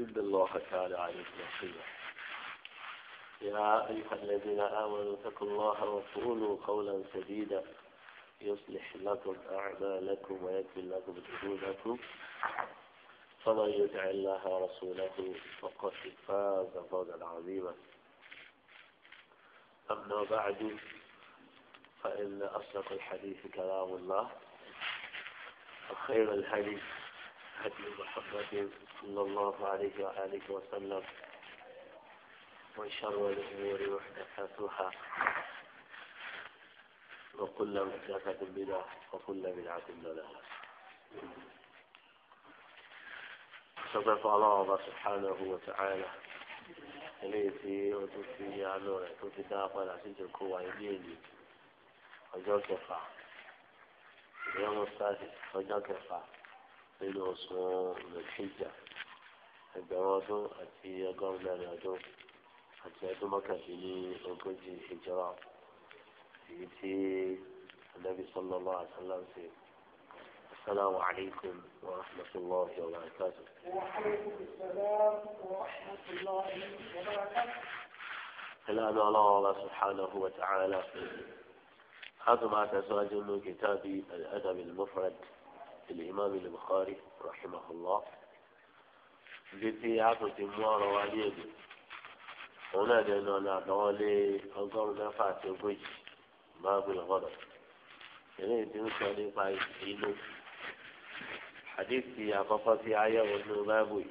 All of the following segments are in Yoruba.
إن الله تعالى عليكم رقيبا يا أيها الذين آمنوا اتقوا الله وقولوا قولا سديدا يصلح لكم أعمالكم ويكفر لكم ذنوبكم فمن يطع الله ورسوله فقد فاز فوزا عظيما أما بعد فإن أصدق الحديث كلام الله وخير الحديث هدي محمد صلى الله عليه وآله وسلم وشر الأمور محدثاتها وكل محدثة بدعة وكل بدعة ضلالة صدق الله سبحانه وتعالى eléyìí tí يا نور fi àánú rẹ̀ tó fi dá padà sí ìjókòó wa nínú òṣùwọ̀n ìlẹ̀kẹjà ẹgbẹ̀rún ọdún àti ọgọ́rùn-ún mẹ́rin ọdún àti ọdún mọ́kàndínní ogójì ìjọba èyí tí النبي صلى الله عليه وسلم في السلام عليكم ورحمة الله وبركاته وعليكم السلام ورحمة الله وبركاته الآن الله سبحانه وتعالى هذا ما تزوج من كتاب الأدب المفرد الإمام البخاري رحمه الله بيتي عطو تموار واليد هنا دينا نعدولي أقول نفع تبوي ما بالغضب إليه تنسى نفع إنه حديثي أقفتي عيا وإنه بابوي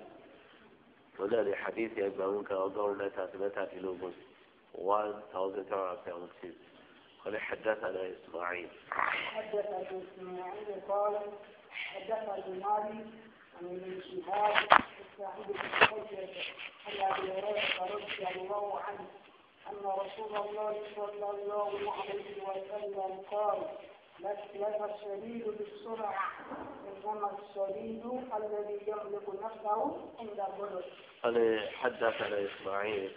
هنا لحديث يبعونك أقول نتع تبتع في لوبوس 1076 قال حدثنا إسماعيل حدثنا إسماعيل قال حدثنا ابن مالي عن ابن شهاب صاحب الحجة عن ابي هريره رضي الله عنه ان رسول الله صلى الله عليه وسلم قال ليس الشديد بالسرعه انما الشديد الذي يملك نفسه عند الظلم. أنا حدثنا اسماعيل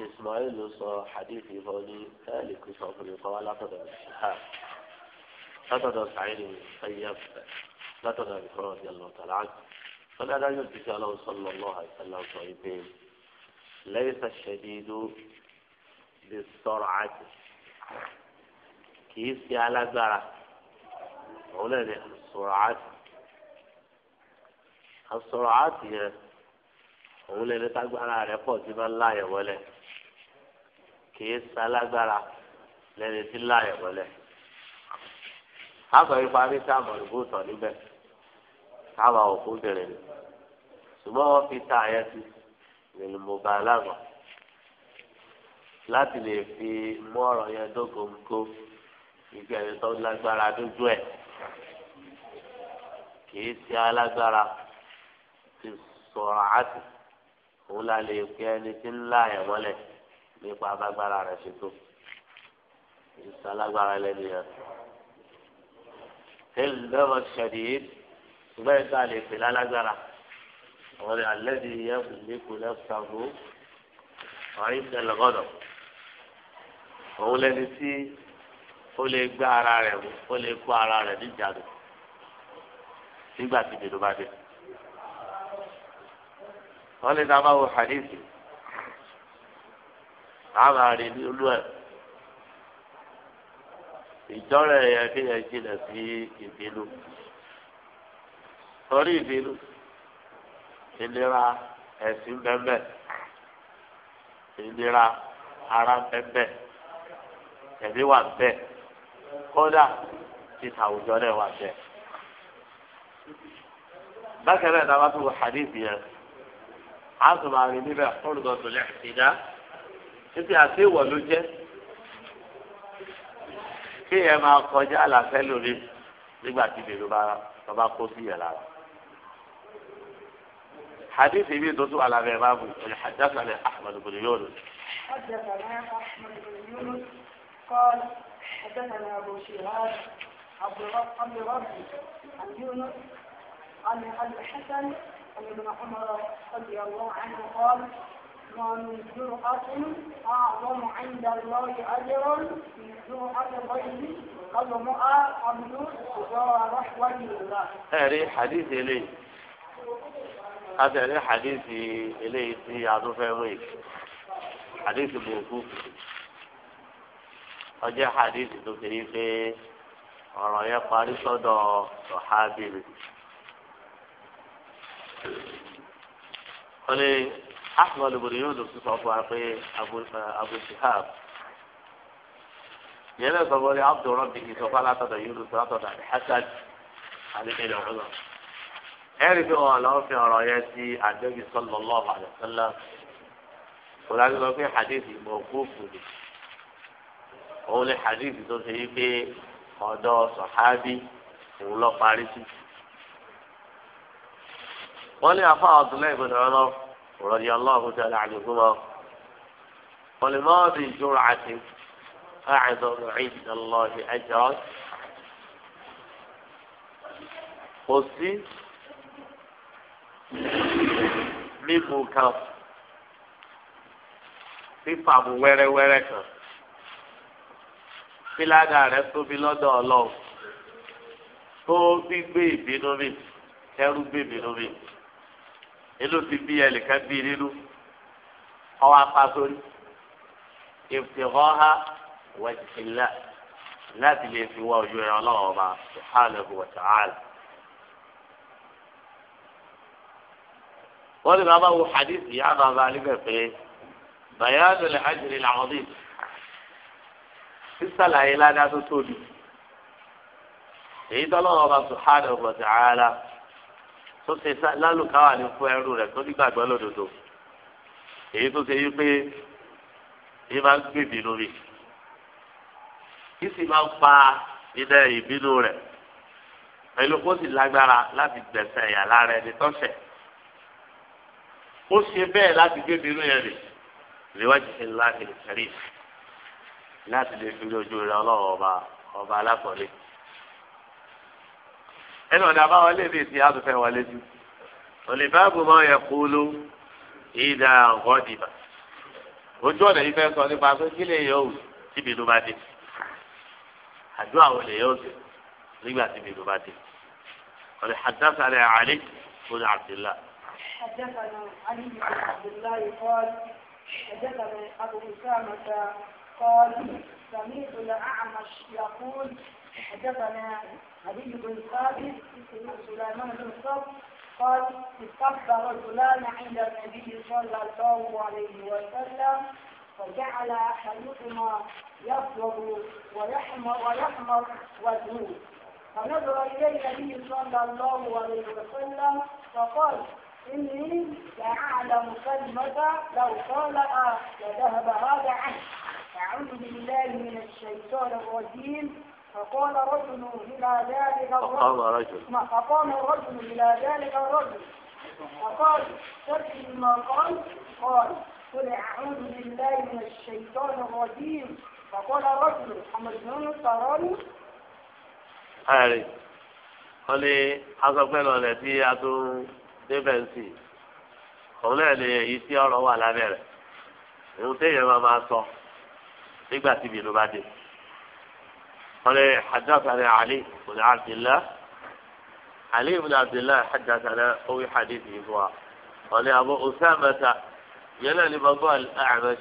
إسماعيل صاح حديث فولي ذلك صفري قال لا لقد الشهاب látọ̀dọ̀ sàyẹn ẹ̀yà fẹ́ látọ̀dọ̀ ìfọ̀rọ̀ ọ̀dẹ̀ lọ́tàlá fọlá adájọ́ ti sọ aláwọ̀ sọlọ lọ́wọ́ àìsàlá sọ ìpè lẹ́yìn sàṣẹ̀dí ló lè sọ̀rọ̀ àti kìí ṣe alágbára òun náà ni sọ̀rọ̀ àti àsọ̀rọ̀ àti yẹn òun lè ní tágbára rẹ̀ pọ̀ tí máa ń láyẹ̀ wọlé kìí ṣe alágbára lẹ́ni tí láyẹ̀ wọlé àgbà yìí parí sáàmù ìbò tọ̀ níbẹ̀ káwa òkú bẹ̀rẹ̀ ni ṣùgbọ́n wọ́n fi ta àyẹ̀ sí ìrìn mo bá aláàbọ̀ láti lè fi mú ọ̀rọ̀ yẹn dógóńgó ìgbẹ́ ẹni tó lágbára dójú ẹ̀ kìí ṣe alágbára ti sọ̀rọ̀ àti òun la lè pe ẹni tí ń la ẹ̀ mọ́lẹ̀ nípa abágbára rẹ̀ ṣètò ìṣalágbára lẹ́nu yẹn sọ ẹlẹ́wọ̀ ṣẹ̀díyé ṣùgbọ́n ìta lè pè lálágbára àwọn ọ̀rẹ́ alẹ́dì yẹn kò lè kó lẹ́sàgó ọ̀rẹ́ ìṣẹ̀lẹ̀ gbọ́dọ̀ òun lẹni tí ó lè gbé ara rẹ̀ mú ó lè kó ara rẹ̀ níjàdù nígbà tí bèrè bá dé. wọ́n lè dábàá wo hadith àmàrin olú ẹ̀ ìjọ́rọ̀ ẹ̀yà kéèyàn jìnà sí ìbínú torí ìbínú ìnira ẹ̀sìn bẹ́ẹ̀ ìnira ara bẹ́ẹ̀ ẹ̀mí wà bẹ́ẹ̀ kódà títà àwùjọ náà wà bẹ́ẹ̀. bákan náà náà wá tó hadith yẹn a sọ ma rí níbẹ̀ kó lùdọ̀ tó lẹ́yìn sí i dá títí àti ìwọ̀ jẹ́ kéèyàn máa kọjá àlàfẹ́ lórí nígbà tí bèrè bá bá kó sí yẹn lára. حديث يبين دوتو على بابه حدثنا أحمد بن يونس حدثنا أحمد بن يونس قال حدثنا أبو شهاب عبد رب ربي عن يونس عن الحسن عن ابن عمر رضي الله عنه قال قالوا جرأة أعظم عند الله أجرا من جرأة غيره المرأة عبد ورحمة الله. هذه حديث لي، هذا ليه حديث لي في عدو فهمي حديث موقوف ọjọ́ hadith tó ṣe yí pé ọ̀rọ̀ yẹn parí sọ́dọ̀ ọ̀hábìrì. ó ní ahmed obìnrin yóò lò sí sọ fún wa pé abu eh, shihab yẹn lè sọ fún mi abdul rabbi kì í sọ fún alátọ̀dọ̀ yìí lò sí alátọ̀dọ̀ hasan alẹ́kẹ̀lẹ́ ọ̀hún ẹ̀rí fi hàn lọ́wọ́ fi ọ̀rọ̀ yẹn sí àdébí sallallahu alaihi wasallam kòlájú lọ pé hadith mawqufu ni òun ni hadith tó ṣe yí pé ọ̀dọ̀ sọ̀hábí òun lọ parí sí. wọ́n ní afọ àdúlẹ̀ ìgbìmọ̀ náà رضي الله تعالى عنهما ولماضي جرعة أعظم عند الله أجرا قصي mímu kan fífà mu wẹ́rẹ́wẹ́rẹ́ kan fílàdà rẹ tóbi lọ́dọ̀ ọlọ́run tó gbígbé ìbínú mi kẹrù gbé ìbínú mi ìlú ti bí ẹnìkan bí nínú ọwọ́ apá sórí ìfìhọ́há wẹ̀tìlá láti lè fi wá ojú ẹran náà ọba subhanahu wa ta'ala. wọ́n ní bàbá wo hadith yìí á bàbá níbẹ̀ pé bayanu lè ajiri làwọn bí sísàlàyé ládàá tó tóbi èyí tọ́lọ́wọ́ ọba subhanahu wa ta'ala tó ṣe lálùkáwà ní fún ẹrú rẹ̀ tó nígbàgbọ́ lódodo èyí tó ṣe yí pé yí máa ń gbèbí lórí kí sì máa ń pa iná ìbínú rẹ̀ pẹ̀lú kó sì lágbára láti gbẹ̀sẹ̀ ẹ̀yà lára ẹni tọ́sẹ̀ ó ṣe bẹ́ẹ̀ láti gbèbí lórí ẹ̀rì ìléwájú ṣe ńlá ìrìnkẹ́rì láti lè fi ojú rẹ̀ ọlọ́wọ́ ọba ọba alákọ̀ọ́lẹ̀ ẹnu ọ̀dà àbáwọn lébi ti àtúfẹ́ wọlé jù olùbáàbò máa yẹ kúlú ìdá ọ̀gọ́dìbà ojú ọ̀nà yìí fẹ́ sọ nípa pé kí lè yọ òwú tíbi ló bá dé àdúrà wo lè yọ òsè nígbà tíbi ló bá dé ọ̀dà àdásàlẹ̀ àlẹ́ fún Abdullah. حدثنا علي بن عبد الله قال حدثنا ابو اسامه قال سمعت الاعمش يقول حدثنا علي بن ثابت سليمان بن قال استقبل رجلان عند النبي صلى الله عليه وسلم فجعل احدهما يطلب ويحمر ويحمر وجهه فنظر الي النبي صلى الله عليه وسلم فقال إني لأعلم كلمة لو قال لذهب هذا عنه أعوذ بالله من الشيطان الرجيم فقال رجل إلى ذلك الرجل فقام رجل إلى ذلك الرجل فقال ترك ما قال قال قل أعوذ بالله من الشيطان الرجيم فقال رجل أمجنون تراني أعرف wọ́n lé asọ́pẹ́lọ rẹ̀ tí a tó débẹ̀ ń sì òun náà lè èyí tí ọ̀rọ̀ wà lábẹ́ rẹ̀ èyí téèyàn máa máa sọ nígbà tí ìbínú bá dé. قال حدثنا علي بن عبد الله علي بن عبد الله حدثنا هو حديثه هو قال أبو أسامة يلا لموضوع الأعمش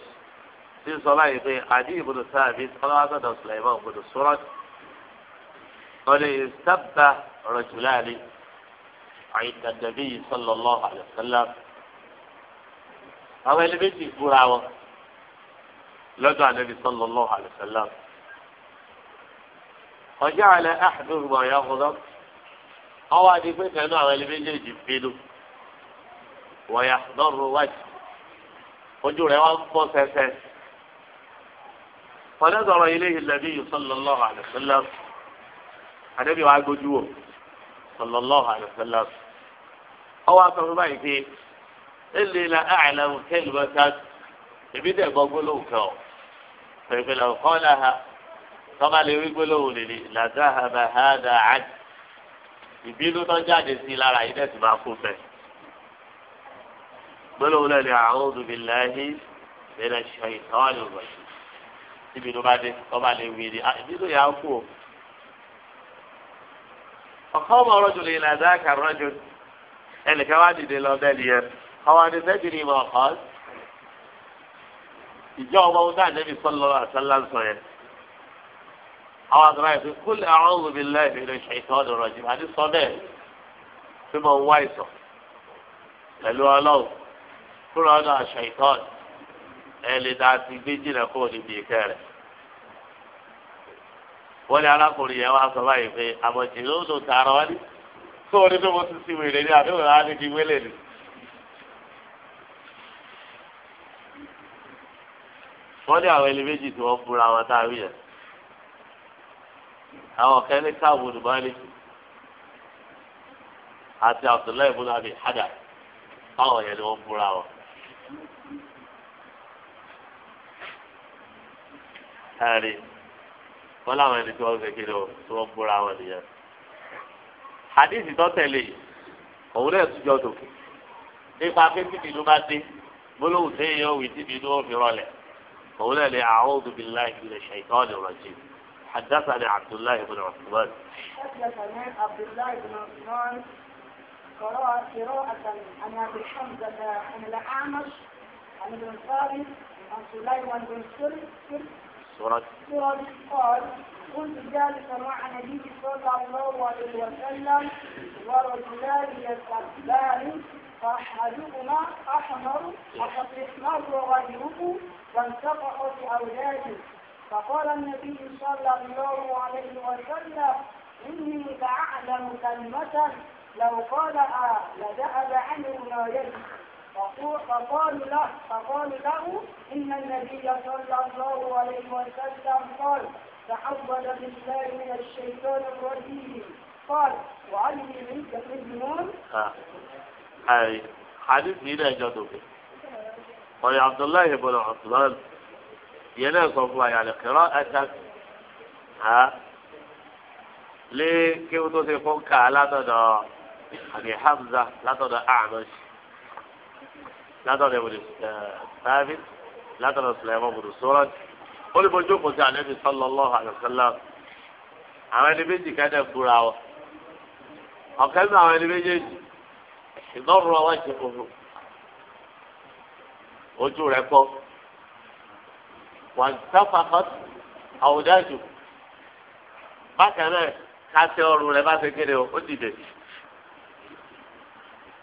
في صلاة عدي بن ثابت قال هذا سليمان بن السرد قال سب رجلان عند النبي صلى الله عليه وسلم أو اللي بيجي لدى النبي صلى الله عليه وسلم ọjọ́ àlẹ́ àdúgbò ọ̀yà ọ̀dọ́ ọwọ́ adi pé kẹ́nu àwọn ẹni méjèèjì pinnu wọ̀yà lọ́rùn wájú ojú rẹ̀ wá ń pọ̀ sẹ́sẹ́. fọdẹ́sọ̀rọ̀ ilé ìlẹ́bí yìí sallallahu alaihi wasallam àdébí wàá gbójú wò sallallahu alaihi wasallam. ọwọ́ afẹ́ fún báyìí pé ẹ̀lẹ́ la àìlẹ́ kẹ́lùmọ́ta ìbí tọ́ba lè wí gbólóhùn lè ní làdáhàbà hàdà àdì ìbínú tó jáde sí lára yìí dẹ́sì máa kú fẹ́. gbólóhùn lẹ́nu a'udhu billahi minash shaytanir rajim níbi tó bá dé tọ́ba lè wí ni ah, ìbínú yà á kú o. ọ̀kan ọmọ ọ̀rọ̀ jùlọ ìlànà àdáàkà rọ́jò ẹnìkan wá dìde lọ bẹ́ẹ̀ nìyẹn àwọn àdìsẹ́jì ni ìmọ̀ ọ̀kan ìjọ ọmọ ọdún àwọn àgbà yìí fi kúlì àwọn olùbí láìpẹ́ lè ṣe ìtọ́ ọ̀dọ̀ rọ̀jì àti sọ bẹ́ẹ̀ fi mọ̀ ń wá ìtọ̀ pẹ̀lú ọlọ́wọ́ kúrò ọ̀dọ̀ àṣà ìtọ́ ẹ lè dá ti gbé jìnnà kó o níbi ìkẹ́ rẹ̀. wọ́n ní arákùnrin yẹn wá sọ báyìí pé àmọ̀jì ló lò tààrọ̀ wá ní tó o ní pé mo ti sin wèrè ní àdéhùn rárá ní kí wélé ni. wọ́n ní àwọn ẹlẹ́mẹ́jì tí wọ́n àwọn kan ní káàbù dùbálì àti abdullahi ibùdó àbí hada báwọn yẹn ni wọ́n búra wọn. ẹ̀rí wọ́n láwọn ẹni tí wọ́n ṣe kéde o tí wọ́n búra wọn nìyẹn. hadith tó tẹ̀lé òun náà tún jọ tòkè nípa pé tíbi inú bá dé gbólóhùn téèyàn wí tíbi inú fi rọlẹ̀ òun náà lè a'udhu billahi minash shaitanir rajim. حدثنا عبد الله بن عثمان حدثنا عبد الله بن عثمان قراءة عن أبي حمزة عن الأعمش عن ابن خالد عن سليمان بن سرد سورة سورة قال كنت جالسا مع النبي صلى الله عليه وسلم ورجلان يستقبلان فأحدهما أحمر وقد أحمر وغيره وانتفع في أولاده فقال النبي صلى الله عليه وسلم إني لأعلم كلمة لو قالها لذهب عنه ما يجب فقالوا له فقالوا له إن النبي صلى الله عليه وسلم قال تحول بالله من الشيطان الرجيم قال وعلي منك مجنون هاي حديث هنا جدوبي قال عبد الله بن عبد الله ìyẹn náà sọ fún àyàlẹ kẹrọ ẹja ha lé kéwù tó ṣe fún ká látọ̀dọ̀ àbí Hamza látọ̀dọ̀ Ahmed látọ̀dọ̀ ìwòlè sáfì látọ̀dọ̀ sùlẹ̀mọ́ bùdù sọ́rọ́ olùbọ̀jú kò sí àlẹ́ mi sallallahu alaihi wasallam àwọn ẹni méjì kẹ́dẹ̀ fúra wọn ọ̀kẹ́ nínú àwọn ẹni méjèèjì ìdánwò wọn ṣe fúnfún ojú rẹ̀ kọ́ wọn sáfà hàn àwòdájú bákan náà kásẹ̀ ọrùn rẹ̀ bá ṣe kéde o ó dìde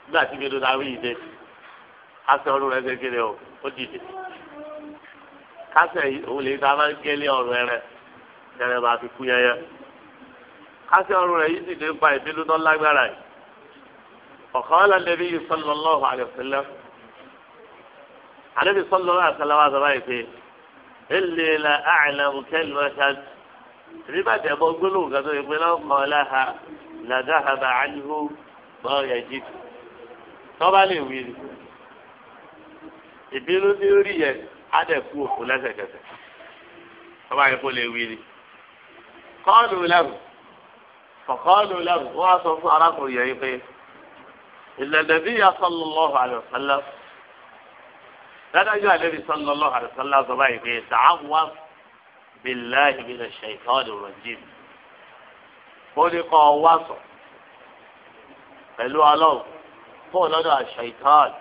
nígbà tí mi dúdú awí yìí dé kásẹ̀ ọrùn rẹ̀ ṣe kéde o ó dìde kásẹ̀ òun lè ta máa ń gẹ́lé ọrùn ẹ̀rẹ̀ ẹ̀rẹ̀ máa fi kú yẹyẹ kásẹ̀ ọrùn rẹ̀ yìí dìde pa ìbílú tó lágbára yìí ọ̀kan lẹ́bi sallallahu alaihi wasallam àlẹ́bi sallallahu alaihi wasallam wà sọ báyìí pé ilé la àìlẹ́mù kẹ́lù ẹ̀ka rí bàtẹ́ bọ́ gbólóhùn kan tó yẹ pé lọ́kọ̀ ọ̀láha làdáhàbà àníhó bọ́ọ̀yà jí tọ́ba lè wí ni ìbínú ní orí yẹn á dẹ̀ kú òkú lẹ́sẹ̀kẹsẹ̀ tọ́ba yẹ kó lè wí ni kọ́ọ̀nù lẹ́rù kọ́ọ̀nù lẹ́rù wọ́n á sọ fún arákùnrin yẹn pé ìlànà bí yà sọ́lọ́lọ́hùn àlọ́ dájú àlebi sọlọlọ àlùsọlá sọba ìpè sàáwá bìlá ìbílẹ̀ ṣèkọ́ọ̀dù rọ̀jìm ó ní kọ́ wá sọ pẹ̀lú ọlọ́run fún ọlọ́dọ̀ àṣẹ̀kọ́ọ̀dù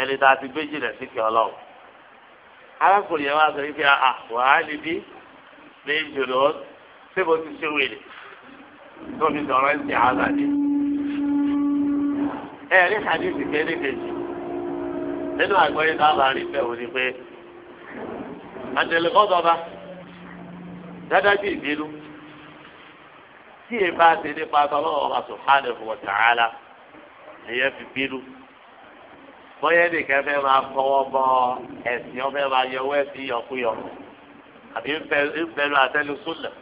ẹni tá a ti gbé jìnà síkẹ́ ọlọ́run arákùnrin yẹn wá sọ wípé ah, àwọn àlìbí ní ìjòló ṣé mo ti ṣe wèrè tóbi sọ̀rọ̀ ń ṣe àzàdé ẹ̀rí hadith kẹ́lẹ́kẹ́jì nínú àgbọ̀yé sábà rí bẹ́ẹ̀ wò ni pé àtẹlẹkọ́sọba dádájú ìbínú tí e bá ti nípa tọ́lọ́wọ́ ọba subhanahu wa ta'ala ẹ̀yẹ́ fi bínú bọ́yá nìkan fẹ́ máa fọwọ́ bọ ẹ̀sìn ọfẹ́ máa yọwọ́ ẹ̀sìn yọkúyọ àbí ńbẹ́nu àtẹ́lu súnlẹ̀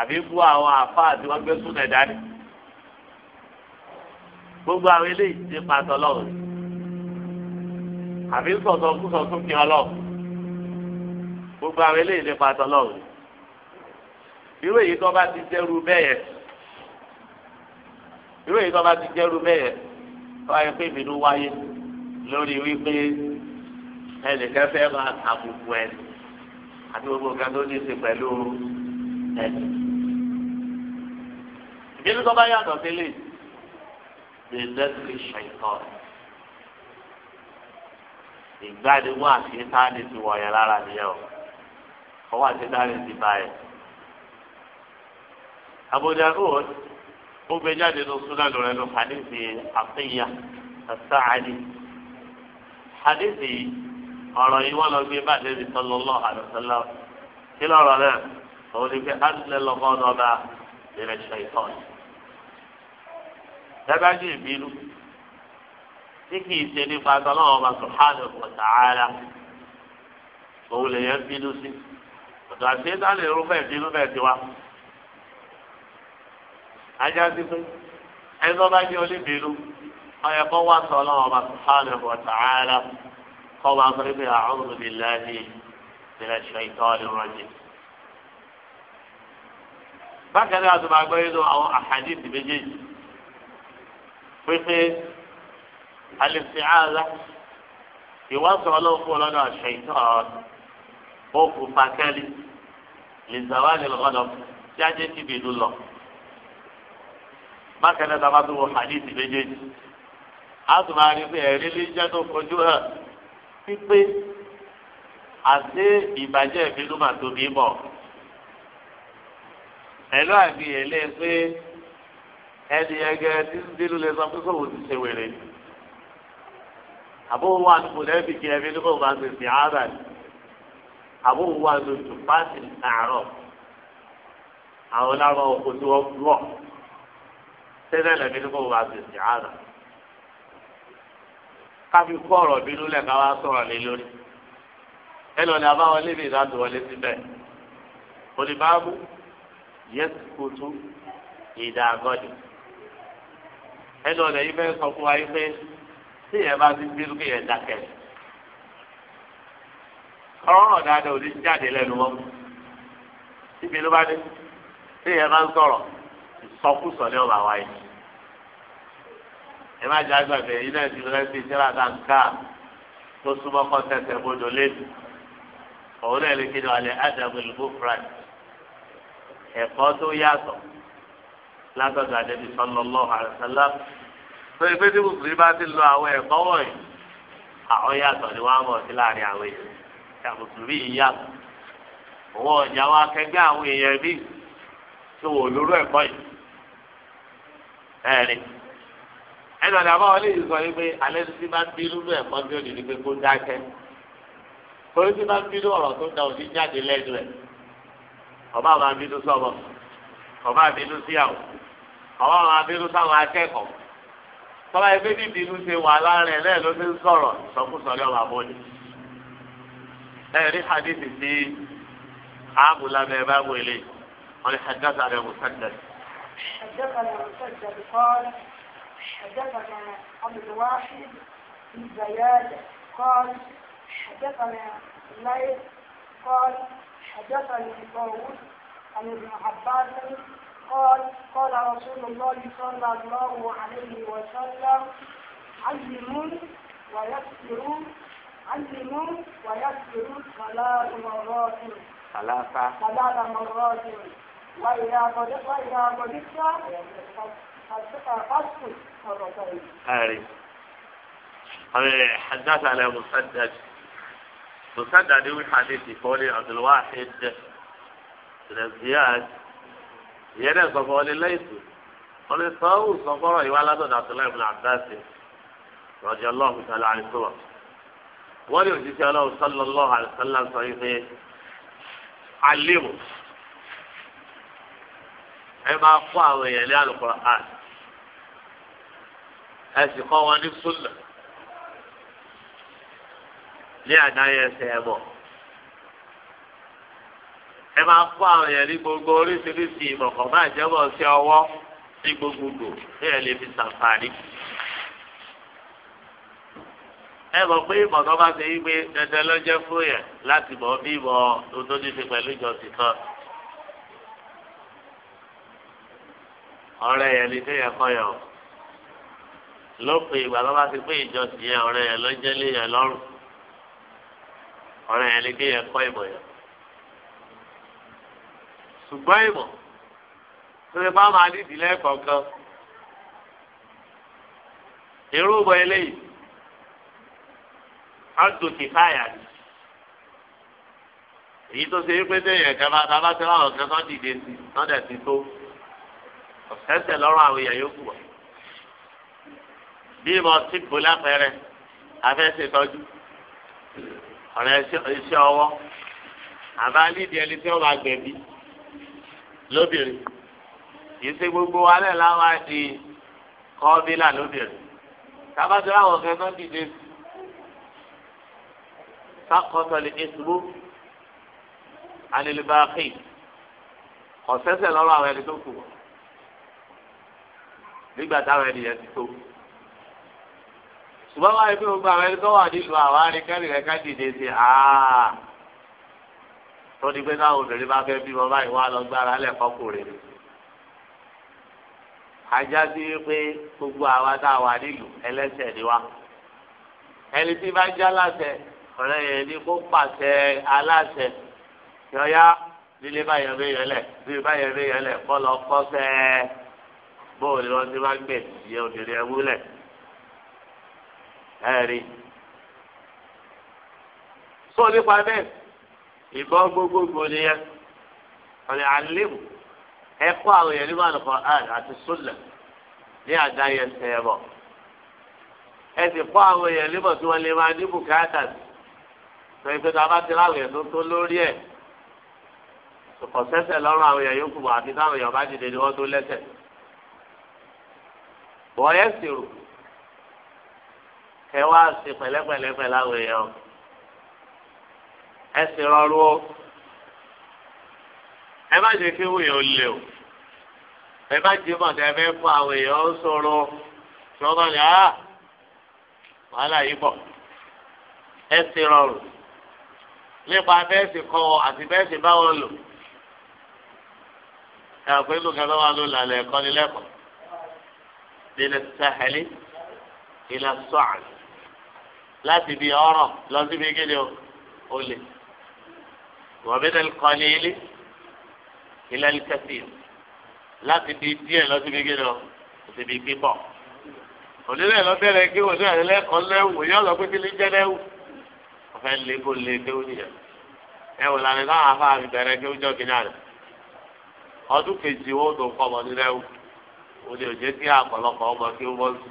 àbí bú àwọn àfáà tí wọ́n gbé súnlẹ̀ dání gbogbo àwọn eléyìí ti pa àtọ lọrùn àbí sọsọ kúsọ tún kí Ọlọ́run gbogbo àwọn eléyìí ti pa àtọ lọrùn irú èyí tó bá ti jẹrú bẹyẹ irú èyí tó bá ti jẹrú bẹyẹ tó ayé pé ìbínú wáyé lórí wípé ẹnìkan fẹ́ máa àbùkù ẹni àti gbogbo nǹkan tó ní í pẹ̀lú ẹni ìbínú tó bá yàtọ̀ sílẹ̀ yìí bẹ̀lẹ́tì ṣàìtọ́ ìgbàdéwọ́ àti táàdì ti wọ̀nyẹn lára nìyẹn o ọwọ́ àti táàdì ti bá yẹn. Abu Dawud ó gbé jáde lọ súnà lọ́rẹ́ lọ hadithi àfihàn as-Sa'di hadithi ọ̀rọ̀ yìí wọ́n lọ gbé bá Nabi sallallahu alaihi wasallam kí lọ́rọ̀ náà òun ni pé á ti lẹ́ lọ́kọ́ ọ̀dọ́ bá lè rẹ̀ ṣàìtọ́ yìí dábàájú ìbínú tí kì í ṣe nípa tọ́lọ́wọ́ bá subhanahu wa ta'ala òun lè yẹn bínú sí ọ̀dọ̀ àti ẹ̀dá lè rú bẹ́ẹ̀ bínú bẹ́ẹ̀ ti wá. ajá sí pé ẹ̀dọ́ bá jẹ́ olébínú ọ̀yẹ̀ kọ́ wá tọ́lọ́wọ́ bá subhanahu wa kọ́ máa sọ pé a'udhu billahi minash shaitanir rajim. bákan náà àti màgbọ́ yìí lọ àwọn àhàdí ìdìbẹ́jẹ́jì pépé alìsíàlá ìwádìí ọlọ́kùn ọlọ́dọ̀ àṣẹyìntàn òkú pàkẹ́lì lìzàwálì lọ́dọ̀ jáde tìbí ìlú lọ. mákàlẹ́ tá a bá tún wọ hadith méjèèjì a tún máa rí pé ẹ̀rí lè jẹ́ tó fojú hàn pípé àti ìbàjẹ́ ìbínú màtòmí bọ̀. ẹ̀lọ́ àbí ẹ̀lẹ́ pé ẹni ẹgẹ tí ń dínú lè sọ pé kò wò ti ṣe wèrè ni àbúrò wà nínú lẹ́bi kí ẹbí nígbà máa ṣe sí ara ni àbúrò wà nínú tùpáàtì àárọ̀ àwọn lára oko tí wọ́n lọ tẹ́lẹ̀ lẹ́bi nígbà máa ṣe sí ara káfí kó ọ̀rọ̀ bínú lẹ̀ wá sọ̀rọ̀ lé lórí ẹ lọ́ọ́ ní abáwọlé ìdájọ́ wọlé síbẹ̀ oníbàámu yẹ́sì kótó ìdá agọ́dì ẹnu ọ̀nà yìí fẹ́ sọ fún wa yìí pé tí yẹn bá ti bínú kí yẹn dákẹ́ ọ̀rọ̀ dáadáa ò ní jáde lẹ́nu mọ́ ibi ló bá dé tí yẹn bá ń sọ̀rọ̀ ìsọkúsọ ní ọ̀bà wáyé ẹ má jẹ́ àgbàgbé yìí náà ti rẹ́ sí ìṣẹ́lá dáńká tó súnmọ́ kọ́ tẹ̀sẹ̀ lẹ́nu òun náà lè kéde wà lẹ́ ádàbò ìlú látọ̀dọ̀ àdẹ́bí sallallahu alaihi wasallam tó ìgbé tí mùsùlùmí bá ti lo àwọn ẹ̀kọ́ wọ̀nyí àwọn yàtọ̀ ni wọ́n á mọ̀ sí láàrin àwọn èèyàn tí àwọn mùsùlùmí yìí yàtọ̀ òun ọ̀jà wa kẹgbẹ́ àwọn èèyàn bí tó wò lóró ẹ̀kọ́ yìí ẹ̀rin ẹnu ọ̀dà bá wọlé yìí sọ yìí pé alẹ́ tí bá ń bí lúlú ẹ̀kọ́ bí òdì ni pé kó dákẹ́ torí tí bá ń bí lú ọ̀rọ̀ tó àwọn àwọn abirú sáwọn akẹ́kọ̀ọ́ tọ́lá ẹgbẹ́ níbi inú ṣe wà lára ẹ̀ lẹ́ẹ̀ ló ti ń sọ̀rọ̀ sọkúsọ ní ọba bọ́ọ̀lì. ẹ rí hadith sí àbúlámẹ bá wọlé wọn ni hadassah rẹ musaddad. hadassah rẹ musaddad kọ́lá hadassah rẹ abdulwahid zayad kọ́lá hadassah rẹ láyé kọ́lá hadassah rẹ bọ̀wọ̀ àlejò àbájáde. قال قال رسول الله صلى الله عليه وسلم علموا ويسروا علموا ويسروا ثلاث مرات ثلاثة ثلاث مرات وإذا غضبت وإذا غضبت فاسكت مرتين. حدثنا مسدد مسدد يقول حديث يقول عبد الواحد بن زياد ìyẹn dẹ̀ sọ̀fọ̀ ọ̀lẹ́ lẹ́yìntù ọ̀lẹ́ sọ́ọ̀hù sọ̀fọ̀rọ̀ ìwà aládọ́dà àtúnlá ìbùnà àdáṣe rọ̀jò ọlọ́ọ̀hù sálẹ̀ àìsùwọ̀ wọ́n ní òjíṣẹ́ ọlọ́ọ̀hù sálọ́ọ̀lọ́ọ̀hù àìsálà sọ yìí pé alímù ẹ máa kọ́ àwọn èèyàn ní àlùkòrò àn ẹ kọ́ wọn ní súnà ní àdáyẹsẹ̀ ẹ̀bọ̀ ẹ máa kó àwọn yẹn ní gbogbo oríṣiríṣi ìmọ̀kàn máa jẹ́wọ́ sí ọwọ́ ní gbogbogbò bí ẹ lè fi ṣàǹfààní. ẹ mọ̀ pé ìmọ̀ bá ṣe wípé dandan ló jẹ́ fún yẹn láti mọ̀ bí ìmọ̀ tó ṣe pẹ̀lú ìjọsìn kan. ọ̀rẹ́ yẹn ni kéèyàn kọ́ lópin ìgbà tó bá ti pé ìjọsìn yẹn ọ̀rẹ́ yẹn ló jẹ́ lé lọ́rùn ọ̀rẹ́ yẹn ni kéèyàn kọ́ ìmọ̀ yẹn ṣùgbọ́n ìmọ̀ tó lè bá máa nídìí lẹ́ẹ̀kọ̀ọ̀kan irú ìmọ̀ eléyìí á gòkè táyà ni èyí tó ṣe wípé bẹ́ẹ̀ yẹn kẹfà tá a bá ti rán ọ̀kẹ́ tó dìde sí lọ́dẹ̀ ti tó ọ̀sẹ̀sẹ̀ lọ́rùn àwọn èèyàn yòókù wọ̀ bí mo ti bò lápẹẹrẹ afẹ́sẹ̀ tọ́jú ọ̀rẹ́ iṣẹ́ ọwọ́ àbá ẹni tí wọ́n máa gbẹ̀bí lóbìnrin kìí ṣe gbogbo alẹ́ làwọn àti kọ́bílà lóbìnrin tábàtì àwọn ọ̀gá náà dìde sákọ̀tọ̀lì ìṣubú alilibaki ọ̀sẹ̀sẹ̀ lọ́rọ̀ àwọn ẹni tó kù wọ́n nígbà táwọn ènìyàn ti tó ṣùgbọ́n wáyé pé gbogbo àwọn ẹni tó wà nílùú àwọn arìnkẹ́rì rẹ̀ ká dìde sí àá tó di pé káwọn obìnrin bá fẹ́ bímọ báyìí wá lọ gbára lẹ̀ fọkùnrin ni. ajá sí pé gbogbo àwa tá a wà nílùú ẹlẹ́sẹ̀ ni wá. ẹni tí bá já láṣẹ ọ̀rẹ́ yẹn ni kó pàṣẹ aláṣẹ yọ̀ọ́yá nílé báyọ̀ bí yẹlẹ̀ bí báyọ̀ bí yẹlẹ̀ kọ́ lọ kọ́sẹ́ bóòlù wọn ti máa ń gbè sí obìnrin sọ nípa bẹ́ẹ̀. ìbọn gbogbogbò ni yẹn ọ̀nà àlébù ẹ àwọn èèyàn nígbà ati àn àti sùnnà ní àga yẹn tẹ̀ ẹ sì kọ́ àwọn èèyàn níbọ̀ tí wọ́n lè máa ní bùkátà sọ pé tá a bá ti láwọn èèyàn tó tó lórí ẹ̀ kò sẹ́sẹ̀ lọ́rùn àwọn èèyàn yòókù àti táwọn èèyàn bá dìde ẹ sì rọrùn o ẹ má ṣe kí wòye ó lè o ẹ má jí mọ̀ tẹ́ fẹ́ fún àwọn èèyàn ó ṣòro tí wọ́n bá lè á ah, wàhálà yìí bọ̀ ẹ sì rọrùn nípa bẹ́ẹ̀ sì kọ́ àti bẹ́ẹ̀ sì lò ẹ pé lùkẹ́ bá wà ló lálẹ́ ẹ̀kọ́ ni lẹ́kọ̀ọ́ lílẹ̀ sàhẹ́lì ìlà sọ̀rọ̀ láti bí ọ̀rọ̀ lọ síbi kéde o ومن القليل إلى الكثير لا تبيتي لا تبيتي لا تبيتي بقى onílẹ̀ lọ́bẹ̀rẹ̀ kí wọ́n náà lẹ́kọ̀ọ́ lẹ́wù yọ lọ pé kí lè jẹ́ lẹ́wù ọ̀fẹ́ lè kó lè kéwù nìyẹn ẹ wò lánàá náà afa àmì bẹ̀rẹ̀ kéwù jọ kí náà ọdún kejì wo tó kọ́ ọmọ ní lẹ́wù òní òjé kí àpọ̀lọpọ̀ ọmọ kí ó bọ́sù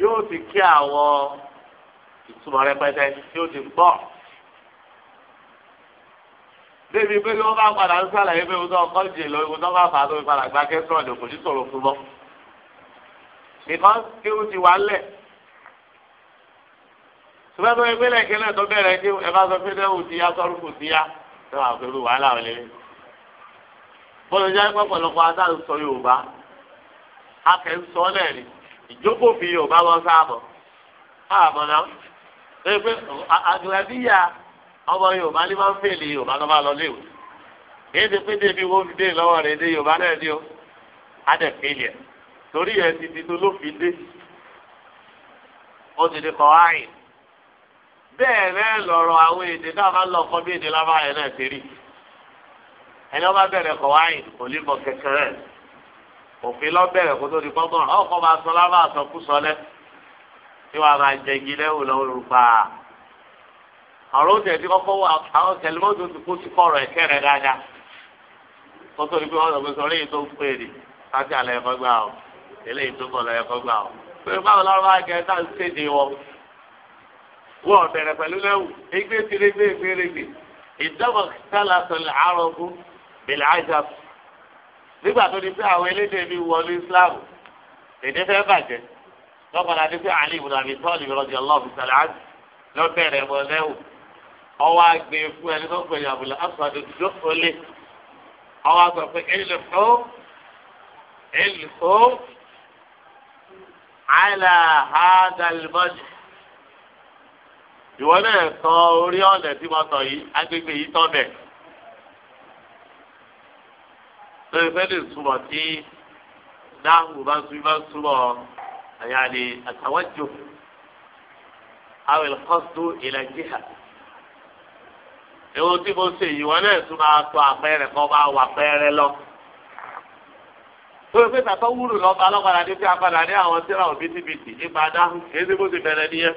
yóò ti kí àwọn ìtumọ̀ rẹpẹtẹ yóò ti gbọ́ débi pé kí wọ́n bá padà ń sàlàyé pé òótọ́ ọkọ jè lọ ìwòtọ́ bá fà á tó fi padà gba kẹ́sìrọ̀dì kò ní sọ̀rọ̀ fún mọ́. nìkan kí ó ti wà lẹ̀. ṣùgbọ́n tó ẹgbẹ́lẹ̀ kẹ́lẹ̀ tó bẹ̀rẹ̀ kí ẹ bá sọ pé dẹ́wù ti yá sọ́rùkù ti yá ẹ wà pẹ̀lú wàhálà wọlé. bọ́lá jẹ́ pọ̀pọ̀lọpọ̀ adá ń sọ Yorùbá a kẹ́ ń sọ lẹ̀ ni ìjókòó fi Yorùbá lọ sáàbọ̀ ọmọ yorùbá ní máa ń fèlè yorùbá ló máa lọ léwu èyí ti pín débi wo fi dé lọ́wọ́ rẹ̀ dé yorùbá náà ni ó á dẹ̀ fèlè ẹ̀ torí ẹ̀ ti di tó ló fi dé ó ti di kọ́ áyìn bẹ́ẹ̀ bẹ́ẹ̀ lọ̀rọ̀ àwọn èdè náà máa lọ kọ́ bí èdè lábá yẹn náà ti rí ẹni wọn bá bẹ̀rẹ̀ kọ́ áyìn kò ní bọ̀ kẹkẹrẹ òfin lọ bẹ̀rẹ̀ kó tó di kọ́gbọ̀n ọkọ̀ máa sọ lábá àsọkúsọ lẹ́ tí wàá máa jẹ igi lẹ́wù lọ́wọ́ lùpàá àwọn oúnjẹ tí kọ́kọ́ wà àwọn tẹlifóònù ti kó sí kọ́rọ̀ ẹ̀kẹ́ rẹ̀ dáadáa kó tó ní pé wọ́n lọ sọ léyìn tó ń pè ní káfí àlẹ́ ẹ̀kọ́ gbà ọ́ eléyìí tó kọ̀ lọ ẹ̀kọ́ gbà ọ́ pé báwo lọ́rọ́ bá gẹ táà ń séde wọn. wọ́n bẹ̀rẹ̀ pẹ̀lú lẹ́wù égbé tiré gbé gbérégbé ìjọba sálà sọlẹ̀ àrògùn bẹ̀lẹ̀ àjà nígbà tó ní pé àwọn elédè mi wọlé Islam èdè fẹ́ bàjẹ́ lọ́kọ̀ọ́ ọwọ́ àgbè fún ẹni tó ń pè ní àbúlé asàdé tó olè ọwọ́ àgbà pé èlò tó èlò tó àìlà àdàlùmọ́jì ìwọ náà tọ orí ọ̀nà tí mo tọ̀ yìí agbègbè yìí tọ̀ bẹ̀. lórí fẹ́lẹ̀ ìsúmọ̀ tí dáhùn bá ń súnmọ́ súnmọ́ àyàlè àtàwọ́jò àwọn ìlú kọ́sùn ìlàjì hàn èwo tí mo ṣe yìí wọn náà tún máa tọ àpẹẹrẹ kan máa wà pẹẹrẹ lọ. tó o pé tàtọ́ wúlò lọ́ba lọ́padà ní fi apadà ní àwọn tíra òbí tìbìtì ipa dáhùn kìí ṣe bó ti bẹ̀rẹ̀ nìyẹn.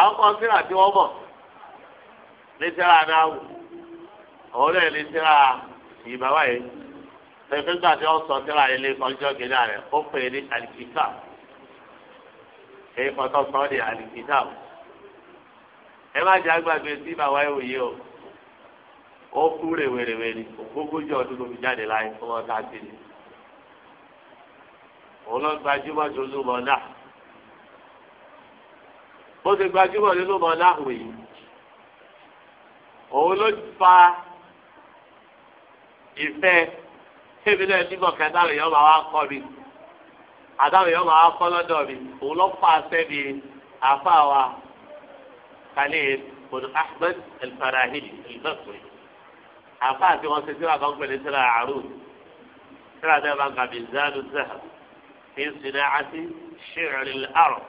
àwọn kan tíra tí wọ́n mọ̀ ní tíra dáhùn òun náà ní tíra ìbáwá yìí. pẹ̀lú gbà tí wọ́n sọ tíra ilé ọjọ́ gíga rẹ̀ ó pè é ní àlìkìtà. èyí kan tó sọ ọ́ ẹ má jẹ́ àgbàgbé sí bàbá ìwòye o ó kú rèwerèwe ni ogójì ọdún ló fi jáde láyé ọmọ tá a ti ní òun ló gbajúmọ̀ tó ló mọ̀ náà bó ti gbajúmọ̀ nínú mọ̀ náà wòye òun ló fa ìfẹ́ tèmi náà nímọ̀ kẹta rẹ̀ máa wá kọ́ mi àtàwọn yọ̀ máa wá kọ́ lọ́dọ̀ mi òun ló fa sẹ́mi àfa wa khalil bin ahmed alfarahidi albasri àfa àti wọn ṣe síra kan pẹ̀lú síra àrùn síra náà máa ń kàbí zanu zahab fi sinna àti ṣìrìn àrùn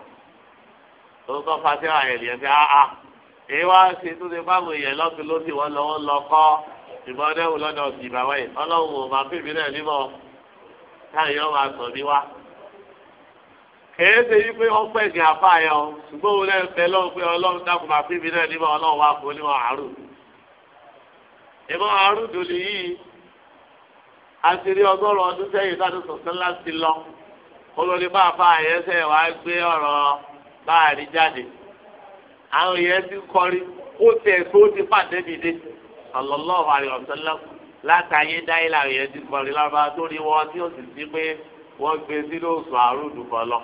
tó ń kọ́ fa síra yẹn lè fi áá èyí wá sí tó ti bá àwọn èèyàn lọ́sùn wọn lọ kọ́ ìbọn dẹ́wù lọ́dọ̀ ọ̀sìn ìbáwá yìí ọlọ́run ò máa fi mí náà nímọ̀ táyọ̀ kèé ṣe yí pé ọpẹ́ ìsìn àfa yẹ ọ ṣùgbọ́n òun náà fẹ́ lọ́wọ́ pé ọlọ́run dákun máa fi mi náà níbọn ọlọ́run wá fún onímọ̀ àárò ìmọ̀ àárò dòlì yìí àṣírí ọgọ́rùn ọdún sẹ́yìn sáà tó sọ̀tún láti lọ olórí bá fa àyẹ́sẹ̀ wá gbé ọ̀rọ̀ báàrí jáde àwọn èèyàn ti kọrin ó ti ẹ̀sọ́ ó ti pàdé dìde sallallahu alaihi wasallam látàyé dáyé làwọn èèyàn ti kọrin lọ́ba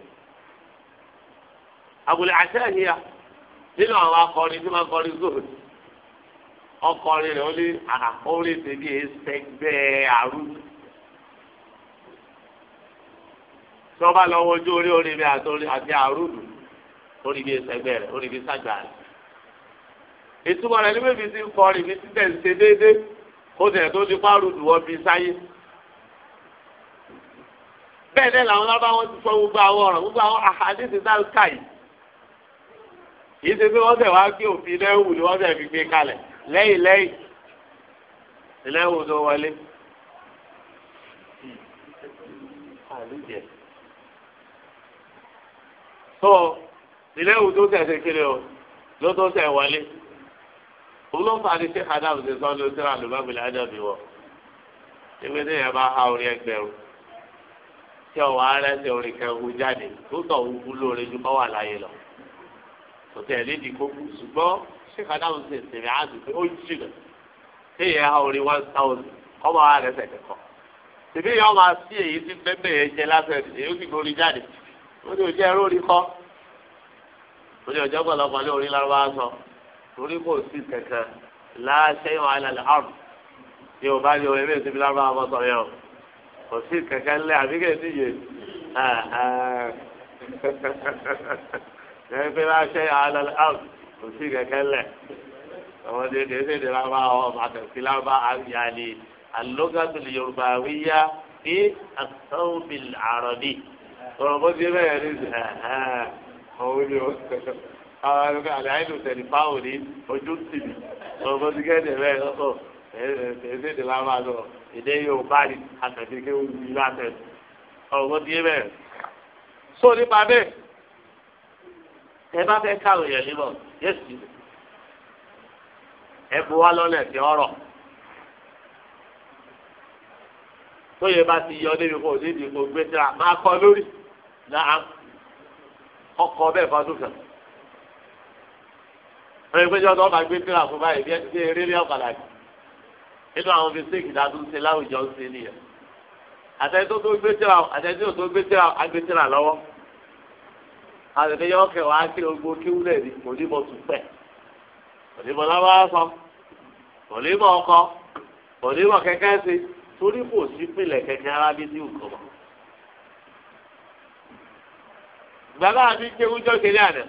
àbùlẹ̀ àṣẹ́yìíyà nínú àwọn akọrin tí wọ́n kọrin zoro ọkọrin rẹ̀ ó lé àkórí tèmi ẹsẹ̀gbẹ́ àrùn. tí wọ́n bá lọ wojú orí orí mi àti àrùn orí mi ẹsẹ̀gbẹ́ rẹ̀ orí mi sàgbà rẹ̀. ìtumọ̀ rẹ̀ ní bèbí ti ń kọrin mi títẹ̀ ń ṣe déédéé kó tẹ̀ tó ti párùn wọ́n fi sáyé bẹ́ẹ̀ náà làwọn lábáwọn ti sọ gbogbo àwọn ọ̀rọ̀ gbogbo àwọn àhàdìsí náà káyìí yìí ṣe pé wọ́n tẹ̀ wá gbé òfin lẹ́wù ni wọ́n tẹ̀ fi gbé kalẹ̀ lẹ́yìn lẹ́yìn lẹ́wù tó wọlé. tó lẹ́wù tó tẹ̀ kiri o ló tó tẹ̀ wọlé. olóńfà ni ṣé adam ṣe sọ ní oṣù àlùbábìlì ájọbí wọ. ìwé ní ìyẹn bá orí ẹgbẹ̀rún tí ọ̀wọ́ arẹ́sẹ̀ orí kẹ́hún jáde tó tọ̀ wúlò rẹ̀ ju bá wà láyé lọ kò tẹ̀ lé dìgbò kù ṣùgbọ́n ṣé kàdá ń ṣe ìsinmi àti pé ó ń jìnà ṣé ìyẹn á orí one thousand ọmọ wa rẹ̀ sẹ̀ kẹ́kọ̀ọ́ tèmi yẹn ọmọ sí èyí tí bẹ́ẹ̀ yẹn jẹ lásán èyí ó sì gbórí jáde ó ní òjẹ́ ẹrú orí kọ́ ó ní òjẹ́ ọ̀pọ̀lọpọ̀ ní orí lárúbá sọ torí kò sí kankan láṣẹ ìwà àlàlẹ́ àrùn ẹgbẹ́ bá ṣe àlọ́ out kò sí kẹ̀kẹ́ lẹ̀ àwọn dédé dédé bá bá ọ àtẹ̀sílá bá àyàlè alógàtúlì yorùbá wíyá bí àtọ́wìl àròbí ọ̀rọ̀ bó ti bẹ̀rẹ̀ ní sè ẹ̀hẹ́n òun ni ó àwọn àlùkò àlẹ́ àìlù tẹ̀lé fáwọn ní ojú tì mí ọ̀rọ̀ bó ti kẹ́ẹ̀dẹ̀ bẹ́ẹ̀ lọ́sọ̀ ẹ̀ẹ́dẹ̀ bá bá lọ èdè yorùbá ni àtẹ̀síkẹ́ òun ni látẹ̀ ọ̀rọ̀ bó ti bẹ̀rẹ̀ sóò nípa bẹ́ẹ̀. ẹ bá fẹ́ káwé yẹn lébọ̀ yẹ́sì ẹ bu wá lọ́nà ẹ̀sìn ọrọ. tó yẹ bá ti yọ kó o kó gbé máa kọ lórí náà ọkọ bẹ́ẹ̀ fọdún kan wọ́n yẹ pé jọ́dọ̀ ọba gbé fún báyìí bí ẹ ti nínú àwọn ń láwùjọ ń nìyẹn tó gbé tó àtẹ̀tẹ̀ yọ kẹ̀ wá kí gbogbo kíwúlẹ̀ ni kò ní mọ̀ tún pẹ̀ kò ní mọ̀ lábára sọ kò ní mọ̀ ọkọ kò ní mọ̀ kẹ̀kẹ́ sí torí kò sí pìlẹ̀ kẹ̀kẹ́ ara bí ní nǹkan mọ̀. gbàgbà mi ń jẹun jọ́ kiri àná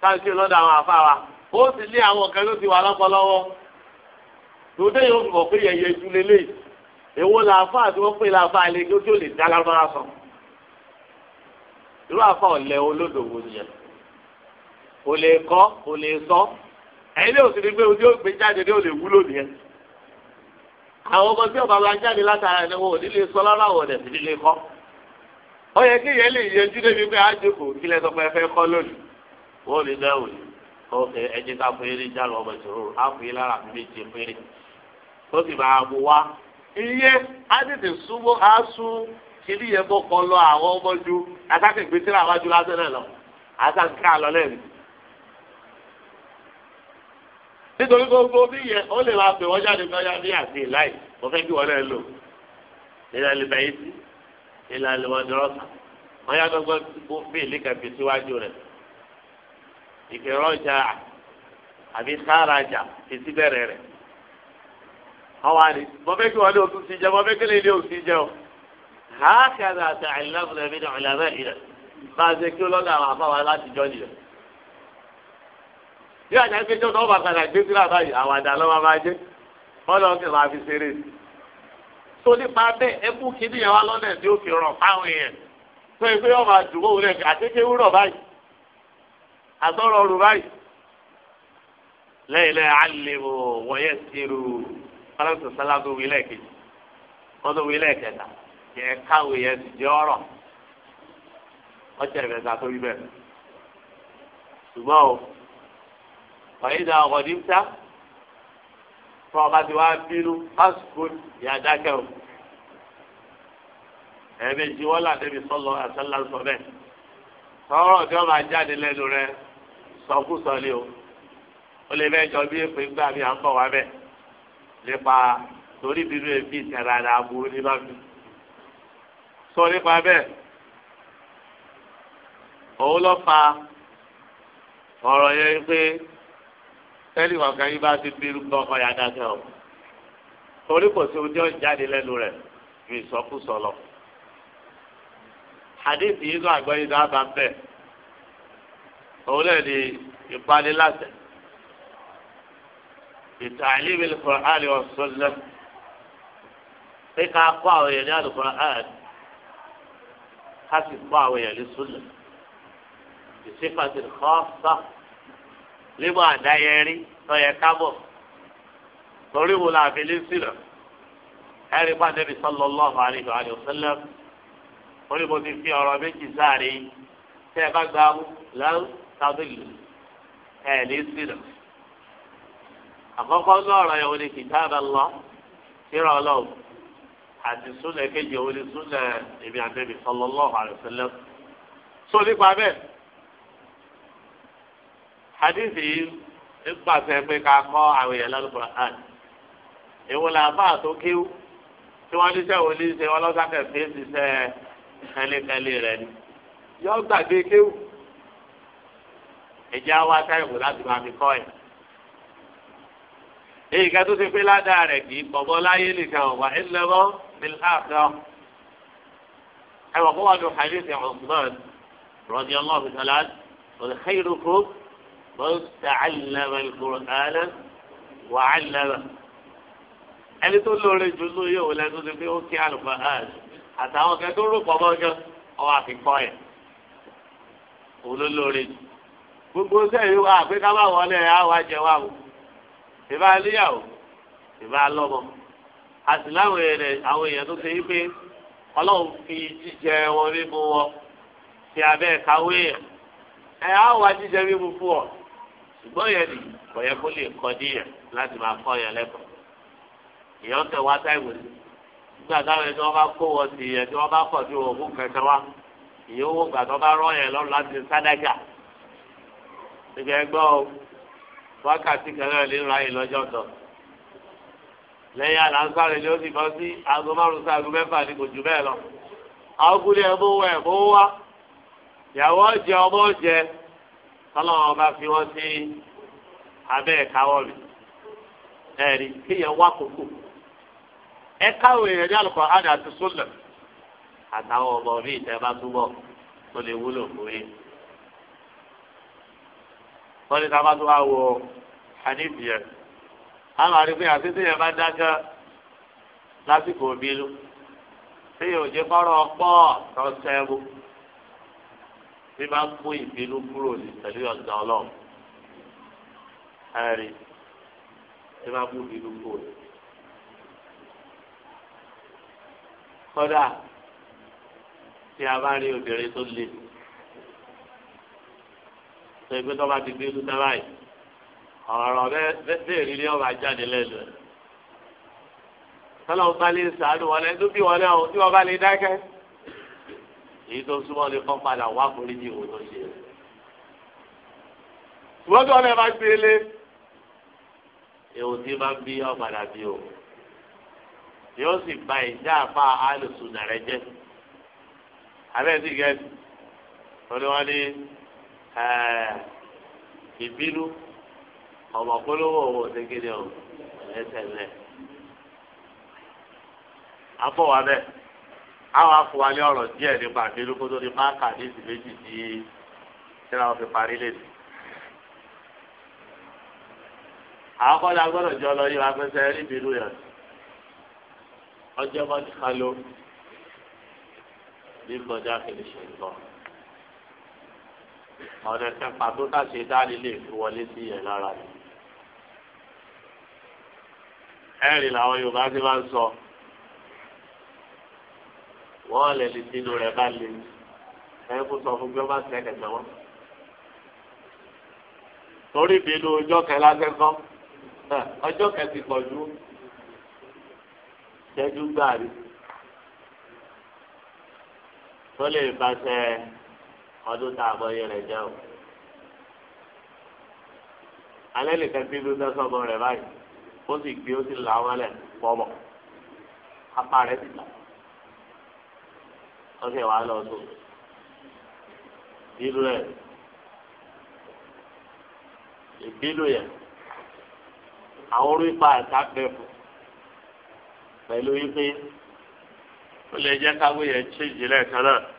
káàkiri lọ́dọ̀ àwọn àfa wa ó sì ní àwọn kan ló ti wà lọ́pọ̀lọ́wọ́ tòótọ́ yóò mọ̀ pé yẹ̀yẹ́ ju èwo làáfà tí wọ́n pè làáfà irú àfa ọ̀lẹ́ olódò wo ni yẹn o lè kọ́ o lè sọ ẹ̀yin ní òsì ni pé ojú ògbé jáde ní o lè wúlò nìyẹn àwọn ọmọ tí ọba bá jáde látara ẹni wọn ò ní lè sọ lára wọn ẹ̀ sì ní lè kọ́ ó yẹ kí ìyẹn lè yẹjú débi pé àjòkò kí lẹ́sọ̀ pé ẹ fẹ́ kọ́ lónìí wọ́n ò ní bẹ́ẹ̀ wò ní ọkẹ ẹjẹ ká fún eré já lọ ọmọ ìṣòro á yín lára fún méje péré ó sì máa mú wá iye á tètè súnmọ́ á sún kìlí yẹn bó kọ lọ àwọn ọmọ ju asákègbè tí làwọn ju lásán náà lọ asáǹkà lọ lẹ́nu. nítorí gbogbo bí yẹn ó lè máa pè wọ́n jáde kọjá bí àti ìláì mo fẹ́ kí wọ́n náà lò ìlànà ìbẹ̀yìí sí ìlànà ìwọ̀ndọ̀rọ̀sà wọ́n yá gbogbo bí ìlú kẹfì síwájú rẹ̀ ìkẹrọ̀jà àbí sárajà ti síbẹ̀rẹ̀ rẹ̀. àwọn àdìs mo fẹ́ kí wọ́n ní òtún sí jẹ́ mo fẹ́ kí lè ní òtún sí jẹ́ o. هكذا تعلمنا من علمائنا báyìí kí ọlọ́dọ̀ àwọn afáwa láti jọ nìyẹn. bí àjà gbé jọ́ náà bá padà gbé sílá báyìí àwàdà lọ́wọ́ máa jẹ́ bọ́lá ọ̀sẹ̀ máa fi ṣeré. tó nípa fi rọ̀ fáwọn èèyàn tó ìgbé yọ̀ máa dùn mọ́wòlẹ̀ àtẹ́kẹ́ wúrọ̀ báyìí àtọ́rọ̀ ọ̀rù báyìí. lẹ́yìn jẹ́ káwé yẹn sì jẹ́ ọ̀rọ̀ ọjà ìrẹsà tó rí bẹ́ẹ̀ ṣùgbọ́n o ọ̀yìn náà ọ̀gọ̀dì ń ta fún ọba tí wàá bínú pásítọ̀ ìyá dákẹ́ o ẹ̀ẹ́dẹ́jì wọ́n là débi sọ́lọ́ àṣálà sọ bẹ́ẹ̀ sọ̀rọ̀ tí wọ́n máa jáde lẹ́nu rẹ sọkúsọ ni o ó lè bẹ́ẹ̀ jọ bí èpè gbà mí à ń bọ̀ wá bẹ́ẹ̀ nípa torí bínú èbí ìtẹ̀rẹ̀ àdàbò ní bá mi sọ nípa bẹ́ẹ̀ òun lọ fa ọ̀rọ̀ yẹn pé tẹ́lẹ̀ kọ̀ọ̀kan yìí bá ti bí irúgbọ́n ọkọ̀ yà dákẹ́ o torí kò sí ojú ọ̀jáde lẹ́nu rẹ̀ ju ìsọkúsọ lọ. hadith yìí ló àgbọ̀ yìí dábàá ń bẹ̀ òun náà ni ìpaniláṣẹ ìtàlíbi Al-Qur'an wa pé ká kó àwọn èèyàn ní Al-Qur'an ká sì kọ́ àwọn èèyàn lé súnà ìsèpàtì kọ́ọ̀sà lébò àdáyẹrí tọ́yẹ kábọ̀ torí wo la fi lé sílẹ̀ ẹ̀rí pàdé bí sallallahu alaihi wa sallam orí mo ti fi ọ̀rọ̀ méjì sáré tẹ́ ẹ bá gba lẹ́wọ́ sábẹ́lì ẹ̀ lé sílẹ̀ àkọ́kọ́ náà ọ̀rọ̀ yẹn wọlé kìtàbà Allah àti súnà kejì òun ni súnà èmi àtẹ̀mí sallallahu alaihi wasallam. sọ nípa bẹ́ẹ̀ hadith yìí ń pàṣẹ pé ká kọ́ àwọn èèyàn lálùkùrọ̀ àn. èwo la bá àtó kíw tí wọ́n níṣẹ́ wo ní ṣe wọ́n lọ́sàkẹ́ fi ń ṣiṣẹ́ kẹ́lẹ́kẹ́lẹ́ rẹ̀ ni. yọ gbàgbé kíw. ìjà wa táyìmù láti máa fi kọ́ ẹ̀ èyí ká tó ti pé ládàá rẹ̀ kì í bọ̀bọ̀ láyé nìkan ọ̀wà ẹ̀lẹ́bọ̀ bíláàkà ẹ̀wọ̀n kó wà ló hadith Uthman radiyallahu ta'ala wal khayrukum man ta'allama al-Qur'ana wa 'allama ẹni tó lóore jù ló yóò lẹ́nu tó ti pé ó kí àlùfáà ààrẹ àtàwọn kẹ́ tó rò pọ̀ mọ́jọ́ ọwọ́ àfikọ́ yẹn òun ló lóore jù gbogbo sẹ́yìn wà pé ká má wọlé ẹ̀ á wá jẹ wá wò ìbá iléyàwó ìbá lọ́mọ àti láwọn èèyàn àwọn èèyàn tó ṣe yí pé ọlọ́run fi jíjẹ wọn mímu wọn ti abẹ́ káwé yẹn ẹ á wá jíjẹ mímu fún ọ ṣùgbọ́n yẹn ni kò yẹ kó lè kọ́ díyẹn láti máa kọ́ yẹn lẹ́kọ̀ọ́ èèyàn tẹ̀ wá táìmù sí nígbà táwọn ẹni wọn bá kó wọn sí yẹn wọn bá kọ̀ sí òkú kẹsàn wá ìyẹn owó gbàtọ́ bá rọ́ yẹn lọ́rùn láti sádájà ìgbà ẹgbẹ́ o. wákàtí kan náà lè ra ìlọ́jọ́ kan lẹ́yìn àlàǹsáré ni ó sì bọ́ sí aago márùn-ún sí aago mẹ́fà ni kò jù bẹ́ẹ̀ lọ. àwọn kúlẹ̀ ẹ̀bùn wọ wá ìyàwó ọ̀jẹ̀ ọmọ bá fi wọn sí abẹ ẹ̀káwọ́ mi kéèyàn wá kókó àtàwọn ọmọ mi bá tó lè wúlò fún yín. wọ́n ní káfá tó wá wo hanifi yẹn àwọn àrígbé àti tí yẹn bá dákẹ́ lásìkò bínú tí yóò jẹ́ kọ́rọ̀ pọ̀ tọ́sẹ́rú bí bá kó ìbínú kúrò ní pẹ̀lú ọ̀gá ọlọ́run ẹ̀rí bí bá kó ìbínú kúrò ní. kódà tí a bá rí obìnrin tó le sọ pé tọ́ba ti dé lúta báyìí ọ̀rọ̀ bẹ́ẹ̀ rí ni ọba jáde lẹ́nu ẹ̀. tọ́lọ́mù bá lè sàánú wọlé tó bí wọlé ọ̀hún tí wọ́n bá lè dákẹ́. èyí tó súnmọ́ lè kọ́ padà wá kórí ní ìwò tó ṣe. ṣùgbọ́n tí wọ́n lè máa gbé lé èwò tí máa ń bí ọ̀padà bí o. yóò sì ba ìjà àfa àlùsùn nàrẹ́ jẹ́. abẹ́ẹ̀ ti ní wọ́n ní ìbínú ọmọ polówó owó ṣégede o ẹsẹ̀ lẹ̀ afọwà bẹ́ẹ̀ àwọn afọwálé ọ̀rọ̀ díẹ̀ nípa àbínú kó tó ní páàkà ní ìsìn méjì tí tíra wọn fi parí lè dùn. àwọn kọ́ni agbọ́dọ̀ jọ lọ yí wa pẹ́sẹ́ rí ìbínú yẹn ọjọ́ bá ti ká ló ní mọ̀já kìí ń bọ̀ ọ̀rẹ́ fẹ́ pàtó táṣe dání lè fi wọlé sí yẹn lára ni. ẹ̀rì làwọn Yorùbá ti máa ń sọ wọ́n lè ní sínú rẹ̀ bá lè ẹ̀ kó sọ fún gbọ́n bá ti ẹ̀kẹ̀tẹ̀ wọn. torí ìbínú ọjọ́ kẹlá sẹ́kọ́ ọjọ́ kẹsì pọ̀ ju ṣẹ́jú gbàrí tó lè bá ṣe ọdún tá a bọ yẹ rẹ jẹ o alẹ́ nìkan tí ló dá sọ́mọ rẹ̀ báyìí ó sì gbé ó sì là wọn lẹ̀ bọ́bọ̀ apá rẹ̀ sì là ọ̀sẹ̀ wàá lọ sùn ìlú rẹ̀ ìbílù yẹn àwọn orí pa ẹ̀ka pẹ̀ pẹ̀lú wípé ó lè jẹ́ káwé yẹn ṣèjì lẹ́ẹ̀kan náà.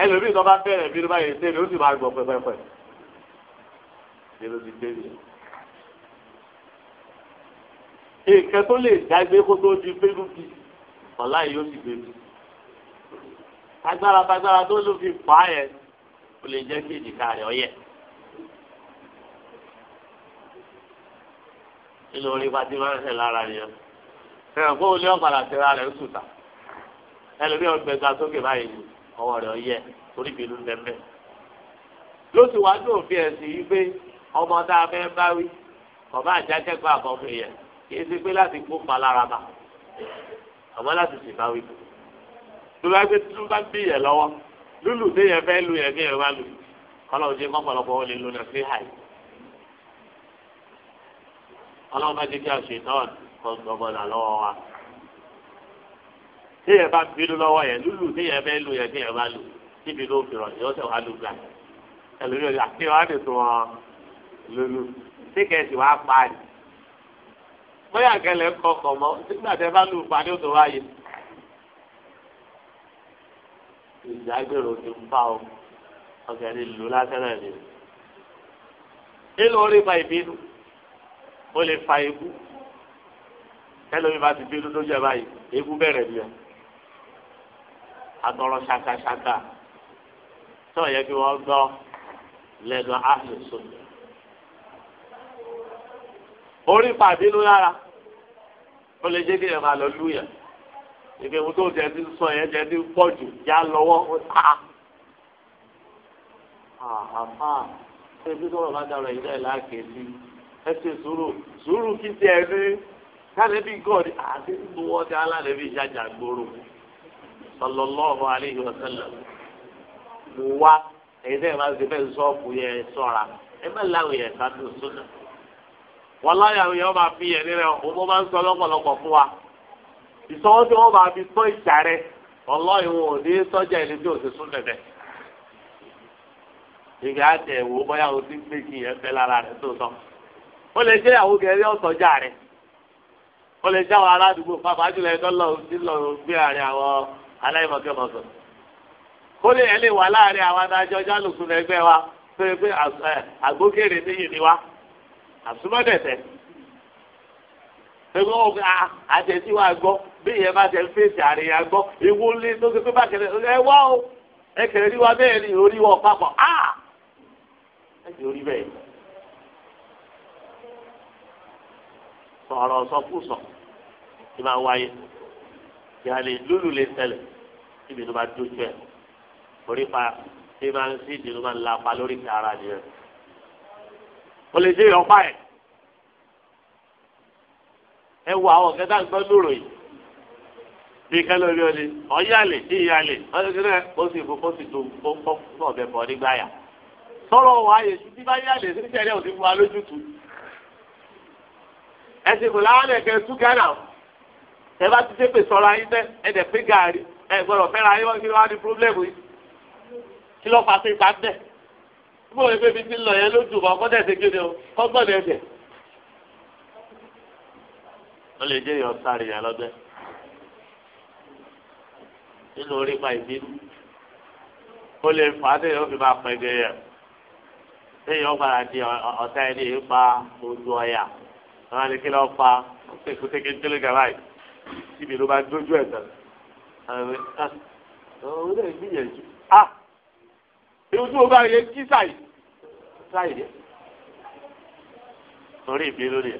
ẹlòmíì tó bá bẹ̀rẹ̀ bí ló bá yẹ sẹ́ni ó sì máa gbọ̀ pẹ́pẹ́pẹ́ ṣe ló ti débi. nǹkan tó lè dágbé kó tó di pẹ́lú bí ọ̀la yìí ó sì débi. agbára tagbára tó ló fi pa yẹn kò lè jẹ́ kí èjìká rẹ̀ ọ yẹ. nínú orí pati máa ń hẹ̀ lára yẹn fẹ́ràn kó o lé ọ̀padà síra rẹ̀ ń sùtà ẹlòmíì ọgbẹ́ta sókè báyìí ni ọwọ́ rẹ̀ ọyẹ torí ìbínú ń bẹ́ẹ̀ ló sì wá ní òfin ẹ̀sìn yìí pé ọmọ tá a fẹ́ bá wí ọba àjákẹ́kọ̀ọ́ àbọ̀mọ yẹn kì í ṣe pé láti kó palaraba àmọ́ láti sì bá wí. tó bá gbé tó bá bí yẹn lọ́wọ́ lúlù tó yẹn fẹ́ lu yẹn bí yẹn bá lu ọlọ́run ṣe kọ́pọ̀lọpọ̀ wọlé ló lọ sí ọlọ́run bá jẹ́ kí a ṣe tán kọ́ gbọ́gbọ́n tí yẹn bá bínú lọ́wọ́ yẹn lulu tí yẹn bẹ lu yẹn tí yẹn bá lu síbi ló fi rọ̀jò ó sì wá lu gbà ẹlòmíì ọjà tí wàá lè tó wọn lulu tí kẹsì wàá pa ni bóyá kẹlẹ kọkọ mọ nígbà tẹ bá lu padì ó tó wáyé ìdágbèrò ti ń bá o ọkẹ ni lu lásẹlẹ ni nínú orí ba ìbínú ó lè fa ikú ẹlòmíì bá ti bínú lójú ẹ báyìí ikú bẹ̀rẹ̀ ni ẹ agọ̀rọ̀ ṣakaṣaka tó yẹ kí wọ́n gbọ́ lẹ́nu àlùsùn. orí pàbínú lára ó lè jẹ́ kí ẹ̀ máa lọ lúyà ìgbẹ́ wo tó jẹ́ ti sọ yẹn jẹ́ ti pọ̀ jù já lọ́wọ́ á. àhàfà ṣé ibi tọrọ bá dára ìdá ìlà kejì ẹ ṣe sùúrù sùúrù kí tiẹ̀ ní kálẹ́bí gọ́ọ̀dì àti ìgbówó ti alálẹ́bí ìṣàjà gbòòrò. sallallahu alayhi wa sallam mo wá èyí tẹ́ ma ṣe bẹ́ẹ̀ ebe yẹn sọ́ra ẹ má láwọn yẹn ká dùn sódà wọn láyà àwọn yẹn máa fi yẹn nílẹ̀ òun mo máa ń sọ lọ́pọ̀lọpọ̀ fún wa ìsọwọ́ tí fi ìjà rẹ ọlọ́ọ̀ ìwọ̀n ò ní sọ́jà ẹni tí ti sún dẹ̀dẹ̀ ìgbà àti bóyá o ti aláìmọ̀kẹ́mọ̀kẹ́ kó lè ẹ lè wà láàrin àwọn adájọ́ jálùkùn ẹgbẹ́ wa pé pé àgbókèrè níyì ni wa àsúmọ́dẹ̀tẹ̀ pé wọ́n fi àtẹ̀tí wa gbọ́ bí ìyẹn bá tẹ̀ ń fèsì àríyá gbọ́ ìwọ lé lókè pé bá kẹlẹ̀ ẹ wá o ẹ kẹlẹ̀ rí wa bẹ́ẹ̀ ni orí wọ̀ papọ̀ á ẹ ti orí bẹ́ẹ̀ sọ̀rọ̀ sọkúsọ ti máa wáyé ìhàlẹ̀ lúlù lè tẹ̀lẹ̀ síbi tó bá dójú ẹ̀ orí pa tí máa ń sí ìdí ló máa ń la pa lórí ara ni ẹ̀ o lè dé ìyọ̀pá ẹ̀ ẹ wo àwọn kẹta ń gbọ́ lóró yìí bí kẹ́lẹ́ orí ọ̀lẹ́ ọ̀yàlẹ̀ ìyàlẹ̀ ọ̀sẹ̀kẹ́lẹ́ ó sì fún ó sì tó ó fún ọ̀bẹ bọ̀ nígbà yà sọ̀rọ̀ wà ayé tí bá yàlẹ̀ sí ìṣẹ̀lẹ̀ òsì fún wa lójútu ẹ̀sìn kò láwọn ẹ̀kẹ́ tú gánà ẹ bá ti dé pè sọ̀rọ̀ ayé tẹ́ ẹ̀ pé gàárì ẹ gbọ́dọ̀ fẹ́ra yín wọ́n kí wọ́n á ní pírọ́blẹ́mù yìí kí ló fà sí ipa bẹ́ẹ̀ bó o gbé mi ti lọ yẹn ló dùn bọ́ kọ́tẹ́ ṣe kéde o kọ́gbọ́n ní ẹ̀jẹ̀. wọ́n lè jẹ́ ìyọ̀ sáré yẹn lọ́gbẹ́ nínú orí pa ìbínú ó lè fà á tẹ̀yẹ̀ ó fi máa pẹ̀ gẹ̀ yẹn tẹ̀yẹ̀ ó di ọ̀tá ẹni yìí pa ojú ọ̀yà wọ́n kí lọ́ọ́ pa ó sì kú tẹ́kẹ́ tẹ́lẹ̀ gàláì síbi ló bá dójú ẹ̀ tẹ̀lẹ̀ àwọn ọmọ náà a ewu tí mo bá yẹ kí sáì sáì dẹ torí ìbínú ni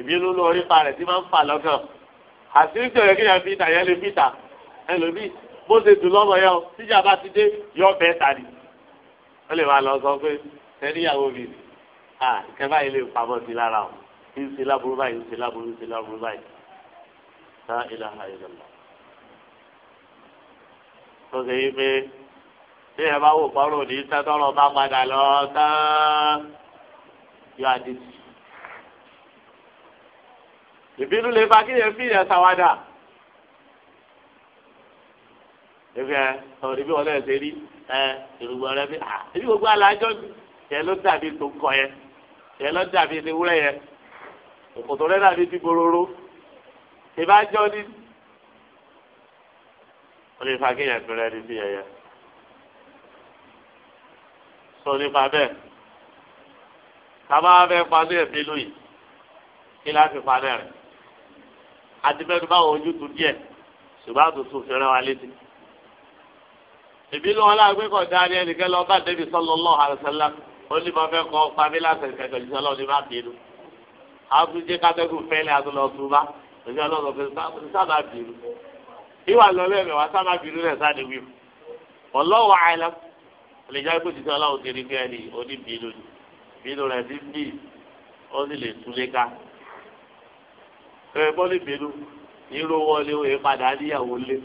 ìbínú lórí pa rẹ tí máa ń fà lọ́gàn àti ní tẹ̀lé kéèyàn fi ìtàyẹ̀ lè fi ìtà ẹlòmíì bó ṣe dùn lọ́mọ yẹn o tíjà bá ti dé yọ bẹ́ẹ̀ ta ni ó lè máa lọ sọ pé ẹníyàwó mi à kẹ́ báyìí lè pamọ́ sí lára o kí ṣe láburú báyìí ń ṣe láburú ń ṣe láburú báyìí la ilaha illallah tó ṣe yí pé tí ẹ bá wò fọ́rọ̀ ní sẹ́tọ́rọ̀ bá padà lọ tán yóò àdìsí. ìbínú lè fa kíyẹn fi yẹn ṣàwádà ebi ẹ sọ̀rọ̀ ibi wọlé ẹsẹ̀ rí ẹ ìrùgbọ̀n rẹ bí a ibi gbogbo alájọ́ yẹn ló dàbí tó kọ yẹn yẹn ló dàbí ewúrẹ́ yẹn òkòtò rẹ dàbí ti bororo ìbájọ́ ní ó lè fa kéèyàn pẹ̀lú ẹni sí ẹ̀yẹ. sọ nípa bẹ́ẹ̀ tàbá fẹ́ panú ẹ̀ mélòó yìí kí láti panú rẹ̀ àti mẹ́nu báwọn ojú tu díẹ̀ ṣùgbọ́n àtúntò fẹ́rẹ́ wa létí. ìbínú wọn láàgbé kan dá ní ẹnìkan lọ bá débi sallallahu alaihi wasallam ó ní mo fẹ́ kọ́ pamílà sẹ̀kẹ̀ pẹ̀lú sọlọ́ ní má bínú. àwọn tún jẹ́ kátẹ́gùn fẹ́lẹ́ àtúntò òṣìṣẹ́ ọlọ́run pé sábà bìrù ìwà lọ́lẹ́ rẹ̀ wá sábà bìrù rẹ̀ sáà ní wíwù ọlọ́wọ́ àìlá lè jẹ́ pé òṣìṣẹ́ ọlọ́run ti rí kí ẹni òní bìrù ni bìrù rẹ̀ ti bì ó sì lè túlé ká ẹ bọ́lí bìrù irú wọlé òye padà níyàwó lé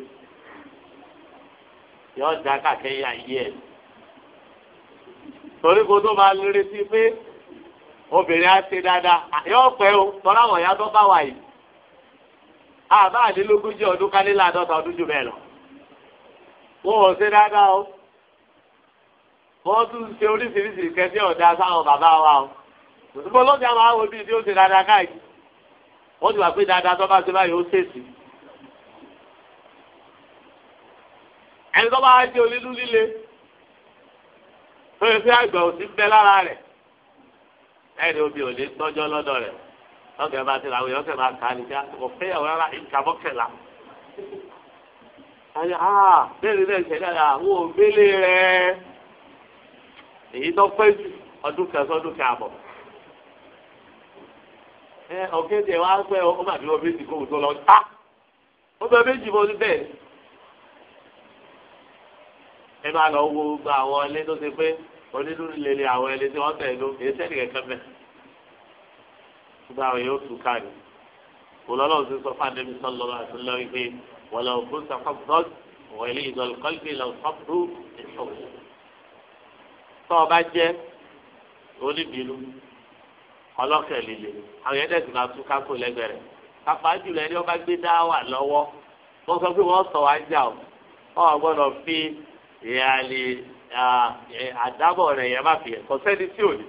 yọ ọ́ dá yí ẹ̀ torí kò tó máa lérè sí pé obìnrin á ṣe dáadáa yọ ọ o tọ́lá wọ̀nyá tó bá wà yìí àbá àdínlógójì ọdún kálíláàdọ́ta ọdún jù bẹ́ẹ̀ lọ. wọn ò ṣe dáadáa o wọ́n tún ṣe oríṣiríṣi kẹsí ọ̀dà sáwọn bàbá wa o. òṣùpọ̀ lọ́sẹ̀ àwọn àwọn obìnrin tí ó ṣe dáadáa káàkiri wọ́n ti wà pé dáadáa tó bá ṣe báyìí ó ṣèṣì. ẹni tó bá ṣe onílù líle tó yẹ fí àgbà òsì bẹ́ lára rẹ̀ ẹni obì ò ní tọ́jọ́ lọ́dọ̀ rẹ̀ lọ́kẹ́ bá ti làwọn èèyàn kẹ́ máa kà á nìjà ọ̀fẹ́ yàwó rárá ìjàbọ̀ kẹlà. àyà á bẹ́ẹ̀ni náà ṣẹlẹ̀ àwọn òmìnir rẹ̀ èyí tó pẹ́ jù ọdún kẹsàn ọdún kẹàbọ̀. ẹ ọ̀kẹ́ tẹ wá pẹ́ ọ má bí wọ́n méjì kó tó lọ tá ó méjì mo ní ẹ máa lọ wo gba àwọn ilé tó ti pé onídùúrú lele àwọn ẹni tí wọ́n tẹ̀ ló èyí sẹ́ni kẹ̀kẹ́ ṣùgbọ́n àwọn yóò tún káàdì olólùwà ti sọ fún adébí sọlọ àti lọ́wọ́ pé wọ́n lọ fún sàkọ́bùdọ́t wọ́n ilé ìdọ̀lùkọ́lùbí lọ sọ́bùrù ìṣòwò. tọ́ ọ bá jẹ́ oníbìlú ọlọ́kẹ̀ líle àwọn yẹn tẹ̀sí máa tún kákó lẹ́gbẹ̀ẹ́ rẹ̀ pàpà jùlọ ẹni ọba gbé dá wà lọ́wọ́ wọ́n sọ pé wọ́n sọ wá jà o wọ́n gbọ́dọ̀ fi ìhàlì àdábọ̀ rẹ̀ yẹn fi ẹ̀ kọ́ sẹ́ni tí ò ní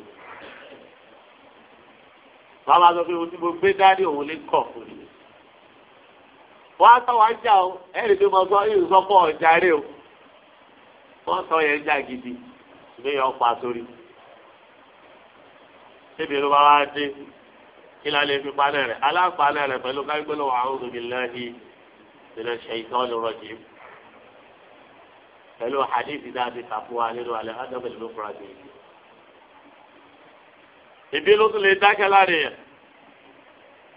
wọ́n máa sọ pé mo ti mo gbé dání òun lè kọ̀ fún mi. wọ́n á tọ́ wá jà o ẹ̀rì pé mo sọ yìí sọ fún ọ̀jà rẹ̀ o wọ́n sọ yẹn jà gidi ìgbéyàwó pa sórí. síbi ló bá wá dé kí la lè fi panẹ́ rẹ̀ alápanẹ́ rẹ̀ pẹ̀lú kágbélé àwọn òbí ìdílé ṣèyítọ́ lọ́rọ̀jì pẹ̀lú hadith dáadé kàfúwa nínú alẹ́ ádàbẹ̀lẹ́ ló fura dé yìí ìbí ló tún lè dákẹ́ láre yẹn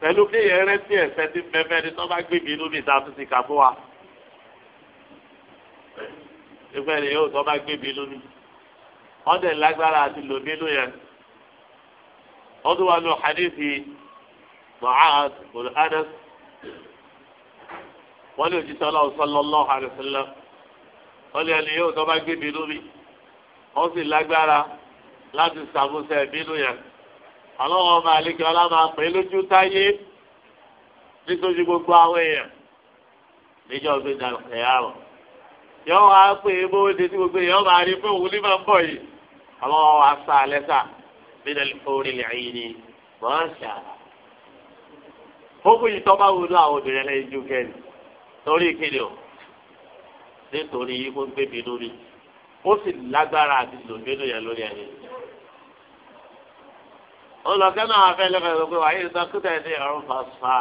pẹ̀lú kí yẹn rántí ẹ̀sẹ̀ tí bẹ́ẹ̀ ni tó bá gbé mi inú mi ta tún ti kà fún wa ìgbẹ́ ni yóò tó bá gbé mi inú mi wọ́n dẹ̀ lágbára àti lò mí inú yẹn wọ́n tún wà lọ hadithi Mu'adh bin wọ́n lè jíṣẹ́ ọlọ́run sallallahu alaihi wasallam wọ́n lè ẹni yóò tó bá gbé mi mi wọ́n sì lágbára láti sàmúsẹ̀ mí yẹn ọlọ́wọ́ ọba àlejò ọlá máa pè é lójú táyé nítorí gbogbo àwọn èèyàn níjọ́ gbé dàrú ẹ̀yà rọ̀ yọ wá pé bóde tí gbogbo èèyàn máa rí fún òun ní máa ń bọ̀ yìí ọlọ́wọ́ wa sá alẹ́ sá nínú orí lẹ́yìn ni wọ́n ṣà fókùn yìí tọ́ba wúlò àwọn obìnrin lẹ́yìn ju kẹ́ni torí kéde o nítorí yìí kó gbé mi lórí ó sì lágbára àti lòdì nìyẹn lórí ẹ̀yìn olùkọ́ náà wà fẹ́ẹ́ lẹ́fẹ̀ẹ́ gbogbo wàá yìí sọ́kútà ẹ̀ ní ọ̀rùn fàṣfà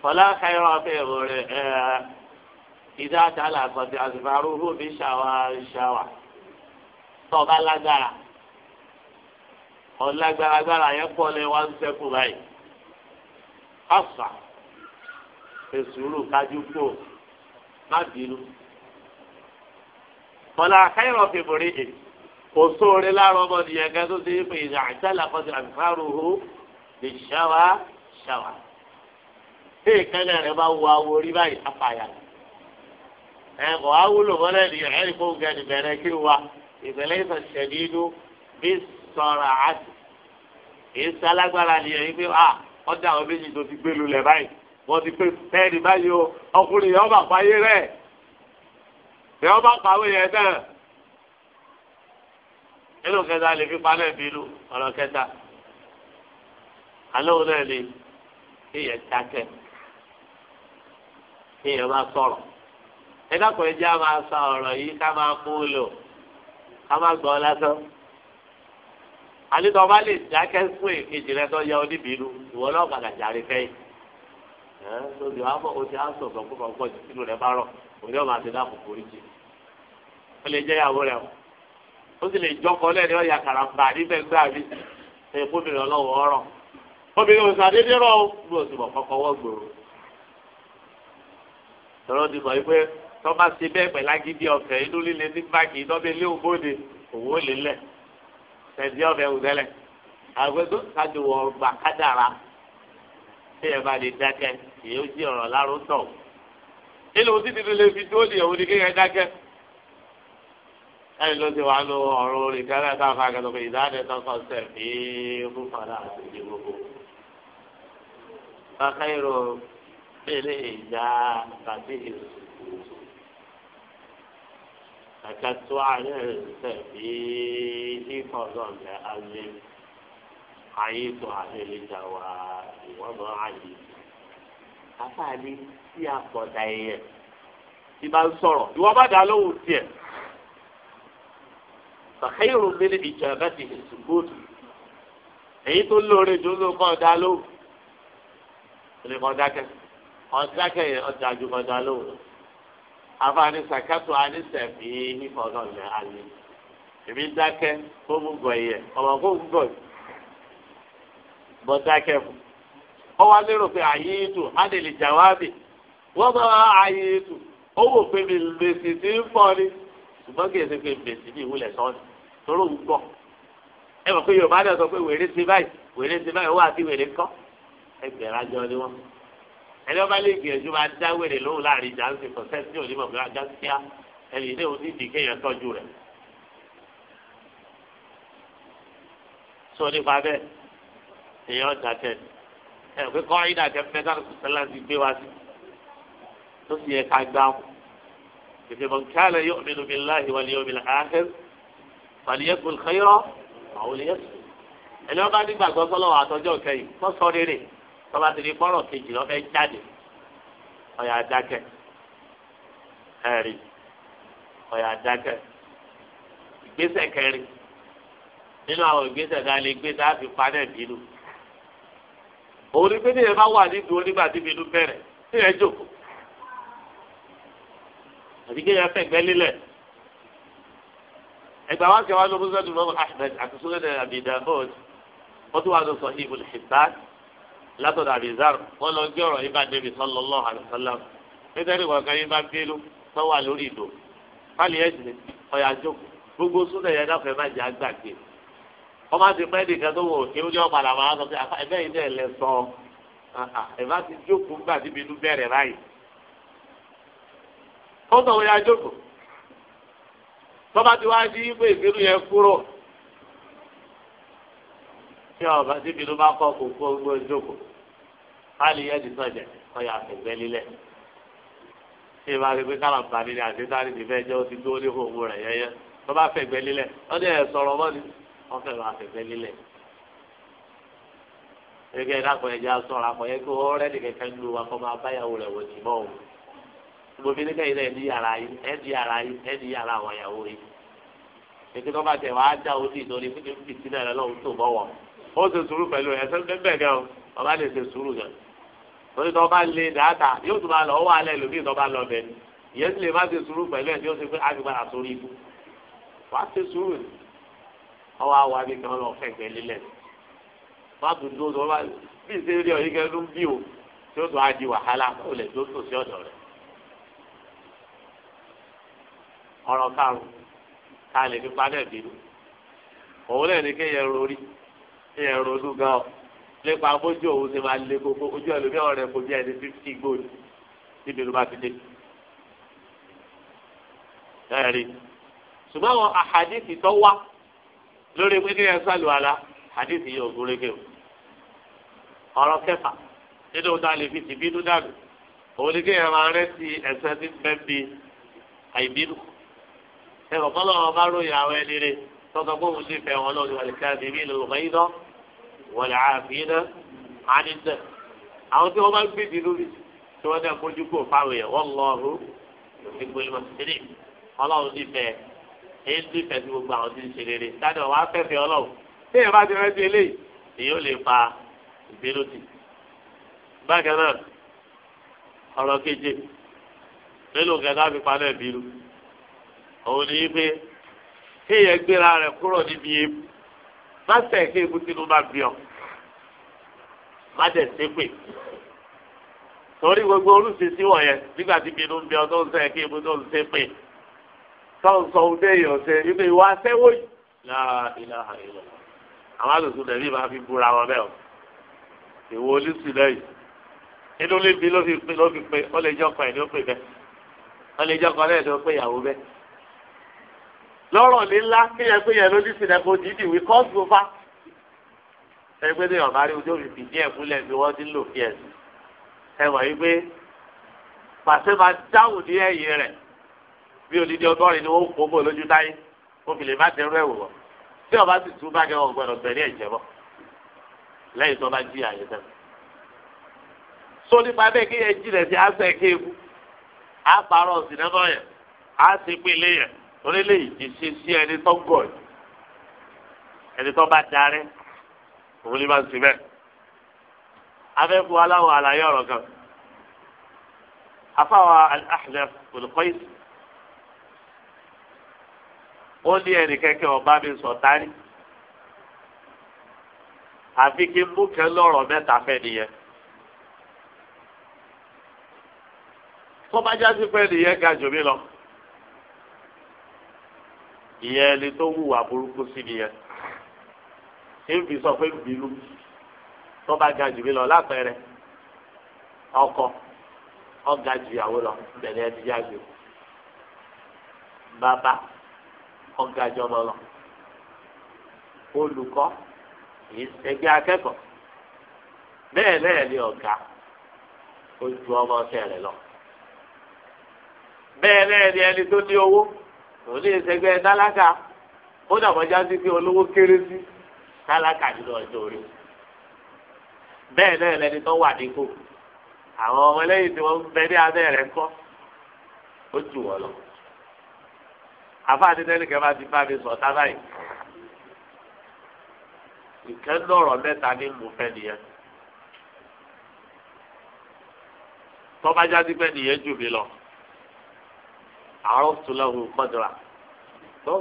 fọlá kẹrọ fẹ́ ìrọ̀rẹ́ ẹ̀ ìdá àtàlà àkọ́tì àsìfàrú rúbì ṣàwà ṣàwà tọ́ba lágbára ọ̀lágbára gbára yẹn pọ̀ lé wá ń sẹ́kù báyìí fàṣfà èsùrù kájú má bínú fọlá kẹrọ fẹ́ ìrọ̀rẹ́ èyí kò sóore láàárọ̀ ọmọ nìyẹn kan tó ti pè é àjálà kọsí àfihàrùhù lè ṣàwà ṣàwà. bí ìkẹ́lẹ̀ rẹ̀ bá wo awo orí báyìí apàyà ẹ̀ kò á wúlò mọ́lẹ̀ nìyẹn ẹ̀ kó gẹ̀ nìbẹ̀rẹ̀ kí wa ìbẹ̀rẹ̀ ìsọ̀ṣẹ̀ nínú bí sọ̀rọ̀ àti èsì alágbára nìyẹn yìí pé a ah, ọjà àwọn méjì tó ti gbé lulẹ̀ báyìí wọ́n ti pé fẹ́ẹ̀rì báyìí o ọkùnrin yẹn ọba pààyè rẹ̀ yẹn ọba pààwé yẹn náà inú kẹta lè fi panẹ́ bínú ọ̀rọ̀ kẹta alẹ́ òun náà ni kéèyàn dákẹ́ kéèyàn máa sọ̀rọ̀ ẹ̀dá kan ẹja máa sa ọ̀rọ̀ yìí ká máa mú un lò ká máa gbọ́ lásán àlítọ́ bá lè dákẹ́ fún èkejì rẹ tó yẹ oníbìínú ìwọ náà padà jàre fẹ́yìn ẹ̀ lóde wàá bọ̀ oṣù àṣọ sọ̀kúrọ̀ pọ̀ jù sínú rẹ bá rọ̀ òun yóò máa ti dáàbò borí jì ó lè jẹ́ ìyàwó rẹ o ó sì lè jọkọ lẹ́ni ọ̀yà kàràmbà níbẹ̀ gbà mí ṣe gómìnà ọlọ́wọ́ ọ̀rọ̀ obìnrin òsì àdédé rọ ó bí òsì bọ̀ kọ́kọ́ wọ́ gbòòrò tọ́lọ́ ti mọ̀ wípé tọ́ bá ṣe bẹ́ẹ̀ pẹ̀lú agídí ọ̀fẹ́ inú líle ní báàgì ìdọ́bẹ̀ ilé òbóde òwò lélẹ̀ tẹ̀sí ọ̀fẹ́ òtẹ́lẹ̀ àgbẹ̀dọ́ kájọ wọ ọgbà kádàrà tí ẹ bá lè dákẹ́ èyí ó jí ọ̀rọ̀ lárúntọ̀ nínú títí tó lè fi dóòlì ẹni ló ti wà ló ọ̀rọ̀ orí kẹlẹ́ tá a fa akẹ́tọ̀ pé ìdáàdẹ tó kọ́ sẹ̀ fi fún fàdà àti ìdí gbogbo. bákẹ́rò pèlè ìjà tàbí ìsòkòtò àkàtú àárẹ̀ sẹ̀ fi ìfọ̀dọ̀ lẹ́ alẹ́ ayé tó àárẹ̀ lè jà wá ìwọ́n náà àyè. àfààní tí a pọ̀ dà yẹn tí sọ̀rọ̀ ìwọ́n bá dà lóhùn tiẹ̀ fàkẹ́yìrò mẹ́lẹ̀ ìjà láti ẹ̀sùn gbòòtù èyí tó lóore jù ló kọ́ ọ̀dà lóhùn ilé kọ́ dákẹ́ ọ̀dákẹ́ yẹn ọ̀dà ju kọ́ ọ̀dà lóhùn afaani sakato ani sẹ̀fì nípa ọ̀dọ̀ ọ̀dà àlè èmi dákẹ́ kó mú gọ̀ yẹ ọ̀mọ̀ kó mú gọ̀ bọ́ dákẹ́ fún ọwọ́ alérò pé àyè ètò adèlè jàwábì wọ́n bá àyè ètò ó wò pé mi lèsì ti ń fọ́ ni ṣùgbọ́n kì í ṣe pé mèsì ní ìwúlẹ̀ sọ́ọ̀nì tọrọ ń gbọ́ ẹ mọ̀ pé yorùbá náà sọ pé wèrè ṣe báyìí wèrè ṣe báyìí wọ́n àti wèrè kọ́ ẹgbẹ̀rún ajọ ni wọ́n ẹni wọ́n bá lè gbìyànjú máa dá wèrè lóhùn láàrin ìjà ń sìn kọ́ sẹ́ńtì onímọ̀ bí wọ́n á já ẹni ilé òní ìdí kéèyàn tọ́jú rẹ̀. sọ nípa bẹ́ẹ̀ èèyàn dàtẹ̀ ẹ̀ pé kọ́ ayé dàtẹ̀ mẹ́ta sọ́lá fàlíyẹ́kùn xeyọ́ àwòlíyẹ́sùn ẹni wọn bá ní gbàgbọ́ sọlọ́wọ́ àtọ́jọ́ kẹyìn tó sọ rere tọ́ba ti di fọ́rọ̀ kejì lọ́fẹ́ jáde ọ̀yà dákẹ́ ẹ̀rí ọ̀yà dákẹ́ ìgbésẹ̀ kẹrin nínú àwọn ìgbésẹ̀ tá a lè gbé tá a fi panẹ̀ bínú òun ni pé ní ìyẹn bá wà nídùú onígbà tí bínú bẹ̀rẹ̀ tí ìyẹn jòkó àti kéèyàn fẹ̀gbẹ́ lílẹ̀ ẹgbẹ́ wa kẹwàá ló musa dùn mọ́mọ́ ahmed àti sọ́dọ̀ abi dahud wọ́n tún wà lọ sọ ibùdó hibban látọ̀dọ̀ abizar wọ́n lọ gbé ọ̀rọ̀ ibà débi sallallahu alaihi wasallam nítorí wọn kan ibà bílú tó wà lórí ìdò fálì ẹ̀sìn ọ̀yà jókòó gbogbo sọ́dọ̀ yẹn dáfẹ́ má jẹ́ àgbàgbé wọ́n máa ti pẹ́ nìkan tó wò kí ní ọ̀padà máa sọ sọ tọ́ba ti wá di pé ìbínú yẹn kúrò tí ọba tí ìbínú bá kọ́ kó kó gbó jókòó káàlì yẹn ti sọ̀jẹ̀ ọ̀yà àtẹ̀gbẹ́ lílẹ̀ tí ìbá rí pé kálàmbá nílẹ̀ àti sáré ti fẹ́ jẹ́ ó ti gbó ní òwò rẹ̀ yẹ́yẹ́ tọ́ba fẹ̀gbẹ́ lílẹ̀ wọ́n ní ẹ̀ sọ̀rọ̀ mọ́ ni wọ́n fẹ̀rọ àfẹ̀gbẹ́ lílẹ̀ ẹgbẹ́ ìdákọ̀ ẹ̀jẹ̀ asọ̀rọ̀ akọ̀ lu wa kọ́ máa báyàwó rẹ̀ wò gbogbo fi níkẹyìn náà ẹni yàrá yìí ẹni yàrá yìí ẹni yàrá àwọn ìyàwó yìí ètò tó bá tẹ wàá já ojú ìdóni fún kí ti náà lọ́wọ́ tó bọ̀wọ̀ ó ṣe sùúrù pẹ̀lú ẹ̀sẹ̀ bẹ́ẹ̀ gan ọba lè ṣe sùúrù gan torí tó bá lé dáadáa yóò tún máa lọ ọwọ́ alẹ́ lómi tó bá lọ bẹ̀ ni ìyẹn sì lè má ṣe sùúrù pẹ̀lú ẹ̀ tí ó ṣe pé àbí padà sórí ibú wàá ṣe sùúrù ni ọwọ́ àwọn àbí kan lọ fẹ̀gbẹ́ lélẹ̀ má tún dúró tó bá bí ìṣe rí ọ̀yìn kẹ́lú bí o tí ó tún á di wàhálà ó lè dó tòsí ọ̀dọ̀ rẹ̀ ọ̀rọ̀ karùn-ún ká lè fi padà bínú òun náà ní kéèyàn rori kéèyàn ronú gan ọ nípa bójú òun ṣe máa le gbogbo ojú ẹlòmíì ọ̀rẹ́ kò bí ẹni fífi gbòòdì níbi ló bá ti dé. ẹ̀rí ṣùgbọ́n àwọn àhàdìsì tó wá lórí pé kéèyàn sàlùwàlà àhàdìsì yóò gúnrégé o ọ̀rọ̀ kẹfà nínú ọ̀dà lè fi tìbínú dànù òun ní kéèyàn máa rẹ́ sí ẹ̀sẹ̀ tí bẹ́ẹ̀ bí àìbínú ẹ̀rọ kọ́ lọ́wọ́ bá ròyìn àwọn ẹni rẹ̀ tọ́tọ́ kó o sì fẹ́ wọn lọ́wọ́ wọlé káàdìmí ló lọ́wọ́ yín náà wọlé àfihàn àdìsẹ́ àwọn tí wọ́n bá gbé di lórí tí wọ́n dẹ́ kojú kó fáwọn yẹn wọ́n lọ́ọ̀rù ìgbò ìmọ̀ sílẹ̀ ọlọ́run ti fẹ́ èyí ti fẹ́ sí gbogbo àwọn tí ń ṣe rere dáadọ́ wàá fẹ́fẹ́ ọlọ́run tí èèyàn bá ti rẹ́ sí eléyìí èyí ò lè fa ìbínú bákan náà ọ̀rọ̀ keje lélòkè náà fi náà bínú. òun ni pé kéèyàn gbéra kuro kúrò níbi ebu má kí ebu tinubu má bí ọ má gbogbo olùsísí wọ̀nyẹn nígbà tí bínú ń bí ọ tó ń sẹ̀ kí ebu tó ń sépè tó ń sọ ọdẹ yìí ọ̀sẹ̀ ibi ìwà ila yìí láà ilà àìlọ́ àwọn máa fi búra wọn bẹ́ẹ̀ o ìwọ olùsí lẹ́yìn inú lébi ló fi pé ó lè jọ́ kan ẹ̀ ní ó pè ó lè lọ́rọ̀ nílá kéèyàn pé yẹn ló ní sinẹ́kọ̀ dídì wí kọ́ọ̀sì ó fa. ẹ gbé ní ọ̀bá rí ojú òfin fìdí ẹ̀ fúnlẹ̀ bí wọ́n ti ń lò fi ẹ̀sìn. ẹ wọ̀ yí pé pàṣẹ máa dáhùn ní ẹ̀yìn rẹ̀ bí odidi ọgọ́rin ni wọ́n kó bò lójú táyé kó fi lè má dẹrú ẹ̀wò wọ̀. tí ọba sì tún bá gẹ́wọ̀n gbọ́dọ̀ bẹ̀rẹ̀ ẹ̀jẹ̀ bọ̀ lẹ́yìn tó bá jí àyè tẹ̀. so nípa bẹ́ẹ̀ kéèyàn yẹn torí lè ìṣesí ẹni tó gọ̀ ẹ́ ẹni tó bá darí òun ni máa ń ṣe bẹ́ẹ̀. afẹ́fọ́ aláwọ̀ àlàyé ọ̀rọ̀ kan afáwa Al-Ahnaf olùkọ́yìí ó ní ẹnì kẹ́kẹ́ ọba mi sọ tání àfi kí n mú kẹ́ lọ́rọ̀ mẹ́ta fẹ́ nìyẹn. tó bá já sí pé nìyẹn ga jù mí lọ ìyẹn ẹni tó hùwà burúkú sí nìyẹn èébì sọ pé bínú tó bá ga jù mí lọ lápẹẹrẹ ọkọ ọga jù ìyàwó lọ bẹ̀rẹ̀ ẹni jáde o bàbá ọga jù ọmọ lọ olùkọ́ ẹgbẹ́ akẹ́kọ̀ọ́ bẹ́ẹ̀ náà ni ọ̀gá ó ọmọ ọ̀sẹ̀ rẹ̀ lọ bẹ́ẹ̀ náà ni ẹni tó ní owó òun lè ṣẹgbẹ́ tálákà ó dàbọ̀já sí pé olówó kéré sí tálákà nínú ọjọ́ orí bẹ́ẹ̀ náà lẹni tó wà nípò àwọn ọmọ ẹlẹ́yìn tí wọ́n bẹ ní abẹ́ rẹ̀ kọ́ ó jù wọ́n lọ. àfáàdé tẹ́lẹ̀kẹ́ bá ti bá mi sọ tá báyìí. ìkẹ́ lọ̀rọ̀ mẹ́ta ní mo nìyẹn. tọ́bajá ti nìyẹn jù mí lọ àárọ̀ tó lọ́hùn kọ́dọ̀rà tó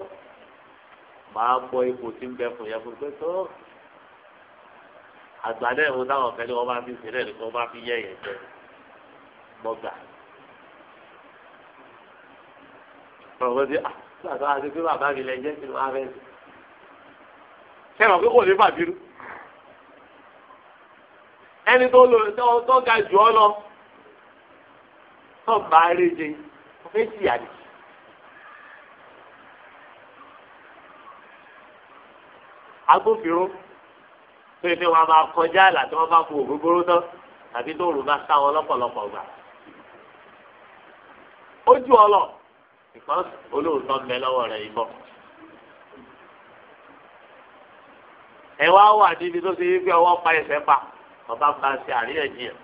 máa gbọ́ ipò tí ń bẹ fún yẹn fún pé tó àgbà náà mo táwọn kan ní wọ́n bá fi sílẹ̀ ní wọ́n bá fi yẹ ẹ̀yẹ jẹ gbọ́gbà. ọ̀rọ̀ ah, ti àtàwọn àti pé bàbá mi lẹ jẹ́ kí n máa fẹ́ sí. sẹ́wọ̀n pé kò ní fàbírú ẹni tó lò tó ga jù ọ lọ tó bá rí jẹ fẹ́ sí àdìs agbófinró pé pé wọn máa kọjá àlà tí wọn bá kó ògógóró tán tàbí tó rò bá sá wọn lọ́pọ̀lọpọ̀ gbà. ojú ọlọ ìpọn olóòótọ́ ń bẹ lọ́wọ́ rẹ̀ ìbọn. ẹ wá wà níbi tó ṣe yí pé ọwọ́ pa ẹsẹ̀ pa ọba bá ṣe àríyànjiyàn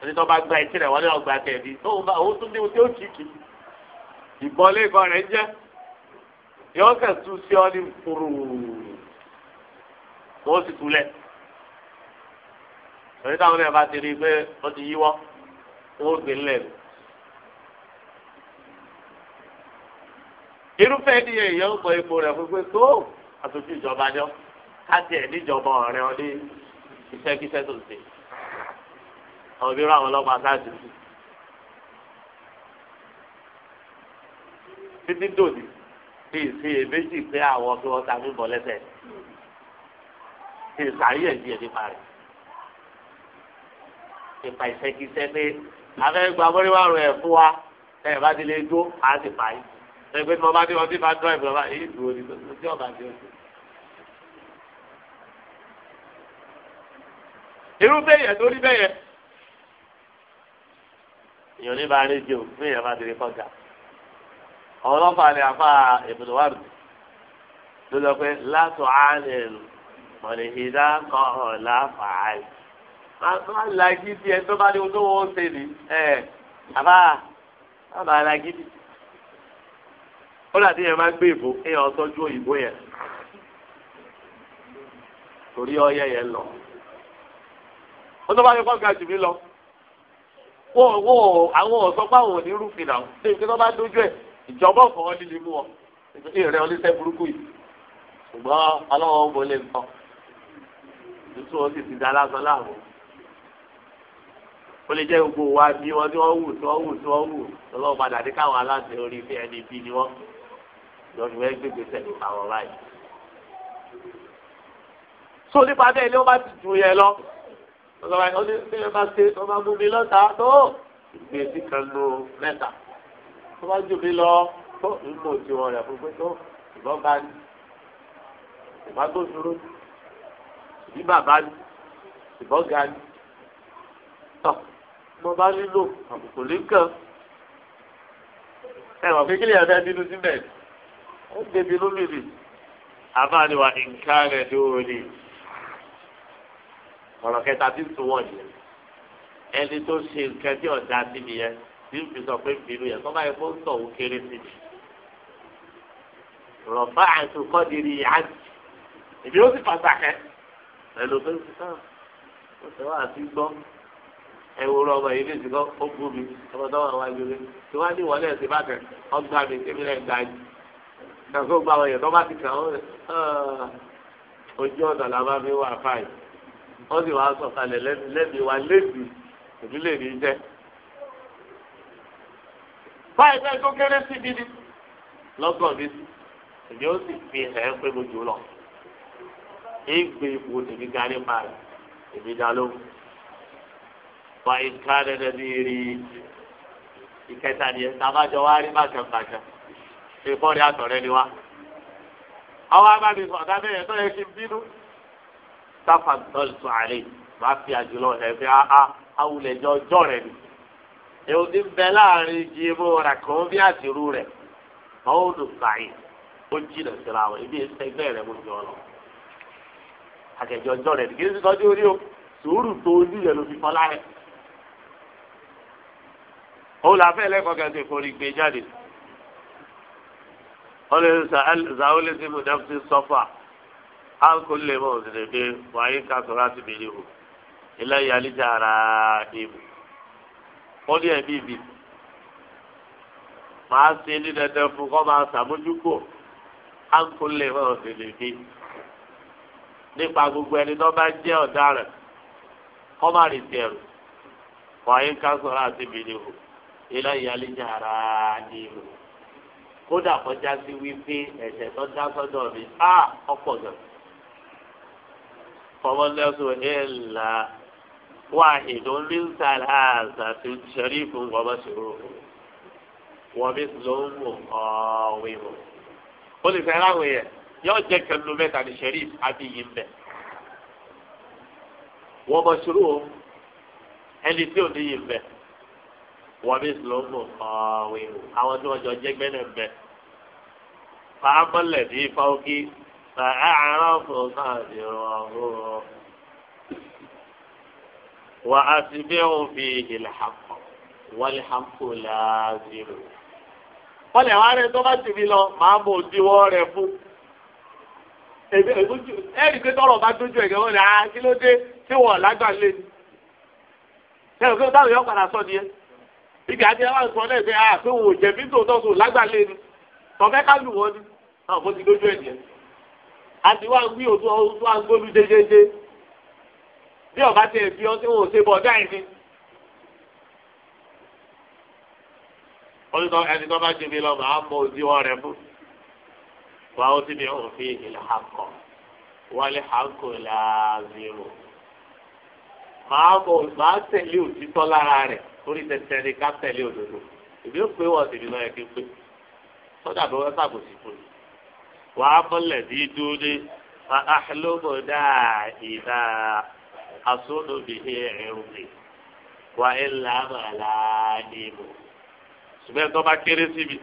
ẹni tó bá gba ẹtí rẹ̀ wọlé ọgbà tẹ̀lé tóun bá òun tún ní ohun tí ó kì kì í ìbọn lẹ́gbọ̀n rẹ̀ ń jẹ́ yọ̀ọ́kẹ̀ tún sí ọ ní fúrúù wọ́n sì túlẹ̀ torí táwọn náà bá ti rí i pé wọ́n ti yíwọ́ wọ́n gbé ńlẹ̀ lọ. irúfẹ́ ní èèyàn ń gbọ́ ipò rẹ̀ fún pé tó àtúntò ìjọba jọ káàtì ẹ̀ níjọba ọ̀rẹ́ ọ ní iṣẹ́kíṣẹ́ tó ń ṣe àwọn òbí rán àwọn ọlọ́pàá sáàtì sí. títí dòdì bíi ìsìn èméjì pé àwọn tó wọ́n mí bọ̀ lẹ́sẹ̀ ṣe sàríyànjiyàn nípa rẹ̀ nípa ìṣẹ́kíṣẹ́ pé afẹ́gbà mọ́ríwá rẹ̀ fún wa ẹ̀ bá ti lè dó a ti fà yín ẹgbẹ́ tí mo bá dé ọtí bá dọ́ ìbùdó bá èyí dúró ní ojú ọ̀bà ti ojú. irú bẹ́yẹ̀ tó rí bẹ́yẹ̀ èèyàn ní bá rí jù fún èèyàn bá ti rí ọlọ́pàá ni àfa ìbùdó wà lù ló látọ̀ á mọ̀lẹ́ ìdá kan ọ̀la fàáyì. máa ń lagi tiẹ̀ tó bá ní olówó ó ṣe ní ẹ̀ àbá àbá lagi tiẹ̀. ó dàbí yẹn máa ń gbé ìbò kéèyàn tọ́jú òyìnbó yẹn torí ọyẹ yẹn lọ. ó tó bá ní kọ́ńtà jù mí lọ wọ́n wọ́n àwọn ọ̀sọ́pá wọn ò ní rúfin náà ṣé ìpínlẹ̀ bá dójú ẹ̀ ìjọba ọ̀fọ̀ wọn líle mú wọn ìrẹ́ ọlẹ́sẹ̀ burúkú yìí ṣùgbọ́n ọlọ́wọ́ ń tuntun wọn sì ti da lásán láàmú ó lè jẹ́ gbogbo wa bí wọn tí wọ́n wù tí wọ́n wù tí wọ́n wù lọ́wọ́ padà dé káwọn aláṣẹ orí ife ẹni bí ni wọ́n lọ fi wọ́n gbégbé sẹ́yìn àwọn báyìí. so nípa bẹ́ẹ̀ ni wọ́n bá ti ju yẹn lọ ó ní bí wọ́n bá ṣe wọ́n bá mú mi lọ́ta tó ìgbésí kan ló mẹ́ta wọ́n bá jù mí lọ tó ìmọ̀ tí wọ́n rẹ̀ fún pé tó ìbọn bá ní ìbá tó dúró bí bàbá ni ìbọ́gà ni tọ́ mo bá nílò àbùkù lẹ́kàn ẹ wà pé kílíà fẹ́ bínú síbẹ̀ ó débi lómìnì àbániwa nǹkan rẹ̀ lóore ọ̀rọ̀ kẹta tí ń tún wọ̀ nìyẹn ẹni tó ṣe nǹkan tí ọ̀dà sí nìyẹn tí ń fi sọ pé bínú yẹn kọ́ báyìí kó ń tọ̀ ó kéré sí mi rọ̀bá àìsàn kọ́ di rí i ìbí ó sì pàtàkì pẹ̀lú fẹ́ǹsì náà ó ti wá àti gbọ́ ẹ wo rọ ọmọ yìí ní ìsìnkọ́ ó bú mi ọmọ tó wà wájú mi tí wọ́n ní ìwọlé ẹ̀sìn bàtẹ̀ ọgbà mi tèmi rẹ̀ gbà jù kàkó gba àwọn èèyàn tó bá ti kàn án ojú ọ̀nà làwọn fi wà fáì wọ́n sì wàá sọ̀kalẹ̀ lẹ́bi wa lẹ́bi ìdílé mi jẹ́ báyìí bẹ́ẹ̀ tó kéré sí mi ni lọ́gàn èmi ó sì fi ẹ̀ pé mo jù lọ. ìgbé ipò tèmi ga nípa rẹ̀ èmi dá lóhùn. wà ìka dandan ní rí ìkẹta ni ẹ sábàjọ wa rí bàjàmbàjà ìfọ́rí àtọ̀rẹ́ ni wa. àwọn abáni sọ̀dá bẹ́ẹ̀ tó yẹ kí n bínú. sáfà dọ́lù àlè máa fi àjùlọ a fi awulẹ̀jọ ọjọ́ rẹ ni. èwo bẹ láàrin rà bí àtìrú ló yìí ó jìnnà síra wọn ibi mo jọ lọ. àkẹjọ ọjọ́ rẹ̀ kì í sì tọ́jú orí o sùúrù tó ojú yẹn ló fi fọ́ láàrẹ̀. ó là fẹ́ lẹ́kọ̀ọ́ kẹsì forí gbé jáde. wọ́n lè zàwọ́ lé sí mùdẹ́fùtì sọ́fà áńkò lè mọ̀ òsèlè bí wàá yín ká sọ̀rọ̀ àti bèrè o ilé ìyálíjà ara ìbò ó ní ẹ̀mí ìbí màá ṣe ní dandan fún kọ́ máa ṣàmójúkò áńkò lè mọ̀ òsèlè bí nípa gbogbo ẹni tó bá jẹ́ ọ̀daràn kọ́ má rí tiẹ̀rù wàyí ká sọ̀rọ̀ àti bìnnìhù ilé ìyálé jàrá nìhù kódà kọjá sí wípé ẹ̀ṣẹ̀ tó dá sọ́dọ̀ mi á ọ̀pọ̀ gan. fọwọ́ lẹ́sùn ẹ̀ẹ́là wàhídó mílíọ̀tàlá àzàtì sẹ́rífù wọ́n ṣe rò wọ́n bí ló ń mú ọ̀wé mọ́. ó lè fẹ́ láwọn yẹn yóò jẹ kẹlò mẹ́ta ní sẹrí àbí yìí mbẹ wọn bọ sùúrù o ẹni tí ò ní yìí mbẹ wọn bí sùlọmù ọwẹ o àwọn tí wọn jọ jẹgbẹ náà mbẹ fàámọlẹ ní fáwọkì fàáhàrán fún káàdì ọhún wà á ti bẹ́ẹ̀ wọn fi ìlàkọ̀ wọlé hàmkù láàzìrò. wọ́n lè wá rẹ̀ tó bá ti fi lọ màá mọ̀ òdiwọ́ rẹ̀ fún ẹ̀rí pé tọrọ bá dójú ẹ̀gẹ́ wọn ni àá ah, ló dé tí wọ́n lágbà lé ni. ẹ̀rọ pé táwọn yóò padà sọ nìyẹn. ibi àti ẹ̀rọ àti sọ́lẹ̀ ṣe àá wò jẹ̀bi tòótọ́ sùn lágbà lé ni. tọ́fẹ́ ká lù wọ́n ni àwọn kò ti dójú ẹ̀ nìyẹn. a wá ń òtún ọ̀hún wá ń gbólu jẹjẹjẹ. bí ọba tiẹ̀ fi ọtí wọn ò ṣe bọ̀ ọ̀dá ẹ̀ ni. ọdún ẹni tó bá jẹ mi lọ màá mọ òdiwọ̀n rẹ̀ fún wàá ti bí òfin ìlàkọ̀ wọlé àkó làzìrò màá bò màá tẹ̀lé òtítọ́ lára rẹ̀ torí tẹ̀tẹ̀ ni ká tẹ̀lé òdodo ìbí ó pé wọ́n ti bí lọ́yẹ̀ kí pé sọ́dà bí wọ́n sàbòsí fún mi wàá bọ́lẹ̀ bí dúdé fa àlóbò dáa ìdá asódò bí ẹ̀rù mi wà á là màlá ní mò ṣùgbọ́n bá kéré síbi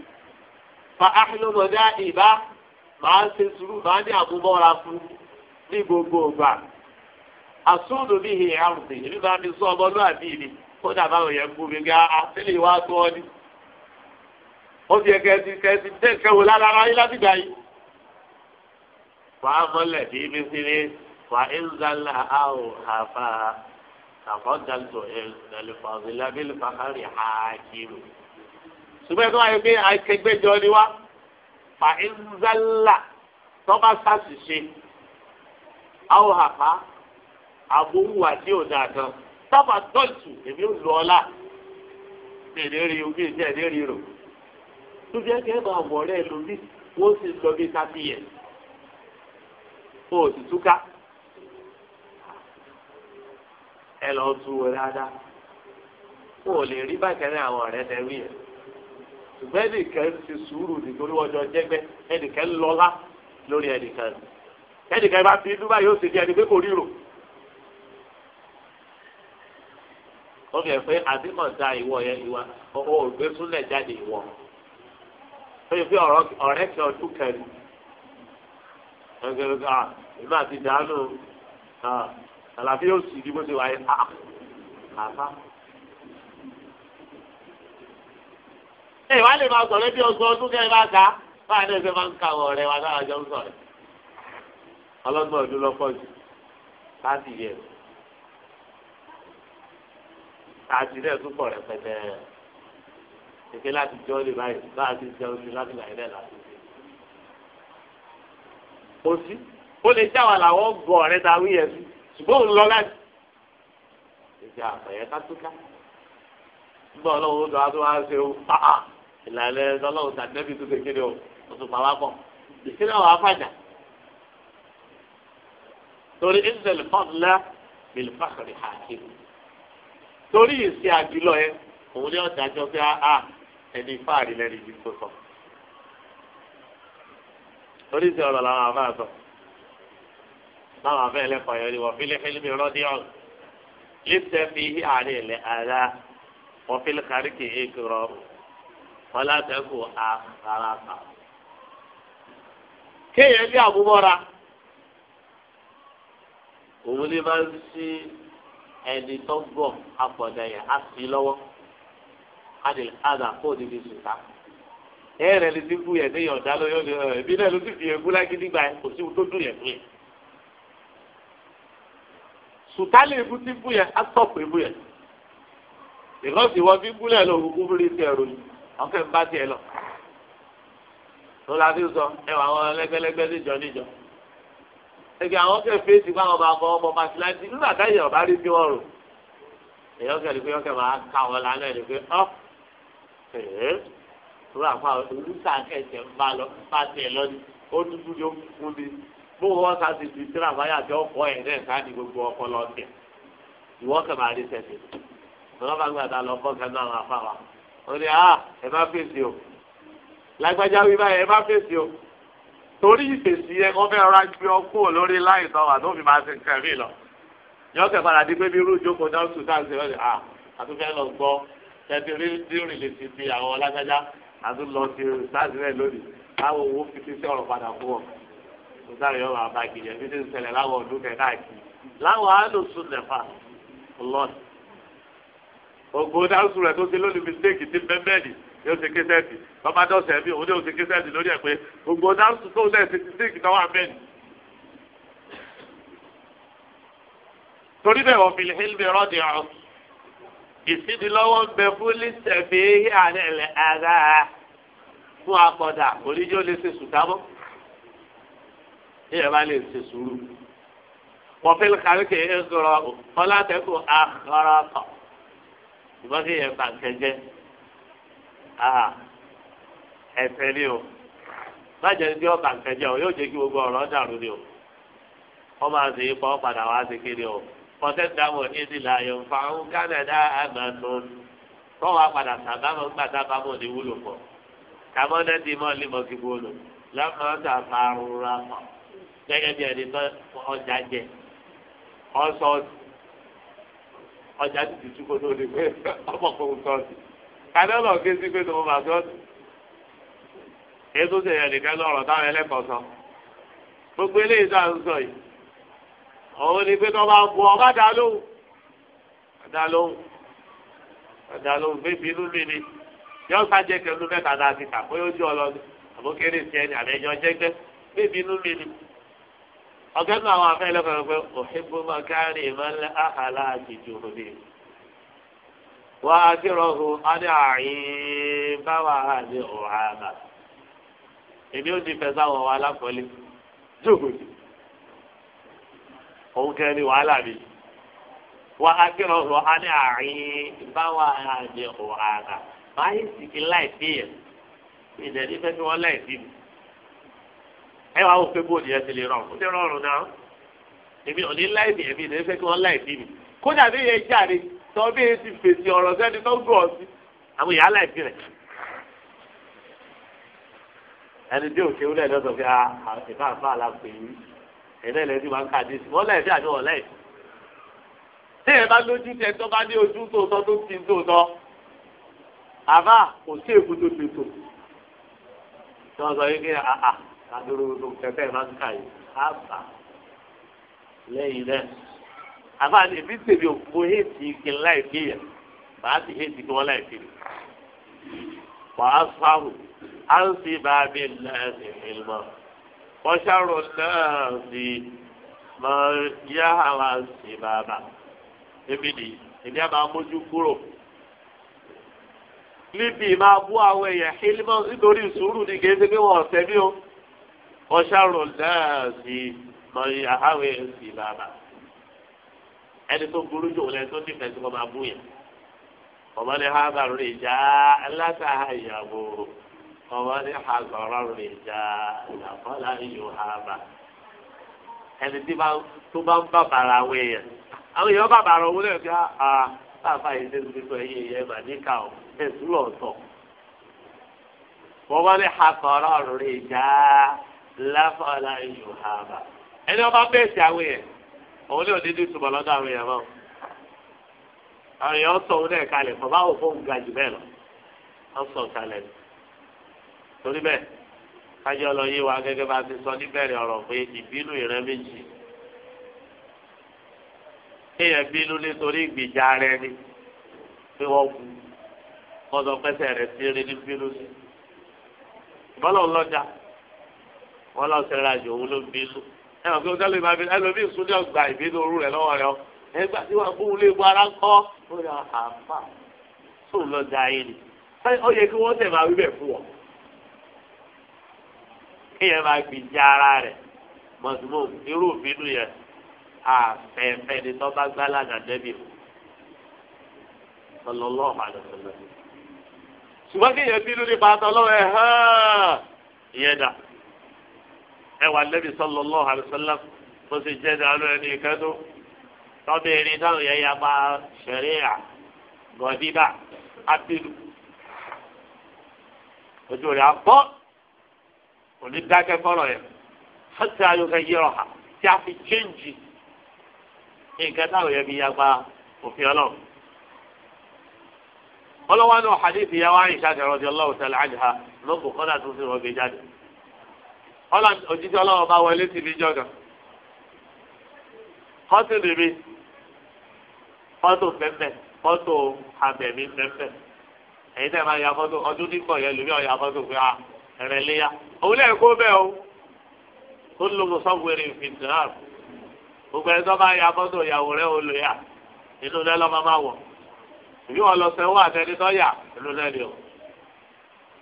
fa àlóbò dáa ìbá màá ṣe sùúrù màá ní àmúmọ́ra fún ní gbogbo ìgbà àsúndù bí ìhè àrùn èmi máa fi sọ ọmọlúwàbí mi kó dàbá òye ń gbóbi gá àtìlẹ̀ wá tó ọ ní. ó fi ẹ̀kẹ́ ti kẹ́sì tẹ́ kẹwò lára yín láti gbà yín. wà á mọ́lẹ̀ bí mi sí ni wà á ń zàlà áwò àfà àfọ̀dàlùtò ẹ̀ẹ́dẹ̀lẹ̀fọ̀ọ́sì lábẹ́lẹ̀ fàkàrì àkìrò. ṣùgbọ́n ẹ̀ tó wáyé pé akẹgbẹ́jọ ni wá fa ìzálà tọ́ba sàṣìṣe àwòhàfà àbòhùwà tí ò dáa kan tọ́ba dọ́ọ̀tù èmi ò lọ ọ́lá èdè rí o bí èdè èdè rí rò tóbi ẹ̀kẹ́ máa wọ̀ ọ́rẹ́ lómi wọ́n sì lọ bí sábì kó o sì túká ẹ lọ tu wọ dáadáa kó o lè rí bàtẹ́rẹ́ àwọn ọ̀rẹ́ tẹ́wé yẹn ṣùgbọ́n ẹnìkan ti sùúrù nítorí ọjọ́ jẹ́gbẹ́ ẹnìkan lọ́lá lórí ẹnìkan ẹnìkan bá fi dúbà yóò ṣe bí ẹni pé kò ríro. ó fi ẹ̀ pé àdìmọ̀dá ìwọ yẹn ìwà ọwọ́ ògbésúnlẹ̀ jáde ìwọ. ó yẹ pé ọ̀rẹ́ kẹ ọdún kẹrin. ẹgbẹ́ ọ̀gá ìlú àti dàánù ah, àlàáfíà òsì ni mo ti wáyé àfá. ẹ wá lè máa sọ̀rọ̀ bí ọgbọ́n ọdún kẹ́ bá ka báyà ní ẹsẹ̀ máa ń ka ọ̀rẹ́ wa náà jọ ń sọ̀rọ̀ ọlọ́gbọ́n ọdún lọ́pọ̀ jù láti yẹ àti rẹ̀ tún pọ̀ rẹpẹtẹ kékeré láti jọ́ lè báyìí báyà ti jẹ́ oṣù láti là ilẹ̀ láti ṣe. kò sí ó lè jáwà làwọn gbọ́ ọ̀rẹ́ ta wí yẹn ṣùgbọ́n òun lọ láti. ìjà àpẹ̀yẹ ká tó ká. nígbà ọlọ́run ó lọ wá tó wá ṣe ó pàà ìlànà ọlọ́run tàbí tó ṣe kéde o oṣù pàwápọ̀ ìṣẹ̀lẹ̀ àwọn afájà torí ìṣẹ̀lẹ̀ fọ́ọ̀dúnlá bìlì fàkàrì hàkìm torí ìṣe àjùlọ yẹn òun ní ọ̀dà àjọ pé a ẹni fáàrí lẹ́nu ìdí tó sọ torí ìṣe ọ̀rọ̀ làwọn afáà sọ láwọn afẹ́ ẹlẹ́kọ̀ọ́ yẹn ni wọ́n fi lékelé mi rọ́ọ̀dì ọ̀hún lẹ́sẹ̀ fi àárín ilẹ̀ fọlá tẹ́kù àkàràkà. kéèyàn ní àbúmọ́ra òun ní máa ń sí ẹni tó gbọ̀ apọ̀dàyà á sí lọ́wọ́ adìl ada kó ní fi sùn ká. ẹ̀rẹ̀ dínkù yẹn ní yọ̀ọ̀dá lóyún ní ọ̀rọ̀ ìbí náà ló sì fi egú lágídí gba kò sí tó dùn yẹn fún yẹn. sùtálì ìbú ti bú yẹn á sọ̀pù ìbú yẹn. ìlọ́sì wọn fi búlẹ̀ lóhùn kúrú ní ti ẹ̀rọ yìí àwọn kẹ́mi bá tiẹ̀ lọ lọ́la fi sọ ẹwà àwọn lẹ́gbẹ́lẹ́gbẹ́ níjọ níjọ ẹgbẹ́ àwọn kẹ́ fèsì fún àwọn ọmọ ọmọ masiláńtì nígbà táyà ọ̀bá rí bí wọ́n rò èèyàn kẹ́lẹ́ pé yọ́kẹ́ máa ka wọn lánàá ni pé ọ́ ẹ̀ẹ́ rúra fún àwọn olùsà kẹsẹ̀ ń bá lọ bá tiẹ̀ lọ ni ó dúdú ni kún ni bó wọ́n sá ti di síra fáyà tí ọkọ̀ ẹ̀ náà sá gbogbo ọkọ̀ lọ tẹ̀ ìwọ́kẹ́ máa rí sẹ́sẹ̀ lọ́ba gbàdá àwọn ó ní à ah, ẹ má fèsì o lágbájá wí báyìí ẹ má fèsì o torí ìfèsì yẹn kó fẹ́ rọra gbé ọ kúrò lórí láì tọ́ wà tó fi máa ṣe nǹkan mí lọ yọ̀ọ́kẹ́ padà di pé bí irú ìjókòó náà sùn táà ń ṣe wọ́n ní à ah, àtúfẹ́ lọ gbọ́ tẹ̀sí rí dírìn lè ti fi àwọn lágbájá àtún lọ sí sáàsì rẹ̀ lónìí láwọn owó fífi sí ọ̀rọ̀ padà fún ọ sáré yọ̀ọ́ bàbá gidi ẹ̀ fi ti ń ṣẹlẹ̀ láwọn ọdún kẹ ògbó dáhùsù rẹ tó ṣe lónìí mistake ti bẹ́ẹ̀bẹ́ẹ̀lì yóò ṣe késẹ́ẹ̀tì lọ́mọ adọ́sẹ̀ mi òun yóò ṣe késẹ́ẹ̀tì lórí ẹ̀ pé ògbó dáhùsù tó ṣe ṣe mistake náà wà bẹ́ẹ̀ni. torí bẹ́ẹ̀ wọ́n fìlì hílmi rọ́ọ̀dì ọ̀ ìsídìlọ́wọ́ ń bẹ fún lísẹ̀mí àlẹ́lẹ̀ ara fún akọ̀dà oníjó lè ṣe sùtámọ́ ìyẹn bá lè ṣe sùúrù wọ́n fìlì kàríkì ẹ̀ ń sọ̀rọ̀ ṣùgbọ́n kí yẹn bàǹkẹ́ jẹ́ ẹsẹ̀ ni o bàjẹ́ ní bí wọ́n bàǹkẹ́ o yóò jẹ́ kí gbogbo ọ̀rọ̀ dàrú ni o wọ́n máa ṣe ipa padà wá sí kiri o kọ́tẹ́ dáwọ̀ ẹ̀dì láàyò nfa ń kánádà àgbàdo wọ́n wá padà sàbámọ̀ gbàdá bámọ̀ ní wúlò pọ̀ kàmọ́ náà ti mọ́ límọ̀ kí bọ́ọ̀lù lọ́mọdà fàrúrà mọ́ gẹ́gẹ́ bí ẹni tó ọjà jẹ ọ̀sọ̀ọ̀sì ọjà ti ti túbọ̀ tó pé ọmọkùnrin sọ́ọ̀tì kàdánù ọ̀gé sí pé tòun máa sọ́ọ̀tì èyí tó ṣèyàn nìkan lọ́rọ̀ táwọn ẹlẹ́kọ̀ọ́ sọ gbogbo eléyìí tó à ń sọ yìí òun ni pé tó bá bu ọba dá lóhùn dá lóhùn dá lóhùn bébí inú mi ni yọ sájẹ kẹlu mẹ́ta dá ti kà bóyá ó jù ọ lọ ni àbókéré tiẹ̀ ni bébí inú mi ni. ọ̀gẹ́ nínú àwọn afẹ́ lọ́kọ̀ọ́ pé òhìnbó máa kárí ìmọ̀lẹ́ àhàlà àjèjì òde. wà á dìrọ̀hù ọ́nà àyìn báwa àdé ọ̀hánà. èmi ò ní fẹ́ sáwọn wa lápọ̀lé jókòó. òun kẹ́ ni wàhálà mi. wà á dìrọ̀hù ọ́nà àyìn báwa àdé ọ̀hánà. máa yí sìkì láì sí yẹn. ìdẹ̀ni fẹ́ wọ́n láì ẹ wá wò pé bóòlù yẹn ti lè rọrùn ó ti rọrùn náà èmi ò ní láìsí èmi ní fẹ́ kí wọ́n láìsí mi kódà bí yẹn jáde tó bí yẹn ti fèsì ọ̀rọ̀ sẹ́ni tó gbọ́ ọ sí àwọn èèyàn láìsí rẹ̀ ẹni tí òkè wúlẹ̀ lọ́sọ̀ fi àfẹ́fà àfà àlàpẹ̀ yìí ẹ̀dá ilẹ̀ ti máa ń kàdé sí wọ́n láìsí àbí wọ́n láìsí. tí ẹ bá lójú tẹ tó bá ní ojú tòótọ́ tó ti tòótọ́ àbá kò sí èkó tó ti tò tí wọ́n sọ yìí kí a ah, ah, adúró gbogbo kẹfẹ́ máa ń kà yìí á bà lẹ́yìn náà àmọ́ èmi tèmi ò mo héètì kí n láì fi yẹn màá sì héètì kí wọ́n láì fi mi wàá sáwù á ń sì bá mi náà sì fi mọ́ wọ́n ṣàrò náà sí mọ yá àwọn sì bàbà èmi nìyí èmi àbá mójú kúrò níbi ìmáa bú àwọn èèyàn hílímọ́ nítorí sùúrù ni kì í ṣe pé wọ́n ọ̀sẹ̀ mi o ọ̀ṣàrò náà sí mọ̀rí àháwé sí bàbà ẹni tó burú jù lẹ́yìn tó nífẹ̀ẹ́ sí ọba abúyẹ ọba ní hábà rè já látàá ìyàwó ọba ní hàgọ́rọ́ rè já ìyàfọ́lá ìyò hábà ẹni tí tó bá ń bàbàrà àwọn èèyàn àwọn èèyàn bàbàrà owó náà fi bàbá yìí lè fi sọ ẹyẹ ẹyẹ mà níkà ọ ẹsùn lọ sọ wọn bá ní hàgọ́rọ́ rè já láfàlà ìlú hàbà ẹni ọba bẹ́ẹ̀ sí àwọn yẹn òun ní òdìdí ìtumọ̀ lọ́dọ̀ àwọn yẹn mọ́ àwọn yẹn sọ òun náà kalẹ̀ bàbá òun fóun ga jù bẹ́ẹ̀ lọ wọ́n sọ kalẹ̀ torí bẹ́ẹ̀ kájọ lọ yé wa gẹ́gẹ́ bá ti sọ níbẹ̀rẹ̀ ọ̀rọ̀ pé ìbínú ìrẹ́ méjì kéèyàn bínú nítorí ìgbìjà rẹ ni pé wọ́n kú wọ́n rẹ̀ sí eré ní bínú sí ìbọ́lọ̀ ńlọ́jà. wọn lọ sẹ́ra jù òun ló ń bínú ẹ mọ̀ pé ó ní ọgbà ìbínú orú rẹ̀ lọ́wọ́ ọ ẹgbà tí wọn fún un lé ó yà àmà tó lọ da ayé ni ó yẹ kí wọ́n tẹ̀ máa wí bẹ̀ fún ọ máa ara irú yẹn àfẹ́fẹ́ ni gbá lànà o ṣùgbọ́n kéèyàn bínú nípa ẹ̀ hàn ẹwà lẹ́bi sallallahu alaihi wasallam bó ṣe jẹ́ dàlú ẹni ìkẹ́dùn tọ́bìnrin táwọn yẹn ya pa ṣẹ̀ríà gọ̀díbà ápìlù ojú rẹ̀ àpọ̀ òní dákẹ́ fọ́rọ̀ yẹn fẹ́tí ayọ̀kẹ́ yẹrọ ha tí a fi chéǹjì nǹkan táwọn yẹn fi ya pa òfin ọlọ́run ọlọ́wọ́n náà hadithi yẹn wá ìṣàkẹ́rọ̀ ọdí ọlọ́run tẹ̀lé àjẹ́ ha lọ́kùnkọ́dà tó ti rọ̀ gbé jáde òjijì ọlọ́run bá wọlé sí mi jọ̀gàn kọ́tìlì mi fọ́tò pẹ́pẹ́ fọ́tò abẹ̀mí pẹ́pẹ́ èyí tẹ̀ máa ya fọ́tò ọdún nígbọ̀ yẹn lórí ọ̀ya fọ́tò pé a ah, rẹ̀ léya òun kó bẹ́ẹ̀ o tó ló mo sọ́wọ́rẹ́ fìdíràn gbogbo ẹni tó bá ya fọ́tò ìyàwó rẹ̀ ó lò yà inú rẹ̀ lọ́mọ máa wọ̀ ìbí wọn lọ sẹ́wọ́ àtẹnitọ́ yà inú rẹ̀ ni o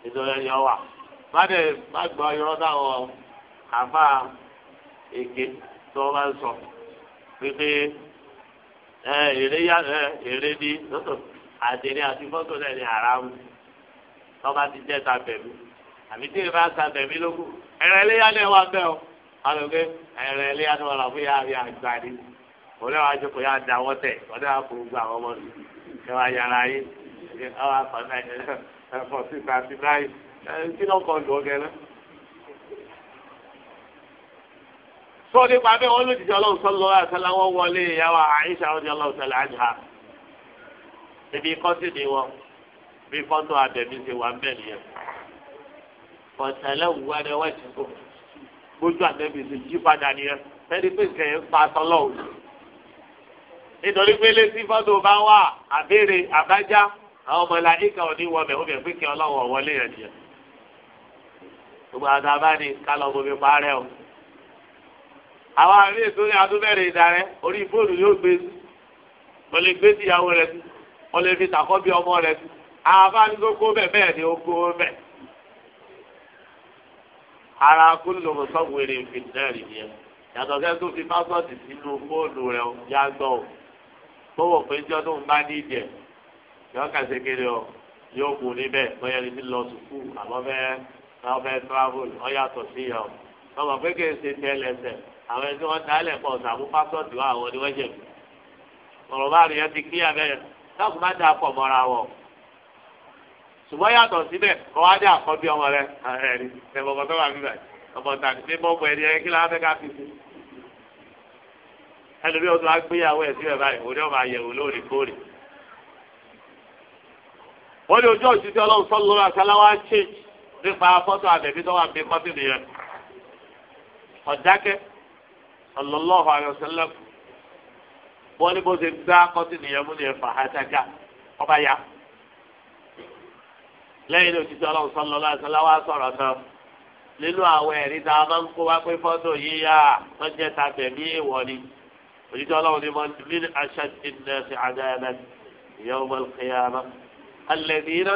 inú má dẹ̀ má gbọ́ irọ́ táwọn àfa èké tí wọ́n bá ń sọ pípé ẹ èrè yá ẹ èrè ni àtẹ̀lé àti fọ́tò náà ni àràmù tọ́ba ti jẹ́ ta bẹ̀mí àbí tí ìbá ta bẹ̀mí lóko ẹ̀rẹ̀ iléyà náà wà bẹ́ẹ̀ o alùpùpù ẹ̀rẹ̀ iléyà náà wà fún yàrá yàrá gbà ni òní àwọn àjọpọ̀ yà da wọ́n tẹ̀ wọ́n náà kó gba àwọn ọmọ rẹ̀ ẹ̀ wà yàrá yìí ẹ̀ wà fọ́nà ẹ̀ fọ́ sísá sí báyìí kí náà kàn dùn ọ̀gẹ̀ sọ nípa bẹ́ẹ̀ wọ́n lòdì ọlọ́run sọ́lọ́ àtàlà wọn wọlé ìyàwó àyíṣà ọ̀dí ọlọ́run sọ́lọ́ àjà ibi kọ́sì ni wọn bí fọ́tò àbẹ̀mí ṣe wà ń nìyẹn ọ̀tẹ̀lẹ̀ wù wá ni ti kó gbójú àbẹ̀mí ṣe jí padà nìyẹn ẹni pé kẹ̀yìn pa sọ́lọ́ òun nítorí pé létí fọ́tò bá wà àbèrè àbájá àwọn ọmọ ìlànà ìkà òní wọ gbogbo àti abáni kálọ̀ bomi parẹ́ o. àwọn àmì ìtòrí adúbẹ̀rẹ̀ ìdarẹ́ orí fóònù yóò gbé sí o lè gbé síyàwó rẹ sí o lè fi tàkọ́ bí ọmọ rẹ sí àbáni tó kó bẹ́ẹ̀ bẹ́ẹ̀ ni ó kó bẹ́ẹ̀. ara kúlò mọ̀sọ́gbèrè fìdíẹ̀rì yẹn yàtọ̀ kẹ́ tó fi pásọ̀tì sínú fóònù rẹ yá gbọ́ o tó wọ̀ pé jọ́ tó ń bá ní ìjẹ́ yọ kàṣekere o yóò kù níbẹ̀ bóyá ní lọ sùkúù àbọ̀ bẹ́ẹ̀. àwọn fẹ́ travel ọ̀yàtọ̀ sí yà ọ́ pé kí n ṣe tẹ́lẹ̀sẹ̀ àwọn ẹni tí wọ́n dálẹ̀ pọ̀ sàmú pásọ̀tì wa àwọn ni wọ́n jẹ̀bi bá rèé ti kílíà bẹ́ẹ̀ táàkù má dáa pọ̀ mọ́ra wọ̀ ṣùgbọ́n yàtọ̀ síbẹ̀ kọ́ wá dé àkọ́bí ọmọ rẹ ẹ̀rí tó wà nígbà ọmọ tàbí pé bọ́ọ̀bù kí fẹ́ ká fi ẹlòmíì ọdún síbẹ̀ báyìí lóòrèkóòrè wọ́n ní ojú tí ọlọ́run pípa fọ́tò àbẹ̀bí tó wà bí kọ́fìlì yẹn ọ̀dákẹ́ sallallahu alaihi wasallam wọ́n ní bó ṣe gbá kọ́fìlì yẹn mú ni ẹ̀fà àtàkà ọba ya lẹ́yìn ní òtítọ́ ọlọ́run sallallahu alaihi wasallam wá sọ̀rọ̀ kan nínú àwọn ẹ̀rí tá a máa ń kó wá pé fọ́tò yíyá tó jẹ́ ta bẹ̀mí ìwọ ni òtítọ́ ọlọ́run ni wọ́n min ashaddi an-nasi 'adaban yawm al-qiyamah alladhina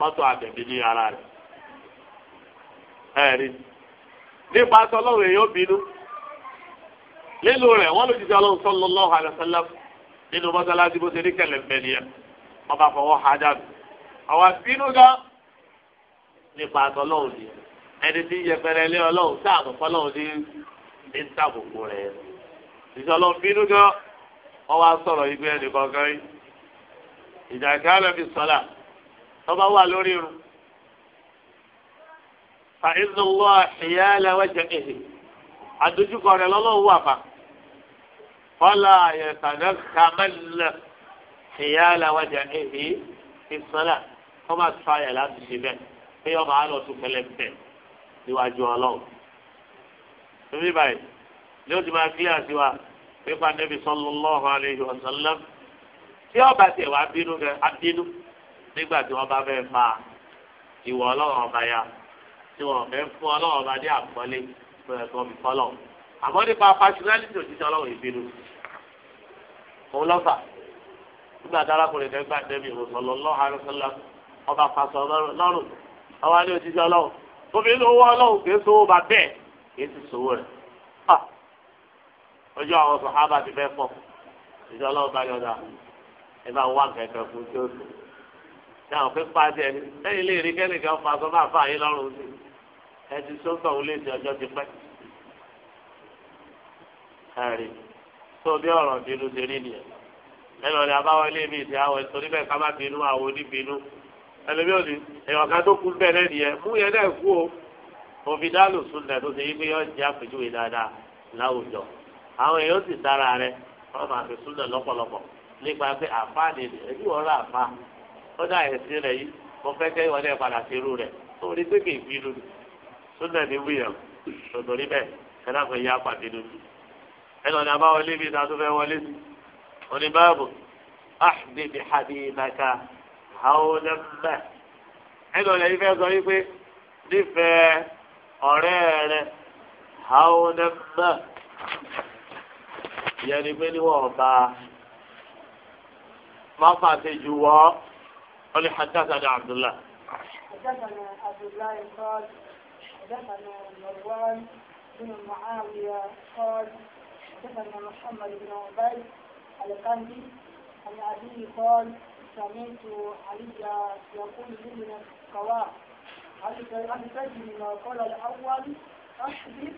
mọ́tò àbẹ̀bí ní ara rẹ̀ ẹ̀rí nípa sọlọ́run èèyàn bínú lílo rẹ̀ wọ́n ló ti sọ ọlọ́run sallallahu alaihi wasallam nínú mọ́sálásí bó ṣe ní kẹlẹ̀mbẹ̀ nìyẹn wọ́n bá fọwọ́ ha dànù àwọn bínú gan nípa sọlọ́run nìyẹn ẹni tí yẹpẹrẹ lé ọlọ́run sáàmù fọlọ́run ní ní sàbùkù rẹ̀ ìṣọlọ bínú gan wọ́n wá sọ̀rọ̀ ìgbẹ́ ẹnì kọ̀ọ̀kan yìí ìjà ìkàlẹ̀ sọ́lá tọ́ba wà lórí irun fàìzọ́lọ́ ẹ̀yà ẹlẹ́wẹ̀jẹ̀ ẹ̀hẹ̀ àdójúkọ rẹ̀ lọ́lọ́wọ́ wà fà kọ́lá ẹ̀yẹ̀tàdé kàmẹ́lẹ̀ ẹ̀yà ẹlẹ́wẹ̀jẹ̀ ẹ̀hẹ̀ ìsọ́lá tọ́ba tó ayẹ̀ láti ṣe bẹ́ẹ̀ pé ọmọ àlọ́ tó kẹlẹ̀ níwájú ọlọ́run tóbi báyìí ni ó ti máa kílíà sí wa pípa níbi sallallahu alaihi wasallam tí ọba tẹ̀ wá bínú kẹ abínú nígbà tí wọ́n bá fẹ́ fa ìwọ ọlọ́run ọba ya tí wọ́n fẹ́ fún ọlọ́run ọba ní àpọ́nlé fún ẹ̀kọ́ mi fọ́lọ̀ àmọ́ nípa fásitì òjijì ọlọ́run ìbínú òun lọ́fà nígbà tí arákùnrin kan gbà débi ìwòsànlọ́ lọ́hàrúsọ́lá ọba pàṣọ lọ́rùn ọwọ́ ní òjijì ọlọ́run obìnrin ló wọ́ ọlọ́run kì í sówó bá bẹ́ẹ̀ kì í sì sówó rẹ̀ ojú àwọn sọ̀hábà ti fẹ́ fọ́ ìjọ ọlọ́run bá yọ̀dà ẹ bá wà kẹ̀kẹ́ fún tí ó sùn dáhùn pé pàṣẹ ni lẹ́yìn lè rí kẹ́nìkan fa sọ máa fà yín lọ́rùn sí ẹ ti sọ́tọ̀ òun lè ti ọjọ́ ti pẹ́. káàrí tó bí ọ̀rọ̀ bínú ṣe rí nìyẹn ẹnu ọ̀dẹ abáwọ̀ ilé mi ti àwọn ẹ̀sọ́ níbẹ̀ ká má bínú àwọn oníbínú ẹlẹ́bí òní ẹ̀yọ̀ kan tó kú bẹ́ẹ̀ nìyẹn mú yẹn náà kú o òfin dálò sùn náà tó ṣe yí pé yọ jẹ́ àpèjúwe dáadáa láwùjọ àwọn èèyàn kódà ẹ̀sìn rẹ̀ yìí mo fẹ́ kẹ́ ìwọlé padà sí irú rẹ̀ tó rí pé kì í fi irú sódà ní wíyàn tòtò níbẹ̀ ẹ náà fẹ́ yá pàdé lójú. ẹnu ọ̀nà àbáwọlé bíi ta tó fẹ́ wọlé sí òní báàbò áàdì bí hàbí màkà àwọnẹ́mẹ́. ẹnu ọ̀nà yìí fẹ́ sọ wípé nífẹ̀ẹ́ ọ̀rẹ́ rẹ àwọnẹ́mẹ́. ìyẹn pé níwọ̀n ọba má fàṣẹ قال حدثنا عبد الله حدثنا عبد الله قال حدثنا مروان بن معاوية قال حدثنا محمد بن عبيد القندي عن أبيه قال سمعت علي يقول من القواه هل تجد ما قال الأول أحذر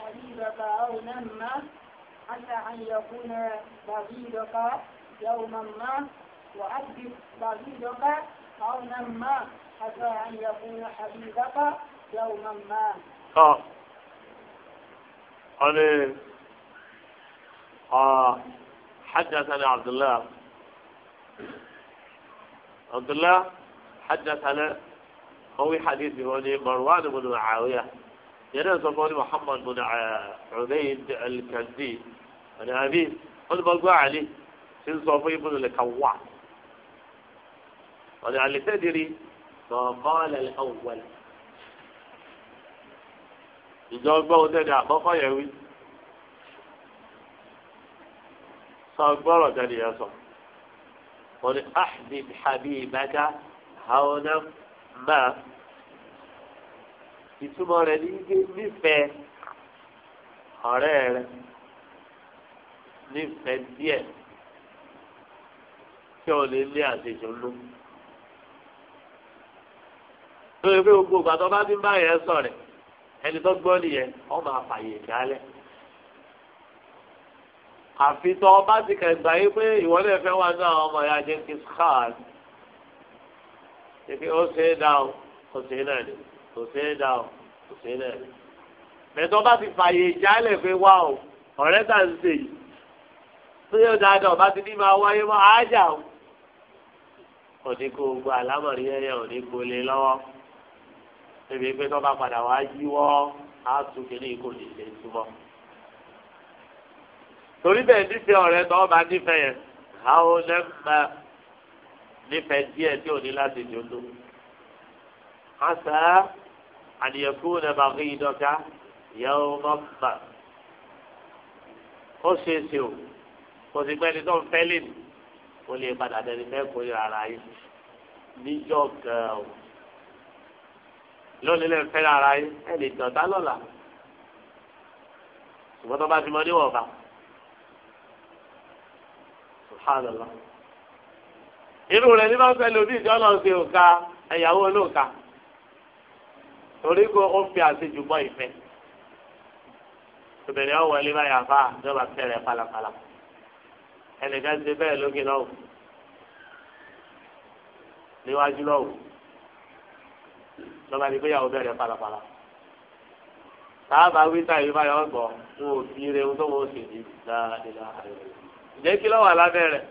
حبيبك أو نما حتى أن يكون بغيضك يوما ما وعذب صديقك قولا ما عسى أن يكون حبيبك يوما ما آه. أنا آه. حدثنا عبد الله عبد الله حدثنا هو حديث بن مروان بن معاوية ينزل بن محمد بن عبيد الكندي أنا أبي قلت بلقوا علي سن صوفي بن الكوان ọ̀dọ̀ àlẹ́sẹ̀dìrì sọ̀bọ́ọ̀lẹ̀ ọ̀wọ̀lẹ̀. ìjọba òtẹ́ni àkọ́kọ́ yẹn wí. sọ gbọ́rọ̀ tẹ́lẹ̀ yẹn sọ. wọ́n ní ahdid habibaka haona ma. ìtumọ̀ rẹ̀ ní ike nífẹ̀ẹ́ ọ̀rẹ́ rẹ̀ nífẹ̀ẹ́ díẹ̀ tí o lè lé àṣejù lóhùn lórí pé gbogbo ìgbà tó bá ti ń bá yẹn sọ̀rọ̀ ẹni tó gbọ́ nìyẹn ọ máa fààyè ìdálẹ̀ àfi tó o bá ti kẹgbà yín pé ìwọ náà fẹ́ wá náà ọmọ ya jẹ́ kí skáàd ṣe pé ó ṣe é dá o kò ṣe é náà ni kò ṣe é dá o kò ṣe é náà ni mẹtọ bá ti fààyè ìjálẹ̀ pé wá o ọ̀rẹ́ tà ń ṣe yìí tó yóò dáadáa ọba ti ní máa wáyé mọ́ àájà o òní kó gbọ́ àlámọ̀rí yẹn yẹn òní kó lé lọ́wọ́ ebi pé tó bá padà wá yíwọ́ á tún kele kò lè ṣe túbọ̀. torí bẹ́ẹ̀ nífẹ̀ẹ́ ọ̀rẹ́ tó bá nífẹ̀ẹ́ yẹn àwọn lẹ́gbẹ̀ẹ́ nífẹ̀ẹ́ díẹ̀ tí ò ní láti dundun. àṣà àdìyẹ̀kú rẹ̀ bá ìdọ́ka yẹ̀wò mọ́fà ó ṣe ṣe o kò sì pẹ́ ni tó ń fẹ́ lé mi kò lè padà dẹni fẹ́ kórìíra ara yìí níjọ́ gan-an lónìí lè fẹ́ ara yín ẹ lè dọ̀tá lọ́la ṣùgbọ́n tó bá ti mọ níwọ̀nba subhanallah irú rẹ̀ ní bá ń fẹ́ lòdì ìjọ náà ṣe òka ẹ̀yàwó olóòka torí kó o fi àṣejù bọ́ ìfẹ́ obìnrin ọ̀wọ́ ilé báyà fà jọba fẹ́rẹ̀ falafala ẹnìkan ti bẹ́ẹ̀ lókè lọ́wọ́ níwájú lọ́wọ́ lọ́ba ní péyàwó bẹ̀rẹ̀ palapala sábà wíta yìí báyọ̀ gbọ́ wọn ò fi ire ohun tó wọn ò sì di dáadáa ǹjẹ́ kí lọ́wọ́ alábẹ́rẹ̀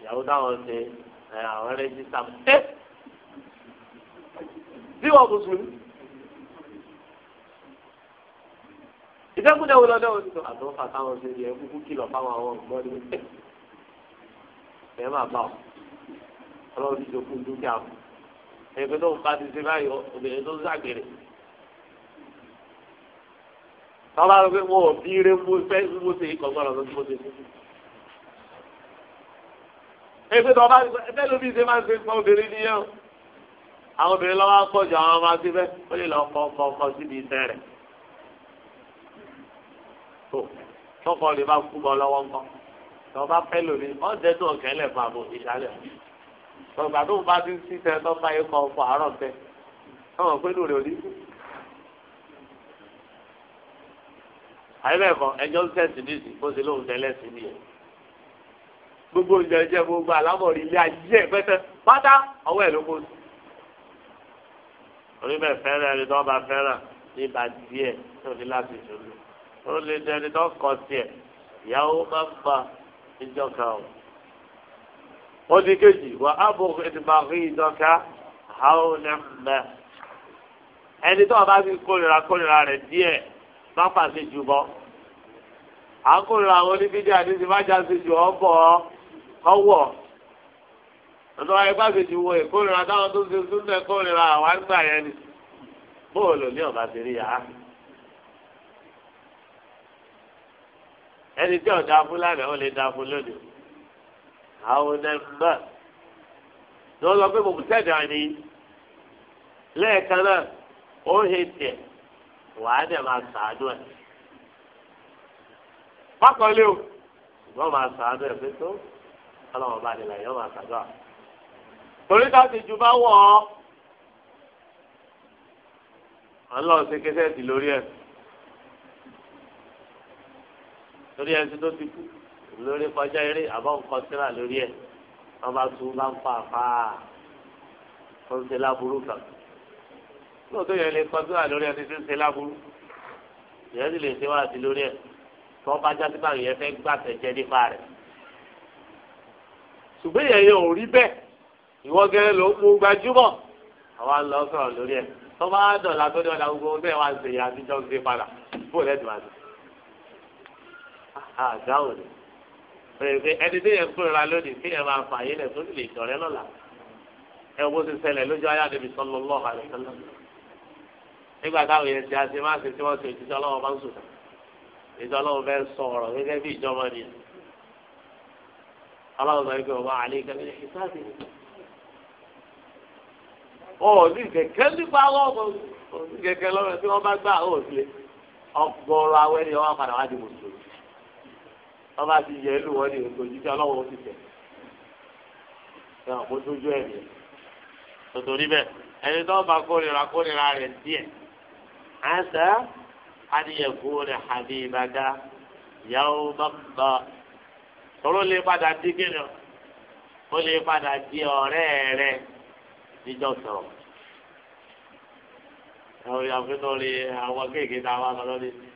ìyàwó táwọn ṣe àwọn rẹ́jísítà ẹ́ bí wọ́n kò sùn ìdẹ́kùnjẹ́ wo lọ́dọ̀ òní tó àtọ́ fà ṣe yẹ kúkú kìlọ̀ fáwọn àwọn ọ̀gbọ́n ni ẹ máa bá ọ ọlọ́run ti jogún dúkìá fún ẹgbẹ́ tó ń bá ti ṣe báyìí obìnrin tó ń ṣàgbèrè. tọ́lá ló pé wọ́n ò bí ire mú fẹ́ mú ṣe ikọ̀ gbọ́dọ̀ lọ́dún mú ṣe fún ẹgbẹ́ tó bá ẹgbẹ́ ló bí ṣe máa ṣe fún obìnrin nìyẹn o. àwọn obìnrin lọ́wọ́ pọ̀ ju àwọn ọmọ àti bẹ́ẹ̀ ó lè lọ kọ́ ọkọ̀ ọkọ̀ síbi iṣẹ́ rẹ̀. tó tọkọ lè bá kú bọ́ lọ́wọ́ ńkọ́ tọ́ bá fẹ́ lómi ọ́ tọ́gbà tó bá ti ṣiṣẹ́ tó bá yẹ kọ́ ọkọ̀ àárọ̀ tẹ ọmọ pé lórí òní. àyẹ̀bẹ̀kọ ẹjọ́ ń sẹ̀sì níìsì bó ṣe lóun tẹ́lẹ̀ sí ni ẹ̀. gbogbo ìjọ ìjẹ́ gbogbo àlámọ̀rí ilé ayé ẹ̀ pátá ọwọ́ ẹ̀ ló kó sí. orí fẹ́ràn ẹni tó bá fẹ́ràn nígbà díẹ̀ tó ní láti ṣòro. ó lè dẹni tó kọ tiẹ̀ ìyàwó máa ń gbà níjọ́ kan ọ̀hún. wọ́n di kejì wà ábùkù ìdìbàkì ìdọ́ka haúnẹ́mẹ́. ẹni tó o bá ti kórìíra kórìíra rẹ̀ díẹ̀ má pàṣẹ jù bọ́. à ń kórìíra àwọn oníbídé àdéhùn má jáde jù ọ́ bọ̀ ọ́ kọ́wọ̀. ọ̀nà ti wo ìkórìíra táwọn tó ń ṣe súnlẹ̀ kórìíra àwọn àgbà yẹn ni. bóòlù ní ọba ti rí ha. ẹni tí ọ̀dà fúlàní ó lè dá fún lónìí. àwọn ẹ̀mbà ní wọ́n lọ pé bòbú tẹ̀dá ni lẹ́ẹ̀kan náà ó he tiẹ̀ wàá dẹ̀ máa sàánú ẹ̀. pákọ̀lé o ṣùgbọ́n máa sàánú ẹ̀ pé tó ọlọ́wọ́ bá nílẹ̀ yóò máa sàánú ẹ̀. torí ká ti ju bá wọ̀ ọ́ ọlọ́run ṣe kẹsẹ́ẹ̀tì lórí ẹ̀ lórí ẹ̀ ti tó ti kú lórí kọjá eré àbọ̀ nǹkan síra lórí ẹ̀ wọ́n bá tún bá ń fa àfa tó ṣe láburú kan lóòótọ́ yẹn lè kọ́ síra lórí ẹ̀ tó ń ṣe láburú ìyẹn sì lè ṣe wá sí lórí ẹ̀ tó bá já sí báyìí yẹn fẹ́ gbàtẹ̀ jẹ́ nípa rẹ̀ ṣùgbọ́n ìyẹn yẹn ò rí bẹ́ẹ̀ ìwọ gẹ́gẹ́ ló mú gbajúmọ̀ àwa lọ sọ̀rọ̀ lórí ẹ̀ tó bá dọ̀la tó dọ̀la gbogbo ohun tẹ̀ wá ṣèyí àtijọ́ ń ṣe padà bó lẹ́dùn àti ẹni tí yẹn kúrò lónìí kí yẹn máa fà yín lẹ tó lè jọrẹ lọ́la ẹ wo ti ṣẹlẹ̀ lójú ayé àdébí sọlọ lọhà lọsọlọ nígbà táwọn yẹn ti àti máa ṣe tí wọn ṣe òjijì ọlọ́run bá ń sùn ìjọ ọlọ́run fẹ́ẹ́ sọ ọ̀rọ̀ gẹ́gẹ́ bí ìjọba ni ọlọ́run sọ pé ọba àlẹ gẹ́gẹ́ ìsáàbì ọ ní kẹ̀kẹ́ nípa wọn ọ ní kẹ̀kẹ́ lọrọ tí wọn bá gbà ó sílẹ̀ ọgbọrọ awẹ ni wọn padà wá di mùsùlùmí wọ́n bá ti yẹ ẹlú wọn ní ètò jíjẹ ọlọ́wọ́ ti tẹ̀ ṣe àwọn kó tójú ẹ̀ ní. tòtò níbẹ̀ ẹni tó bá kórìíra kórìíra rẹ̀ díẹ̀ àṣà adìyẹ̀kú rẹ̀ àbí ìbàdà yàwó bàbà tọ́lọ́ lè padà dí kíni ó lè padà di ọ̀rẹ́ rẹ̀ níjọ́ sọ̀rọ̀. àwọn ìyàwó tó lè àwọn kéèké tá a wá lọ lọ́dún.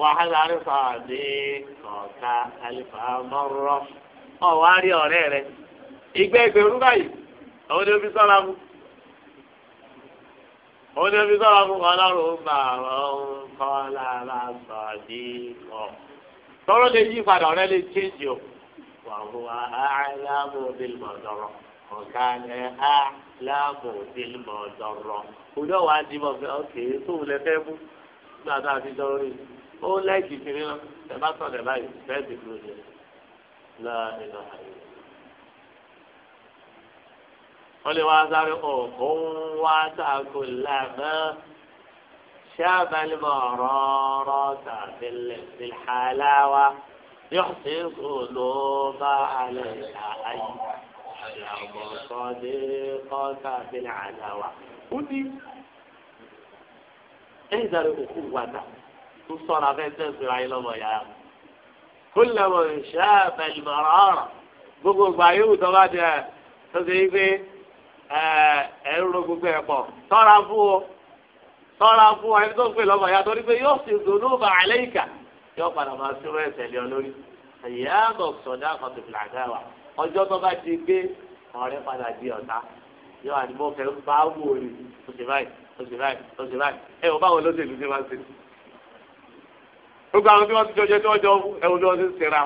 wàhálà àrífà àbí ọ̀ka àlìfà mọ́rọ́ ọ̀wá rí ọ̀rẹ́ rẹ ìgbẹ́ ìgbẹ́rú báyìí àwọn ni ó fi sọ́ra mu àwọn ni ó fi sọ́ra mu kọ́ lọ́rùn ń bà ọ́n kọ́ lára ọ̀ tọ́rọ́ lè yí padà ọ̀rẹ́ lè chéjì o wà wà á láàmú bílmọ̀ dọ̀rọ̀ ọ̀ka òun náà wà á dìbò pé ọ̀kẹ́ tóun lè fẹ́ mú nígbà tá a yìí ó láìsí kiri lọ ẹ bá sọ̀rọ̀ báyìí bẹ́ẹ̀ ti dúró de la ìlọ àyè. wọ́n lè wá sáré ọ̀hún wá sàkó lànà ṣáàbàlì mọ̀rọ́rọ́ tàbí lẹ́sìlháláwa yóò ṣe é kó ló bá alẹ́ àyè àlàmọ̀ sọ́dé kọ́ tàbí làdáwà. ó ní ẹ̀ ń sáré òkú wàdà tó sọ̀rọ̀ afẹ́ tẹ̀síra yín lọ́mọ yàrá kúlẹ̀mọ̀ ṣẹ́ bẹ̀lìmọ̀rọ̀ ọ̀rọ̀ gbogbo ìgbà yóò tọ́ bá dẹ̀ tó ṣe pé ẹ̀rù gbogbo ẹ̀ pọ̀ tọ́ra fún o tọ́ra fún ẹni tó ń pè lọ́mọ yàrá torí pé yóò sì dùnú bà á lẹ́yìnkà yóò padà máa sírò ẹ̀sẹ̀ lé ọ lórí ìyáàbọ̀ sọ̀dá kan tó fìlà ká wa ọjọ́ tó bá ti gbé ọ̀rẹ́ padà di ọ̀tá yóò àdìmọ́ fẹ́ bá wò ó rí oṣù báyìí oṣù báyìí oṣù báyìí ẹ̀ wọ́n báwọn lọ́sẹ̀ ló ṣe máa ń ṣe gbogbo àwọn tí wọ́n ti jọ jẹ tí wọ́n jọ ẹ̀wọ̀n tí wọ́n ti ń sera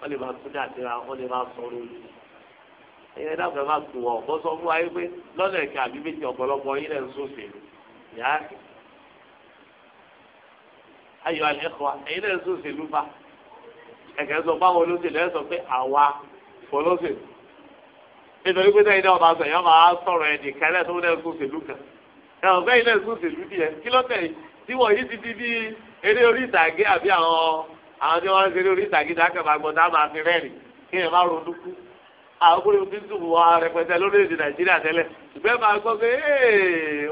wọ́n lè máa tún dà síra wọ́n lè máa sọ̀rọ̀ ojú ẹ̀yẹ dábàá máa tù ọ́ bọ́ sọ fún wa yìí pé lọ́nà ẹ̀ka àbí méjì ọ̀pọ̀lọpọ̀ yín lẹ́ ń sòṣèlú yá ayọ̀ alẹ́ kọ́ ẹ̀yin lẹ́ ń sòṣèlú fa ẹ̀kẹ́ sọ fún àwọn olóṣèlú ẹ̀ sọ pé àwa olóṣèlú nítorí pé sẹ́yìn náà máa sọ èèyàn máa sọ̀rọ̀ ẹ̀ nìkan lẹ́ tó lẹ́ ń sòṣèlú kan ẹ̀ ọ̀gbẹ́yìn lẹ́ ń sòṣèlú díẹ̀ kí lọ́tẹ̀ eré orí ìtàgé àbí àwọn àwọn tí wọ́n ń ṣeré orí ìtàgé dákẹ́ máa gbọ́n tá a máa fi rẹ́ẹ̀rì kí ẹ má ronú kú àwọn kúrò fi ń dùn wọ rẹpẹtẹ lórílẹ̀-èdè nàìjíríà tẹ́lẹ̀ ṣùgbọ́n máa gbọ́ pé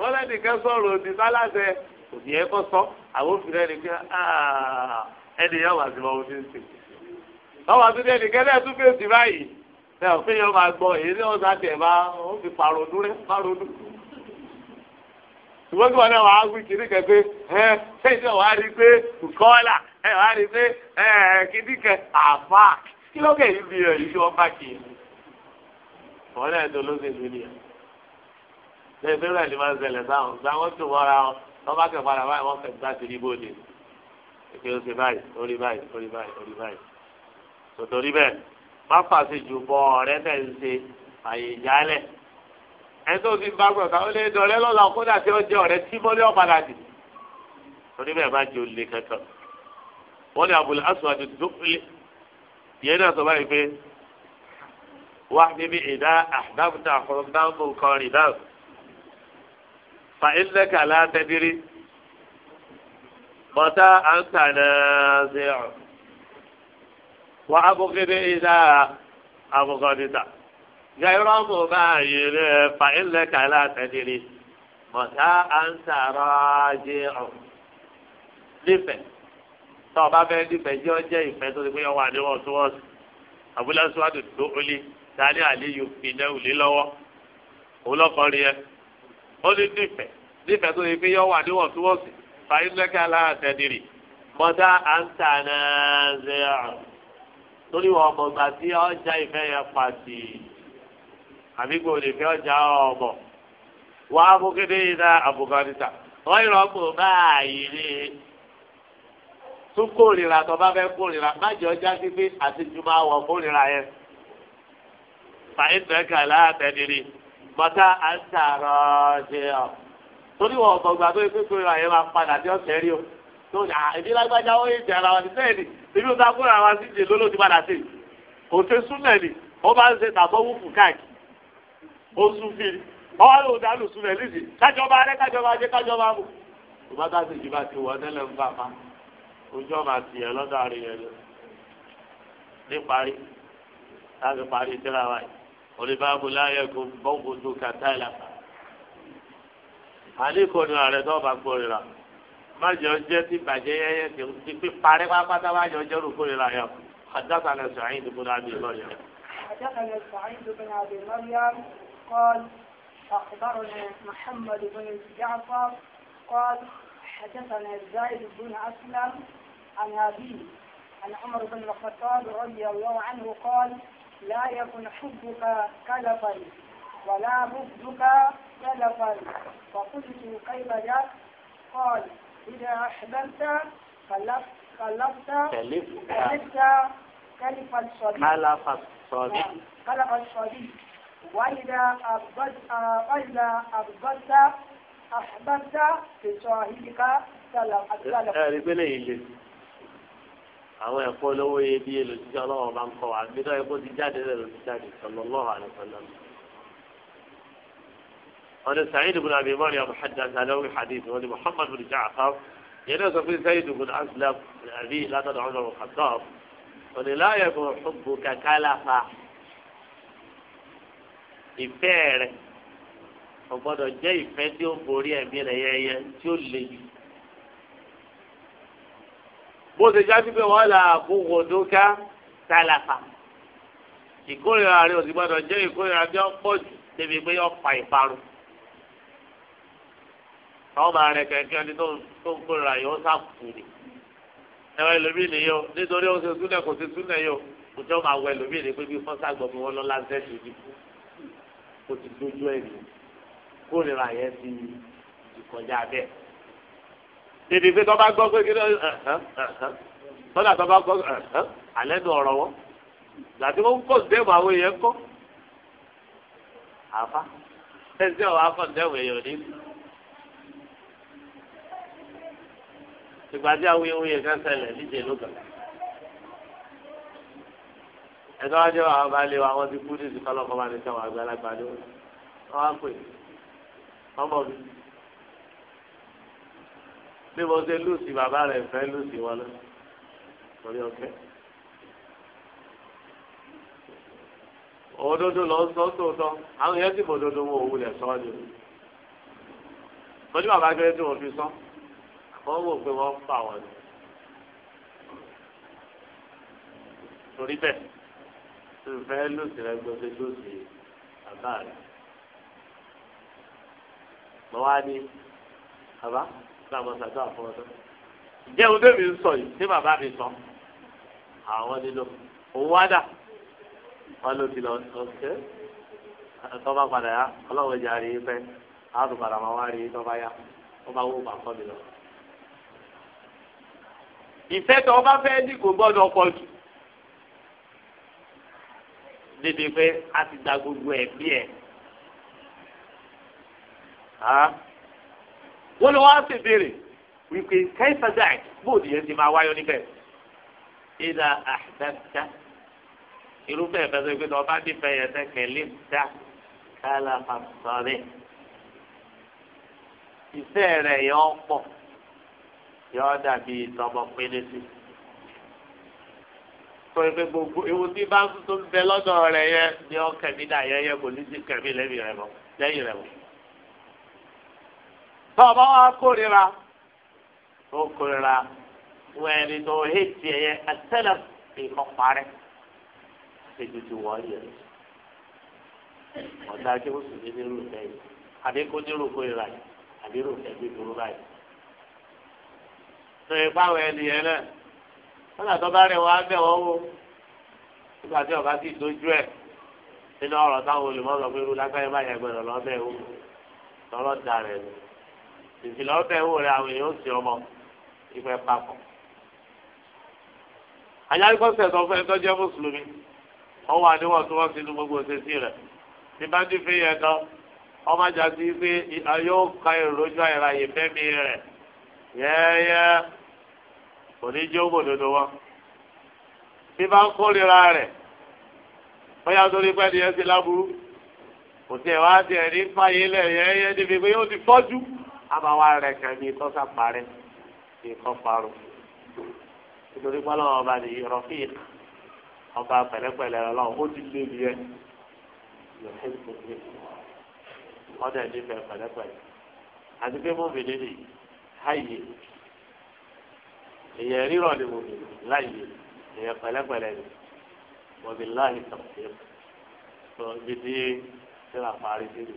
wọ́n lẹ́nìkan sọ̀rọ̀ òdì sálàṣẹ òdì ẹ̀ kọ́ sọ àwọn òfin rẹ̀ nìkan ah, ẹni yẹn wà sí wọn ó fi ń sè lọ́wọ́ tó dé nìkan náà tún fèsì báyìí ẹ̀ òfin yẹn máa gbọ́ èyí ni wọ́n sá ṣùgbọ́n tí wọn náà wàá wí kiri kẹ pé ẹ ṣé ìṣe wàá rí pé kọ́là ẹ wàá rí pé ẹ kìdí kẹ àfà kí ló kẹ yìí bí ẹ yìí wọn bá kì í wọn náà tó ló ṣe lórí ẹ lẹ́yìn tó rẹ ní máa ń ṣẹlẹ̀ sáwọn gba wọn tó mọra wọn wọn bá kẹ padà báyìí wọn fẹ gbá sí ní bóde èké ó ṣe báyìí orí báyìí orí báyìí orí báyìí tòtòrí bẹ́ẹ̀ ẹni tó ti bá gbọ̀ta ó lé dọ̀rẹ́ lọ́la kódà tí ó jẹ́ ọ̀rẹ́ tí mọ́lẹ́ ọ̀padà dì torí bẹ́ẹ̀ bá jẹ́ olè kankan wọ́n ní Abul Aswad ad-Du'li yẹn náà sọ báyìí pé wá níbi gẹ̀rọ́mù báyìí rẹ̀ fàílẹ̀ kàlá tẹ̀lé mọ̀tá ànsàrọ̀ ajé ọ̀hún. nífẹ̀ẹ́ tó o bá fẹ́ nífẹ̀ẹ́ jẹ́ ọjẹ́ ìfẹ́ tó ti pé ọwọ́ àdéhùn ọ̀túnwọ̀sì àbúlá sùwádìí tó o lé dání àléyò fìdá òlé lọ́wọ́ òun lọ́kọ́ rí ẹ. ó ní nífẹ̀ẹ́ nífẹ̀ẹ́ tó ti pé ọwọ́ àdéhùn ọ̀túnwọ̀sì fàílẹ̀ kàlá tẹ̀lé mọ̀tá ànsàrọ̀ ajé ọ̀hún. torí wọn mọ̀gbà tí ọjà ìfẹ́ yẹn pàṣẹ àbí kò lè fi ọjà ọ̀bọ̀ wà á fún kéde yìí náà àbùkọ́nìtà wọ́n yìí rọ́pò báyìí ni tún kórìíra tó bá fẹ́ kórìíra má jẹ́ ọjà fífi àti jùmọ̀ àwọ̀ kórìíra yẹn fàìtẹ́kà látẹ̀dìrì bọ́tà àǹtàrọ̀ ṣe ọ̀ torí wọn ọ̀gbọ̀n gbà tó ikú kórìíra yẹn máa padà sí ọ̀sẹ̀ rí o tó ní àìdí ah, lágbájá ó yẹ jẹ́ ara wa sí bẹ́ẹ̀ ni ibi tó ta kórìíra wa sí oṣù fìrí ọwọ́ ló dá lùsù rẹ̀ lùsì kájọba rẹ̀ kájọba jẹ́ kájọba mú. tó bá dáṣe jù bá ti wọ tẹ́lẹ̀ ń bà má ojú ọ̀mà tì yẹn lọ́dọ̀ àrí yẹn lọ. ní parí láti parí síra wáyé olùbámu láyé kó bọ́ǹkù tó kàtá ìlànà. àníkùnrin ààrẹ tó bá gbòòrìrà má jẹ ọjẹ tí bàjẹ́ yẹyẹ ti fi parí pápátá má jẹ ọjẹ olùkórìrà yẹn àdàkàlẹ̀ sàáyìn tó kún قال أخبرنا محمد بن جعفر قال حدثنا زائد بن أسلم عن أبيه عن عمر بن الخطاب رضي الله عنه قال لا يكن حبك كلفا ولا بغضك كلفا فقلت كيف جاء قال إذا أحببت كلفت كلفت كلف الصديق كلف الصديق نعم، وإذا أبدت وإذا أبدت أحببت بصاحبك سلام àwọn ẹ̀kọ́ olówó yẹ bí elòsíṣẹ́ ọlọ́run bá ń kọ́ wa gbẹ́dọ̀ ẹ̀kọ́ ti jáde lẹ́lòsíṣẹ́ jáde sallallahu alaihi wasallam. wọ́n ní Sa'id ibn Abi Maryam muhaddad alawi hadith wọ́n ní Muhammad bin Ja'far yẹn náà sọ pé Sa'id ibn Aslam àbí látọ̀dọ̀ ọ̀nà Khattab wọ́n ní láyé kò xubbu kakalafa. ìfẹ́ rẹ ó gbọ́dọ̀ jẹ́ ìfẹ́ tí ó borí ẹ̀mí rẹ yẹyẹ tí ó le jù. bó ṣe já sí pé wọ́n là àbúrò dókà tálàfà ìkórìíra rẹ ò sì gbọ́dọ̀ jẹ́ ìkórìíra bí ó pọ̀ jù débi pé ó pa ìparun. àwọn máa rẹ kẹ̀kẹ́ ẹni tó ń kórìíra yìí ó sàkùnrin ẹ̀rọ ẹlòmíì nìyí o nítorí ó ṣe súnlẹ̀ kò ṣe súnlẹ̀ yìí o kò tí ó máa wọ ẹlòmíì ní pé bí fọ́nṣá gbọ̀ bí wọ́n lọ láńsẹ́ẹ̀tì òdìbò ó ti dójú ẹ̀ nù kórìíra yẹn ti ìkọjá bẹ́ẹ̀. Dèdè pé tọ́ bá gbọ́ pé kí ló tọ́lá tọ́ bá gbọ́ alẹ́ nu ọ̀rọ̀ wọn. Gàtí wọ́n kọ́ dẹ́mu àwọn èèyàn kọ́. Àfa ẹ̀sìn ọ̀wá kọ́ dẹ́mu èèyàn ní. Ìgbà tí àwọn èèyàn yẹn kan ṣẹlẹ̀ níjẹ̀ ló gbà ẹ̀dọ́ ajọ́ àwọn balẹ̀ wa wọ́n ti kú ní ìdíkọ́ lọ́kọ́ bá ní sọ àwọn àgbàlagbà ni wọ́n wá pè ọmọ mi. bí mo ṣe lùsì bàbá rẹ̀ fẹ́ lùsì wọn lọ torí ọ̀kẹ́. òdodo lọ sọ sóòótọ́ àwọn èèyàn sì bòdodo wọn òwú lẹ̀ sọ́ ni o. mo ní bàbá kéré tí mo fi sọ wọ́n wò pé wọ́n fà wọ́n ni. torí bẹ́ẹ̀ tó fẹ́ lòsì rẹ gbọ́dọ̀ lòsì bàbá rẹ. mo wá ní bàbá láwọn ṣàtọ àfọwọ́tọ́. ǹjẹ́ ohun tẹ́mi ń sọ yìí tí bàbá mi sọ àwọn nínú òun wá dà wọn ló ti lọ ọ̀sẹ̀ tó bá padà yá ọlọ́run ìjà rí pẹ́ àádùn padà máa wá rí tó bá yá wọ́n bá wó pàkọ́ mi lọ. ìfẹ́ tó o fẹ́ ní kò gbọ́dọ̀ pọ̀ jù débi pé a ti da gbogbo ẹ̀ bí ẹ̀ wọ́n lọ wá sí ìbéèrè wípé kẹ́sà dáì bóòdì yẹn ti máa wáyọ níbẹ̀ ìdá àdáńtá irúfẹ́ ìfẹ́ sọ pé ọba nífẹ̀ẹ́ yẹn tẹ́kẹ̀ lè dá kálá pàṣẹ ìfẹ́ rẹ̀ yọ pọ̀ yọ dàbí tọmọ pínlẹ̀ sí i sọ pé gbogbo ewu tí bá tó ń bẹ lọ́dọ̀ rẹ̀ yẹ ni ọ kẹ̀mí dà yẹ yẹ kò ní sí kẹ̀mí lẹ́yìn rẹ̀ mọ́ lẹ́yìn rẹ̀ mọ́. tọ́ ọ bá wá kórira ó kórira wọ́n ẹni tó hétí ẹ̀yẹ àtẹ́lẹ̀ ìkọ́ parẹ́ ṣèjú ti wọ́ yẹ ọ̀dà kí wọ́n sì ní nírú rẹ̀ yìí àbí kó nírú kórira yìí àbí rò ẹ̀gbẹ́ dúró báyìí. sọ ìpáwọ̀ ẹni wọn àtọ́ bá rẹ̀ wọ́n á bẹ̀ wọ́n wò nígbà tí ọba sì dojú ẹ̀ nínú ọ̀rọ̀ táwọn olùmọ̀ọ́sọ pé irú lágbáyé má yẹ gbọ́dọ̀ lọ́bẹ̀ wò lọ́rọ̀ da rẹ̀ ni ìsìn lọ́bẹ̀ wò rẹ̀ àwọn èèyàn ó sì ọmọ ìfẹ́ papọ̀. àyáríkọ́sẹ̀ sọ fún ẹ tó jẹ́ mùsùlùmí ọwọ́ àdéhùn tí wọ́n ti nu gbogbo òṣèṣì rẹ̀ ní bá ti fi yẹn tán ọmọ ajá ti pé yóò ka ìròjọ́ àìráyè kò ní jẹ́ òbò dodo wọn tí bá ń kórira rẹ̀ bóyá torí pé ẹni yẹn ti láburú kò tiẹ̀ wá tiẹ̀ ní fàyè lẹ̀ yẹn yẹn níbi pé yóò ti fọ́jú àbáwá rẹ̀ kẹ́mi tọ́sà parẹ́ kì í kọ́ parọ́ nítorí pálọ̀ ọba ní ìrọ̀fì ọba pẹ̀lẹ́pẹ̀lẹ́ ọlọ́run ó ti lé mi yẹn ọdẹ nífẹ̀ẹ́ pẹ̀lẹ́pẹ̀lẹ́ àti pé mọ́mìnì ni háyè. èyàn rírọ̀ ni mo bì láàyè èyàn pẹ̀lẹ́pẹ̀lẹ́ ni mo bì láàyè tọ̀sí tó ibi tí tí wàá parí sí mi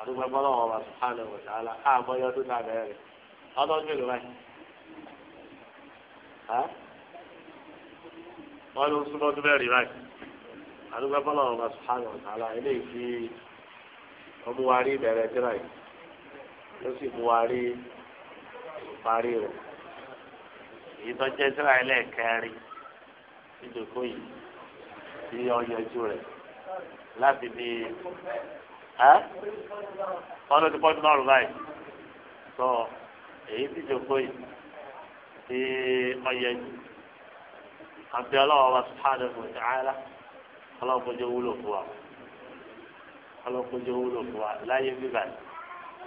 àdúgbò bọ́lá wọn bá sùpánù àlà káàbọ̀ a bẹ̀rẹ̀ ọdún wọ́n ló báyìí àdúgbò bọ́lá wọn bá àlà eléyìí wa rí sì mú wa rí ìtọ́jẹ́ síra ẹlẹ́ẹ̀kẹrin ìdòkó yìí tí ọyọjú rẹ̀ láti bí wọn ló ti pọ́n márùn báyìí sọ èyí tí ìdòkó yìí tí ọyọjú àbí ọlọ́wọ́ wa subhanahu wa ta'ala ọlọ́kọ̀jọ́ wúlò fún wa ọlọ́kọ̀jọ́ wúlò fún wa láyé bíbáyìí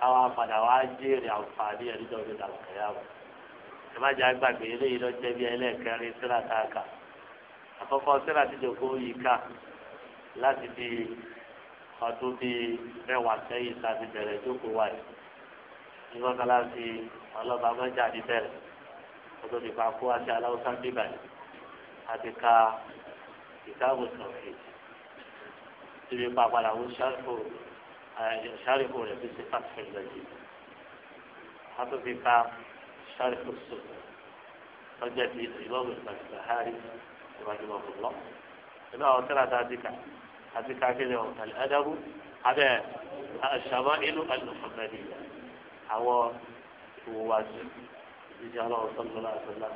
àwọn apàdà wa jèrè àǹfààní ẹ̀rí dọ́gbẹ́dà kẹyàwó ìmájà gbàgbé eléyìí lọ jẹ́ bí ẹlẹ́ẹ̀kẹrin síra tá àkọ́kọ́ síra ti jòkó yìí kà láti di ọdún bíi mẹ́wàá sẹ́yìn tàbí bẹ̀rẹ̀ jókòó wa nígbà kan láti ọlọ́ba mẹ́jà ní bẹ̀rẹ̀ ọdún nípa kó àti aláwùsá bíbà yìí ka ìdáàbò sọ̀rọ̀ síbi pàpàdà wọ́n ṣàrìkò rẹ̀ fi ṣe pàṣẹ ìgbà yìí. شارح السنة رجع في الإمام البحاري رحمه الله إما وترى ذلك ذلك كذا الأدب هذا الشمائل المحمدية هو هو ìjọ ọlọ́run sọ́nù lọ́la sọ́la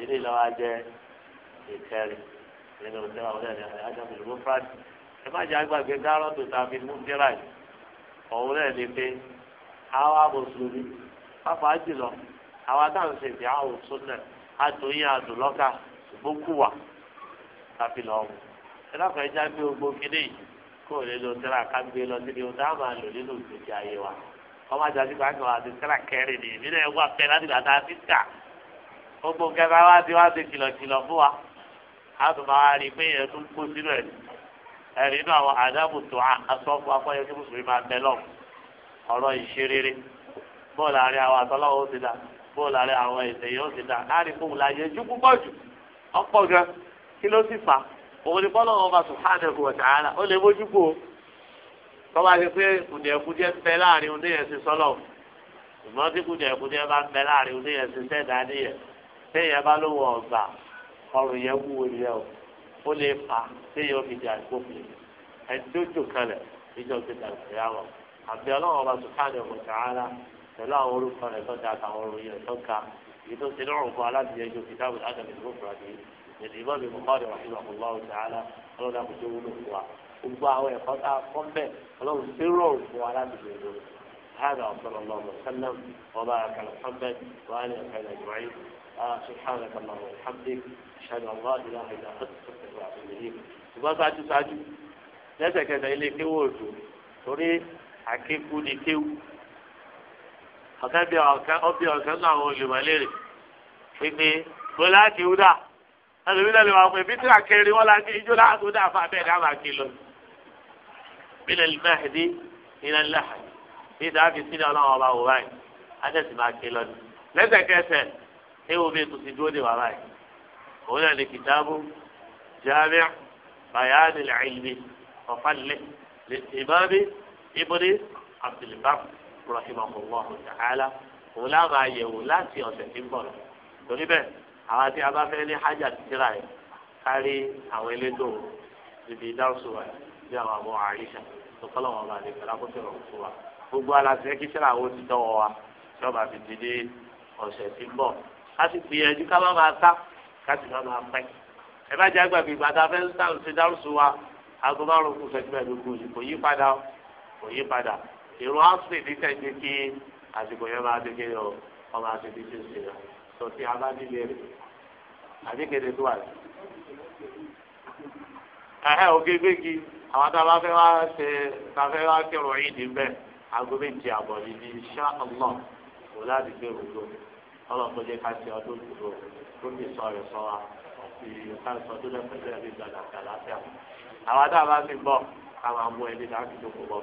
ilé ìlọ́wọ́ ajẹ́ ìkẹrì nínú ìjọba ọ̀rẹ́ rẹ̀ ajábọ̀ ìlú france ẹ má jẹ́ agbàgbé gárọ́ọ̀tù tàbí múndíráì ọ̀hún rẹ̀ ni pé àwa mùsùlùmí pápá jùlọ àwọn adáhùn ṣe ìdí àwọn òṣùnà adòyìn adòlọ́kà gbókùwà tàbí lọ́wọ́ ẹ lọ́kọ̀ ẹja gbé gbogbo kíní yìí kó o lè lo tẹ́lá ká gbé lọ síbi ohun tá a máa lò nínú ìgbésí ayé wa ọmọ àjọ àti pàṣẹ àti tẹ́lá kẹrin ni ìbílẹ̀ ẹ̀ wà pẹ́ láti gbàtà àti kà gbogbo kẹfà wa ti wá ti kìlọ̀kìlọ̀ fún wa a tún máa rí i pé yẹn tún kó sínú ẹ̀ ẹ̀rí inú àwọn àdáàbò tó asọ́fún afọ́yẹ́sí mùsùlùmí máa bẹ lọ́wọ́ ọ̀rọ̀ ìṣerere bọ́ọ̀lù àárín àwọn àtọ́lọ́wọ́ ti dáa bó lára àwọn èdè yóò ti dà láàrin fún láyé ju púpọ̀ jù ọ̀pọ̀ gan kí ló sì fà òun ni bọ́lá ọba subhanahu wa ta'ala ó lè mójú kó o tọ́ba ti pé kùdìẹ̀kùdìẹ̀ ń bẹ láàrin òun níyẹn sí sọ́lọ̀ ṣùgbọ́n tí kùdìẹ̀kùdìẹ̀ bá ń bẹ láàrin òun níyẹn sí sẹ́ẹ̀dá níyẹn téèyàn bá lówó ọ̀gbà ọrùn yẹn wúwo yẹn o ó lè fà téèyàn fi jà gbófin ẹ̀dójò kalẹ̀ níjọ́ gbé pẹ̀lú àwọn orúkọ rẹ̀ tó dáa àtàwọn oròyìn rẹ̀ tó ga èyí tó ṣe lọ́rùn fún aládìyẹjọ kìtàbù ládàbí tó fura kì í èdè ìbọn mi bùkọ́rẹ̀ wà nínú àkùnbá ọ̀sẹ̀ àlá ọlọ́dà kò tó wúlò fún wa gbogbo àwọn ẹ̀kọ́ tá a kọ́ bẹ́ẹ̀ ọlọ́run ṣe rọrùn fún aládìyẹjọ هذا وصلى الله وسلم وبارك على محمد وآله وصحبه أجمعين سبحانك اللهم وبحمدك أشهد أن لا إله إلا أنت أستغفرك وأتوب إليك ṣùgbọ́n ṣáájú ṣáájú lẹ́sẹ̀kẹsẹ̀ ilé kéwòó òdò torí àkékù ni ọ̀kẹ́ bí ọ̀kẹ́ ọ̀bí ọ̀kẹ́ náà àwọn olùmọ̀lérè pípé bọ́lá ti wúdà ẹlòmílẹ̀ lè wà pé bítíra kẹrin wọn la ní ijó láàtò dà fún abẹ́ dáhà kí lọ. bílẹ̀ lè máa dé iná ńlá bí dáàbì sílẹ̀ ọlọ́run ọba wò báyìí adẹ́sì máa kí lọ. lẹ́sẹ̀kẹsẹ̀ ewu mi tún ti dúró de wà báyìí. òun náà lè kìtàbù jamiu bayani lẹ́yìn mi ọ̀fàlẹ́ lè tèmábi ibùdí rahimahullah ta'ala òun láwọn àyẹ̀wò láti ọ̀sẹ̀ tí ń bọ̀ lọ torí bẹ́ẹ̀ àwọn àti abáfẹ́ ní hajj àti tíra yẹn kárí àwọn elétò ibi dárúsù wa bí àwọn àbọ̀ àríṣà tó kọ́ lọ́wọ́ ọba àdìgbà lákòóso rẹ̀ fún wa gbogbo aláṣẹ kí tíra wo ti dọ́wọ́ wa tí ọba fi ti dé ọ̀sẹ̀ tí ń bọ̀ ká sì gbìyànjú ká má máa sá ká sì máa pẹ́ ẹ bá jẹ́ àgbàgbé ìgbàdá fẹ́ ṣe dárúsù wa aago márùn-ún kù ìrù àṣì níta ẹni kí àsìkò yẹn máa dégbé yọ ọmọ àti títí sí i sọ sí abájílé rẹ àdékéde tó wà sí. ẹ̀hẹ́ òkè gbégi àwọn tá a bá fẹ́ wá ṣe tá a fẹ́ wá kírun yìí ní bẹ́ẹ̀ aago méjì àbọ̀ ní ní insha Allah kò láti gbé òdo ọlọ́pàá jẹ́ ká ṣe ọdún òdo tó ní sọ rẹ̀ sọ wa àti káàsọ̀ tó lẹ́pẹ̀lẹ́ ẹ̀mí gbàdàgbà láfíà àwọn tá a bá ti bọ̀ ká máa mú ẹni láti dókòó bọ̀.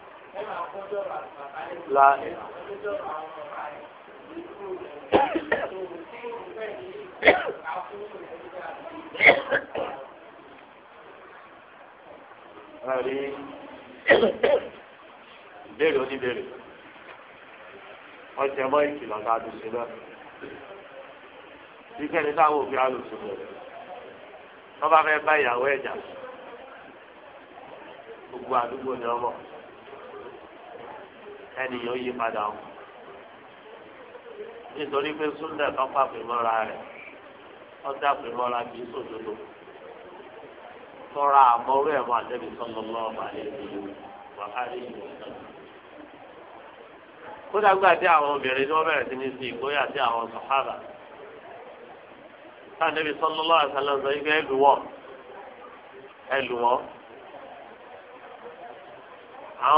láàyè. Àrí ìbéèrè oníbéèrè ọjà mọ́ ìkìlọ̀ náà ti náà. Bí kẹ́ni táwọn òbí alùpùpù rẹ̀ wọ́n bá fẹ́ bá ìyàwó ẹ̀jà. Gbogbo àdúgbò ni ọmọ. ẹnìyàn yí padà wọn nítorí pé súnlẹ̀ kan pàpè mọ́ra rẹ̀ ọtí àpè mọ́ra kì sòdodo tọ́ra àmọ́rú ẹ̀mọ́ àtẹ́bí sọ́nlọ́lọ́ àlejò wàhálì ìwòsàn. kódà gbà tí àwọn obìnrin tí wọ́n bẹ̀rẹ̀ sí ní sí ìgbóyà sí àwọn sàhábà sàǹdẹ́bí sọ́nlọ́lọ́ àṣàlọ́ sọ yìí àwọn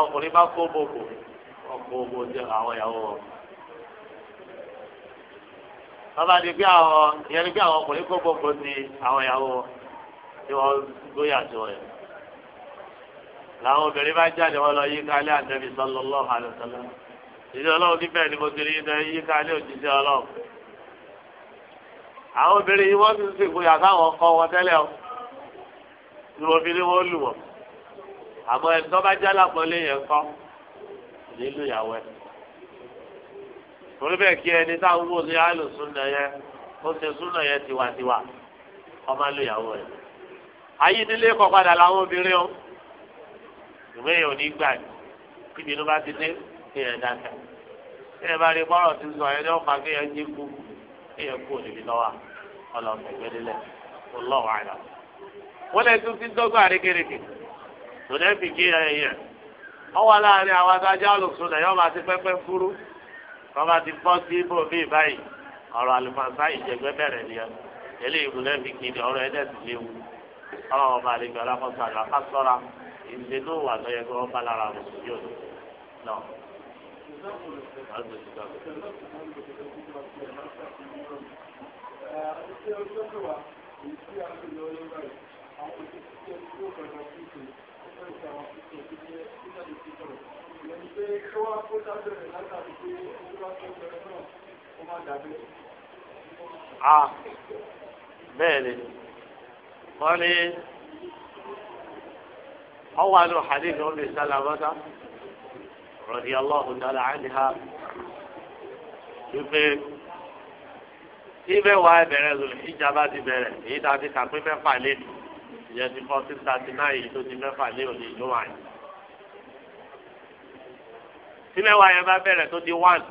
ọkùnrin bá kó ọkọ owó tí àwọn ìyàwó wọn. bàbá di pé àwọn ìyẹn ni pé àwọn ọkùnrin kó gbogbo ti àwọn ìyàwó tí wọ́n gbóyà tó ẹ̀. làwọn obìnrin bá jáde wọn lọ yíká ilé àtẹ̀bí sallallahu alaihi wasallam. ìdí ọlọ́run níbẹ̀ ni mo ti rí iná yíká ilé òjíṣẹ́ ọlọ́run. àwọn obìnrin yìí wọ́n ti ń sìnkú yàtọ̀ àwọn wọn tẹ́lẹ̀ o. ìròfin ni wọ́n lù wọ́n. àmọ́ ẹ̀ nílò ìyàwó ẹ̀. torí bẹ́ẹ̀ kí ẹni táwọn owó ní àlò súnà yẹn ó ṣe súnà yẹn tiwantiwa ọmọ àlò ìyàwó ẹ̀. ayídílé kọ padà làwọn obìnrin o ìwé yẹn ò ní gbà ní kíbi inú bá ti dé kí ẹ̀ dákẹ́. kí ẹ bá rí bọ́rọ̀ tí sọ ẹ ní ọ̀pá kí ẹ jí kú kí ẹ kú òdìbí lọ́wọ́ ọlọ́mọ ìgbẹ́lélẹ̀ ọlọ́wọ́ àyà. wọ́n lè tún ti dọ́gbà rékèrèkè tòlẹ́bì kí ẹ yẹ ọwọ́ láàrin àwọn adájọ́ àlùsùn náà yọ̀ọ́ máa ti pẹ́pẹ́ fúrú tọ́ba ti bọ́ sí ibò bíi báyìí ọ̀rọ̀ àlùfáàsá ìjẹgbẹ́ bẹ̀rẹ̀ nìyẹn eléyìí ìbùlẹ̀ fi kiri ọ̀rọ̀ ẹ̀dẹ̀ sì léwu ọlọ́wọ́ bá lè gbọ́dọ̀ kó sàlù àkásọ́ra ìdílé ló wà lọ́yẹ kí wọ́n bá lára mùsùlùmí òní náà. Thank you. Ah, bẹ́ẹ̀ ni, wọ́n ní ọwọ́ àlọ́ hadith ọ̀bẹ sálámọ́tà rọ̀dí aláhùn dára àdìhà wípé tí bẹ́ẹ̀ wá bẹ̀rẹ̀ lòlù ìjàmbá ti bẹ̀rẹ̀ èyí tá a ti kà pé ìyẹn ti kọ́ sí thirty nine yìí tó di mẹ́fà ní òní ìlú wa yìí. tí mẹ́wàá yẹn bá bẹ̀rẹ̀ tó di one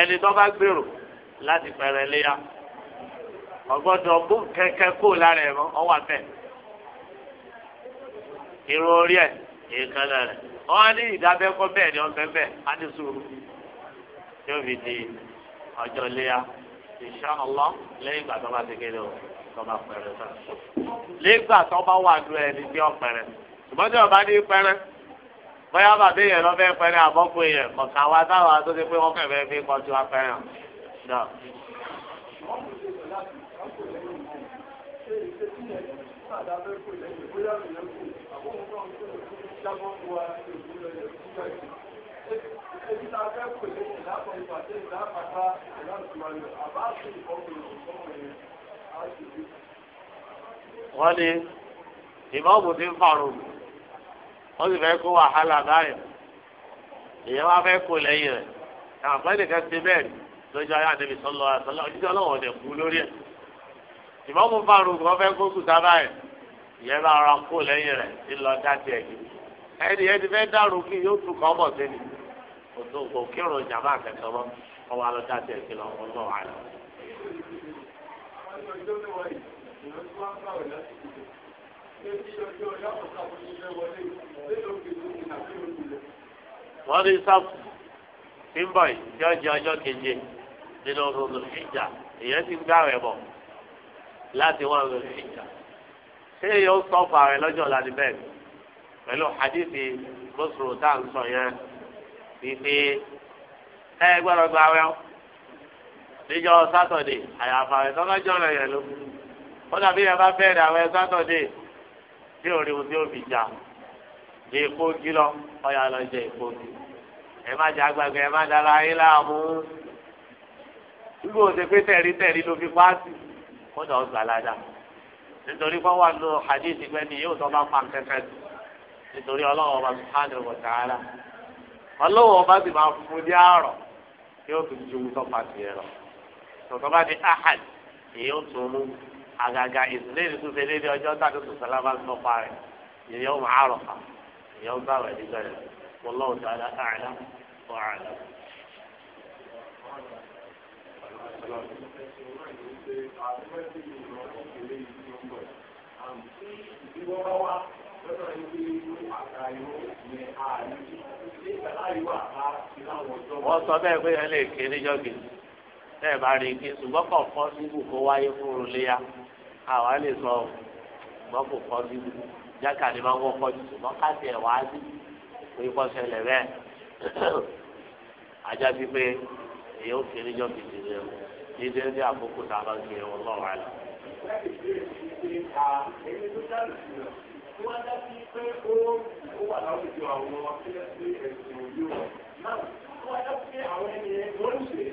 ẹni tó bá gbèrò láti pẹ̀rẹ̀ léyà ọgbọ́dọ̀ bú kẹ̀kẹ́ kó lára ẹ̀rọ ọwọ́ àfẹ́ irun orí ẹ̀ èékánná rẹ̀ wọ́n á ní ìdábẹ́kọ́ bẹ́ẹ̀ ni wọ́n fẹ́ bẹ́ẹ̀ á ní sùúrù yóò fi di ọjọ́ léyà insha Allah lẹ́yìn ìgbà tó bá ti kéde o tó bá pẹrẹ sá nígbà tó bá wà nù ẹni tí ó pẹrẹ ṣùgbọ́n tí ọba ní pẹrẹ bóyá bàbá yẹn lọ fẹ́ pẹrẹ àbọ̀kù yẹn kọ̀ọ̀kan wa táwa tó ti pé wọ́n fẹ́ fẹ́ fi kọ́ tiwa pẹrẹ náà. Thank you. wọ́n ní ìmọ̀ọ́bù ti ń fàrùn wọ́n sì fẹ́ kó wàhálà báyìí èèyàn wá fẹ́ kó lẹ́yìn rẹ̀ àǹfààní nìkan ti bẹ́ẹ̀ lọ́jọ́ ayé àdébí sọ́lọ́ àtọ́lá òjíṣẹ́ ọlọ́wọ́ ọ̀dẹ̀ kú lórí ẹ̀ ìmọ̀ọ́bù fàrùn kò fẹ́ kó kùtà báyìí ìyẹn bá ara kó lẹ́yìn rẹ̀ ńlọ dájú ẹ̀ ẹni ẹni fẹ́ dàrú kí yóò tún kọ́ kò wọ́n rí sáfù tí tí ó jẹ́ ọjọ́ keje nínú ọdún ìjà èèyàn ti ń gbá rẹ̀ bọ̀ láti wọ́n ọdún ìjà ṣé èèyàn ó sọ fà rẹ̀ lọ́jọ́ láti bẹ́ẹ̀ pẹ̀lú hadithi mùsùlùmí tá à ń sọ yẹn wípé ẹ gbọ́dọ̀ gba rẹ̀ ọ́ níjọ́ sátọ̀dé àyàfà rẹ̀ tọ́lájọ́ rẹ̀ yẹn ló wọ́n dàbí ẹ bá bẹ̀rẹ̀ àwọn sátọ̀dé tí ò rí ohun tí ó fi jà lè kó gí lọ ọ̀yà lọ jẹ ìkógi ẹ má jẹ agbàgbé ẹ má dára ayé láàmú gbogbo òsè pé tẹ̀rí tẹ̀rí ló fi pàṣẹ kó dà ó gbàládà nítorí fọwọ́ àlọ́ hadith gbẹ́ni yóò tọ́ bá pa kẹ́kẹ́ nítorí ọlọ́wọ́ ọba subhanahu wa ta'ala ọlọ́wọ́ ọba sì máa fún ní àárọ̀ yóò fi ju wútọ́ pàṣẹ rẹ̀ lọ. tòtò bá di ahad èyí ó tó mú àgàgà ìsìlẹ́ẹ̀lì tó ṣe léde ọjọ́ tàbí tó sọlá bá ń sọ èyí ó máa rọ̀ èyí ó bá rẹ̀ rẹ̀ wọlọ́wọ́ tó àdá àdá wọ́n àdá. wọ́n sọ bẹ́ẹ̀ pé ẹ lè ké níjọ́ gidi. bẹ́ẹ̀ bá rí i pé ṣùgbọ́n kò kọ́ síbù kó wáyé fún un léyà àwa lè sọ ṣùgbọ́n kò kọ́ síbù jákà ni máa ń wọ́pọ̀ jù ṣùgbọ́n káàtì ẹ̀ wá sí pé kọ́ ṣẹlẹ̀ bẹ́ẹ̀ ajá sí pé èyí ó kéré jọ kìtì dídé ní àkókò tá a bá Wọ́n dá sí pé ó wà láwùjọ àwọn ẹ̀sìn náà. Wọ́n dá sí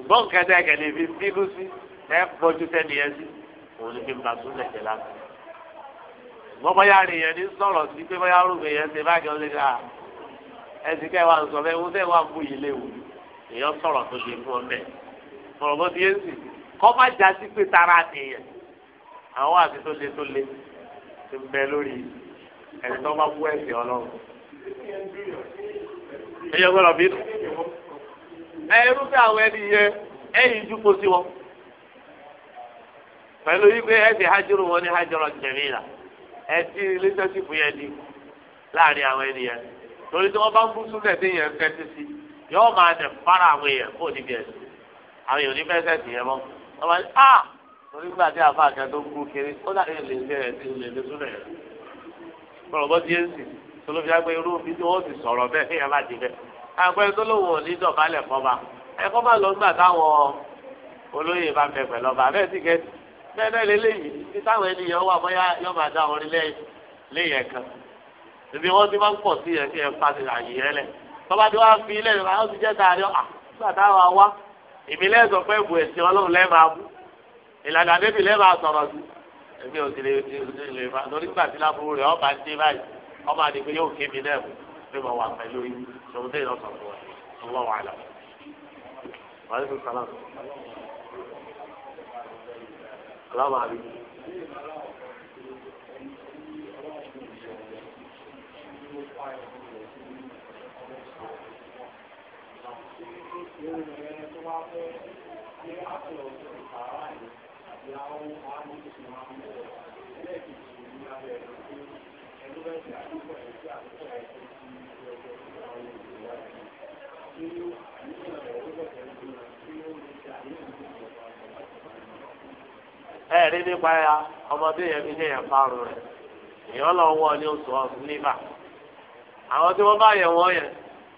ṣùgbọ́n kẹtẹ kẹlẹ fi bínú sí ẹ pọ̀jù sẹ́ni yẹn sí òun ni fi ń ba tún lẹ̀jẹ̀ lásán. ṣùgbọ́n bóyá rèèyàn ní sọ̀rọ̀ sí pé bóyá rúbẹ̀ yẹn ṣe báyìí ọ̀lẹ́ ká ẹsì kẹwàá ń sọ fẹ́ wọ́n fẹ́ wà fún yìí léwu èèyàn sọ̀rọ̀ tó ṣe fún ọmọ ẹ̀ sọ̀rọ̀ bó ti yé sì kọ́ má já sí pé tara àtẹ̀yàn àwọn àti tó le tó le ti bẹ lórí ẹ̀sìn tó bá fún ẹ̀sìn ọlọ́run. ẹ irúfẹ́ àwọn ẹni yẹn ẹ̀yìn dúpọ̀ sí wọn. pẹ̀lú wípé ẹ ti wọn ní hajúrò jẹ̀mí là ẹ lẹ́sẹ̀sìpù yẹn di láàrin àwọn ẹni yẹn torí tí wọ́n bá ń bú súnlẹ̀ tí yẹn fẹ́ sí sí máa tẹ̀ fara àwọn èèyàn kó níbi ẹ̀sìn àwọn èèyàn onífẹ́ sẹ̀sìn yẹn mọ́ wọ́n máa ní à ah! torí gbà tí àfa kiri ó dà yẹn àpẹẹrẹ tó lóun ní dọ̀bálẹ̀ fọba ẹ̀kọ́ bá lọ gbà táwọn olóyè bá bẹ̀ pẹ̀lú ọba bẹ́ẹ̀ sì kẹ́sì bẹ́ẹ̀ bẹ́ẹ̀ lélẹ́yìí tí táwọn ènìyàn wà bóyá yọ máa dá orin lẹ́yìn ẹ̀kan ibi wọn ti máa ń pọ̀ sí yẹn kí ẹ fa àyè lẹ̀ tọ́ba tí wàá fi ilẹ̀ ìrọ̀lá ó ti jẹ́ tààrí ọ̀ wá ìmílẹ̀ sọ pé ìbò ẹ̀sìn pé mo wà pẹ̀lú yìí ṣòwò dé ìlọsọ fún ọ ọlọ́ wà lọ. wàhálà sàlám aláwọ̀ àbí. Thank you. ẹ rí nípa ya ọmọdé yẹn fi ya fáró rẹ èèyàn ọlọ wọ ni oṣù ọsùn níbà àwọn tí wọn bá yẹ wọn yẹ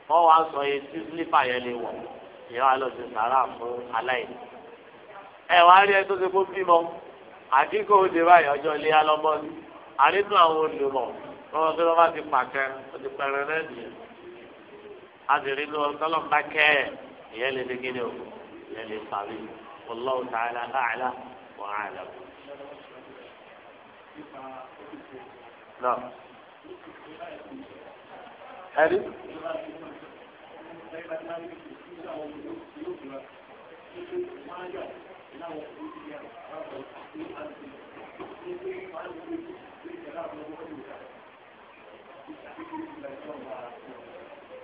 wọn sọ yẹ tí nípa yẹn lè wọ èèyàn wà lọ sí sàrà fún aláìní ẹ wàá rí ẹ tó ṣe kó bímọ àdínkù òde báyìí ilé àrínú àwọn olùmọ wọn azìrì ló ọlọ́mọba kẹ́ ẹ̀ ìyẹn lè lè gíní o ìyẹn lè parí Wallahu ta'ala a'lam wa a'lam. náà Thank you.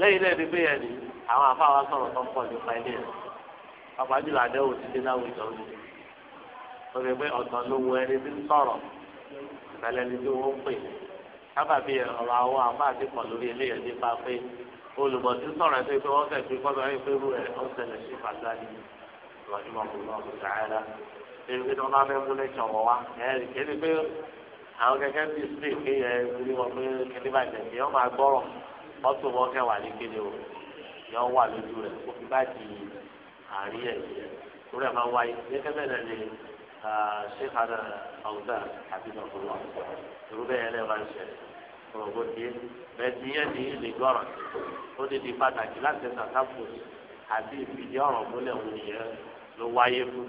lẹ́yìn náà ẹni pé ni àwọn afáwa sọ̀rọ̀ tó ń pọ̀ nípa ilé rẹ̀ ọ̀pá jùlọ àdéhùn ti dé láwùjọ ni ó lè pé ọ̀tọ̀ ló wọ ẹni tí ń sọ̀rọ̀ ìbẹ̀lẹ̀ ni tí wọ́n pè sábà bí ọ̀rọ̀ àwọn afáà ti pọ̀ lórí ilé yẹn nípa pé olùbọ̀ sọ̀rọ̀ ẹni pé wọ́n fẹ́ fi kọ́ sọ́yìn pé irú rẹ̀ ó ṣẹlẹ̀ sí fàgbáyé ìrọ̀lẹ́ mọ́tò wọn kẹ́ ní kéde o yọ wà lójú rẹ̀ kó fi bá di àárín ẹ̀ torí ẹ̀ máa wáyé gẹ́gẹ́ bẹ́ẹ̀ náà ni ṣéka náà ọ̀gá àti ìdọ̀kọ̀lọ́ irú bẹ́ẹ̀ lẹ́ẹ̀ máa ń ṣẹlẹ̀ ọ̀rọ̀gbọ́ tiẹ̀ bẹ́ẹ̀ ti yẹn ní ilé gbọ́rọ̀ ó ti di pàtàkì láti ṣàtàkù àti ìfìdí ọ̀rọ̀ múlẹ̀ òun yẹn ló wáyé fún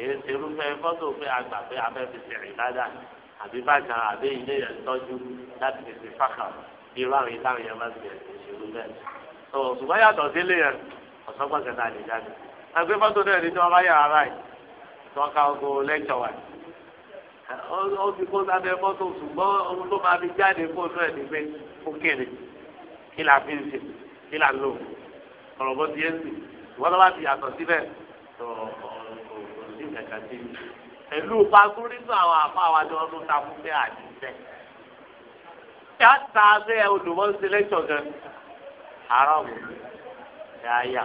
èyí ti irúfẹ́ fọ́tò pé àgbà pé abẹ́ fi ṣẹ̀rìn dáadáa àbí bàjá àbí ilé yẹn tọ́jú láti fi ṣe irú àwọn yìí táwọn yẹn bá ti bẹ̀rẹ̀ ìṣèlú bẹ́ẹ̀. tó ṣùgbọ́n yàtọ̀ sílé yẹn ọ̀sọ́gbọ̀n kẹta lè jáde. àgbẹ̀ fọ́tò náà ní tí wọ́n bá yàrá báyìí tí wọ́n ka ogo lẹ́kṣọ̀ wà. ó ti kó sábẹ́ fọ́tò ṣùgbọ́n ohun tó máa fi jáde fóònù ẹ̀ ni, pé ó kéré kí là fi ń ṣe kí là ń lò ọ̀rọ̀ bó ti yé sí ìwọ́n bá ti yàtọ̀ síbẹ̀ tó ọ̀rọ̀ kí á ta sí ẹ olùmọ̀ sílẹ̀tọ̀ gan haram ẹ̀ àyà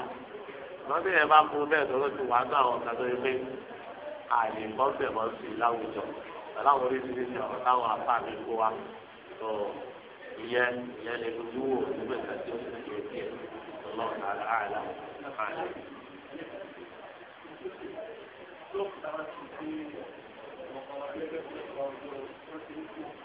lọ́dún yẹn bá mú bẹ́ẹ̀ tó ló ti wà ní àwọn kan tó yẹ pé àyè bọ́sẹ̀ bọ́ sí i láwùjọ láwọn oríṣiríṣi ọ̀rọ̀ táwọn afá mi kó wa tó ìyẹn ìyẹn lè fojú wò nígbà tí a ti ń fi ètí àlá àlá. Thank you.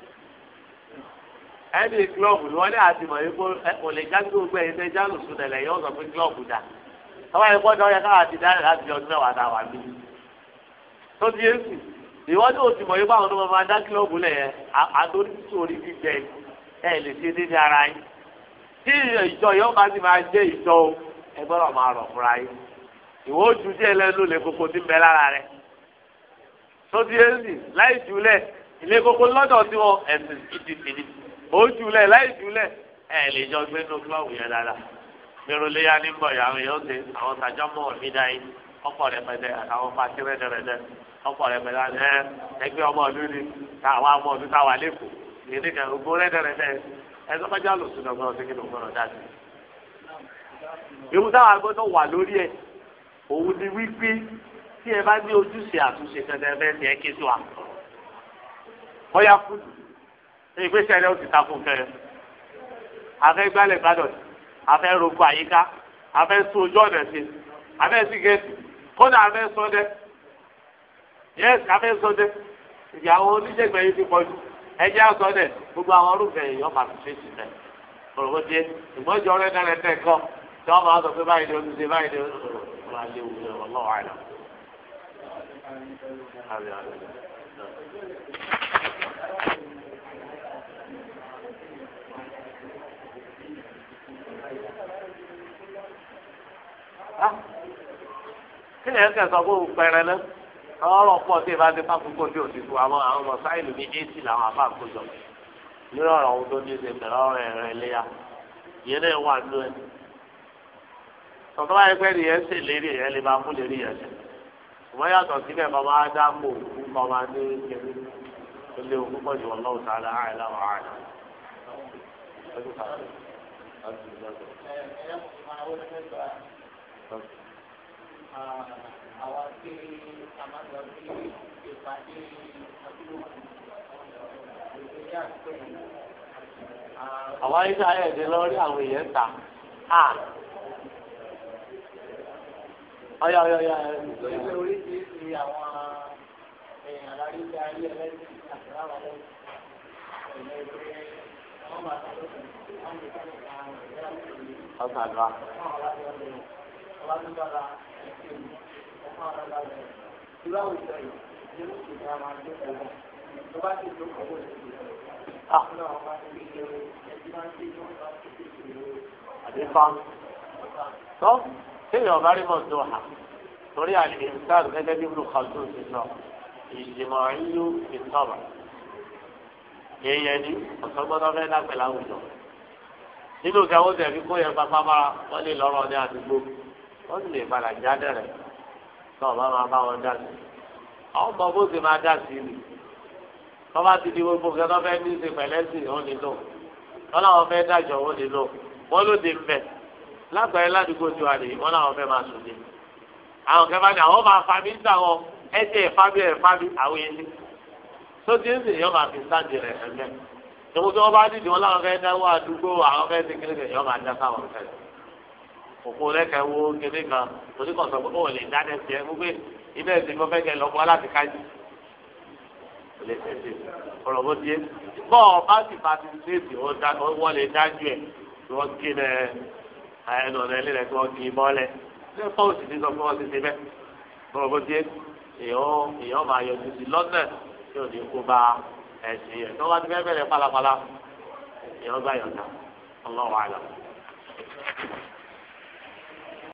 ẹni kílọ̀bù ni wọ́n ní àtìmọ̀ yìí kó ọ̀lẹ̀ jáde gbogbo ẹ̀yin tẹ́ jáde lùsùn tẹ̀lẹ̀ yóò sọ pé kílọ̀bù dà tọ́wọ́ yẹn kọ́ dọ́yẹ káwá ti dáhùn láti ọdún mẹ́wàá tá a wà ní. tó ti yé sùn ìwọ́n ní òtì mọ̀ yìí báwọn tó máa dá kílọ̀bù lẹ̀ yẹn àtòrísù orí gbígbẹ ẹ̀ lè ṣe dédé ara yín. tí ìjọ yóò bá ti máa jẹ́ ìjọ o ẹ gbọ́dọ̀ máa rọ̀ fúnra yín. ìwọ́ ojú díẹ̀ lẹ́nu lè koko ti bẹ lára rẹ̀. tó ti yé sùn láì jùlẹ̀ ó jùlẹ̀ láì jùlẹ̀ ẹ̀ lè jọ gbé nínú kílọ̀bù yẹn dáadáa gbèrò léyà ní bọ̀ yà àwọn yóò ṣe àwọn tàjọ́ mọ̀ mí dáyé ọkọ̀ rẹ̀ pẹ̀lẹ́ àtàwọn pàṣẹ rẹ̀ dẹ̀rẹ̀dẹ̀ ọkọ̀ rẹ̀ pẹ̀lẹ́ ẹ ẹgbẹ́ ọmọ ọdún ni táwọn ọmọ ọdún táwà ẹ ní ìgbésẹ̀ rẹ ó ti takùn kẹrẹ afẹ́ gbálẹ̀ gbádọ̀ afẹ́ roko àyíká afẹ́ so ojú ọ̀nà sí afẹ́ sí gẹ̀ẹ́sì kódà afẹ́ sọdẹ yẹ́sì afẹ́ sọdẹ ìyàwó oníjẹ̀gbẹ́ yìí ti pọ̀jù ẹjẹ́ àsọdẹ gbogbo àwọn olùfẹ́ yìí ọba tó ṣe ṣiṣẹ́ òròbó tiẹ̀ ìgbọ́n jọ ọ̀rẹ́ dára ẹ̀tẹ́ kọ́ tí wọ́n máa sọ pé báyìí ni olùṣe báyìí ni olùṣe kí ni ẹ̀ka sọ fún pẹrẹ náà ọ̀rọ̀ pọ̀ tí ìbá ti fákòókò tí òsì fún àwọn àwọn ọmọ sáìlù ní eighty làwọn àbá àkójọ nínú ọ̀rọ̀ ohun tó ní ṣe pẹ̀lú ọ̀rọ̀ ẹ̀rọ ẹlẹ́yà ìyẹn náà wà ṣe lérí lè máa lérí yàtọ̀ síbẹ̀ ní kẹrin àwọn tí a máa lọ sí ìpàdé ọdún ìgbéyà pé àwọn ayíṣẹ́ ayẹ̀dẹ̀ lórí àwọn èèyàn ta a. ọyọ ọyọ ọyọ ẹ. ìgbésẹ̀ oríṣiríṣi àwọn èèyàn lárí ilé ayé ẹlẹ́sìn àti láwọn ẹlẹ́sìn ẹ̀yẹ ìgbé wọ́n máa tẹ̀lé ọ̀sán àgbà ọlágbára ẹ̀kẹ́ ọmọ arára rẹ̀ ìlàwọ̀ ìgbà yìí ní ó sì dára ní ọ̀pọ̀ tó bá ti tó kọ́kọ́ sí i. Àwọn ọmọ bá ti fi ṣe ẹbí máa rí mọ̀tò hà torí àlè ìsáàdù gẹ́gẹ́ bí Ibùdó Khaldun ti sọ ìjìmọ̀ ìlú ìtọ́ba. Èèyàn ní ọ̀sọ́gbọ́dọ́ fẹ́ lápẹ̀ láwùjọ. Nínú ìgbà wo tẹ̀ fi pápá bára wọ́n lè lọ́rọ̀ ní àdúgbò ó sì lè padà jáde rẹ̀ tó ọba máa bá wọn dá sí àwọn ọmọ bó ṣe máa dá sí ni tó bá ti di gbogbo kẹ́ tó fẹ́ ní ṣe pẹ̀lẹ́sì ó ní lò wọn làwọn fẹ́ dájọ́ ó ní lò wọn ló dé mbẹ lágbàáyé ládùúgbò tí wà nìyí wọn làwọn fẹ́ máa sùn dé àwọn kẹfà ni àwọn máa fa mi ń tà wọn ẹsẹ̀ ìfábí ẹ̀fábí àwọn ẹni tó ti ń sìn yọ máa fi sáàdì rẹ̀ ẹ̀mẹ́ ìwọ́n tí wọ́n bá dìde wọn làwọn fẹ́ dáwọ́ àdúgbò àwọn fẹ́ ti kéré òkú rẹ kẹ wo kéde kan torí kan sọ pé ó lè dáná tiẹ̀ gbogbo ibẹ̀ tí mo fẹ́ kẹ lọ bọ láti kájú lè tẹsí ọ̀rọ̀ bó tiẹ̀ bọ ọba sì bá ti ṣe èsì wọn lè dájú ẹ tí wọn kí ẹ ẹnu ọ̀nà ilé rẹ tí wọn kí mọ́lẹ̀ ṣé paul sì ti sọ pé wọn ti ṣe bẹ́ẹ̀ bó tiẹ̀ èèyàn èèyàn máa yọ títí lọ́nà tí ò ní kó bá ẹ̀sìn yẹn tó wá ti fẹ́ bẹ̀rẹ̀ pálapàla èèyàn gbà yọ̀ǹda ọlọ́wọ́ àlọ́.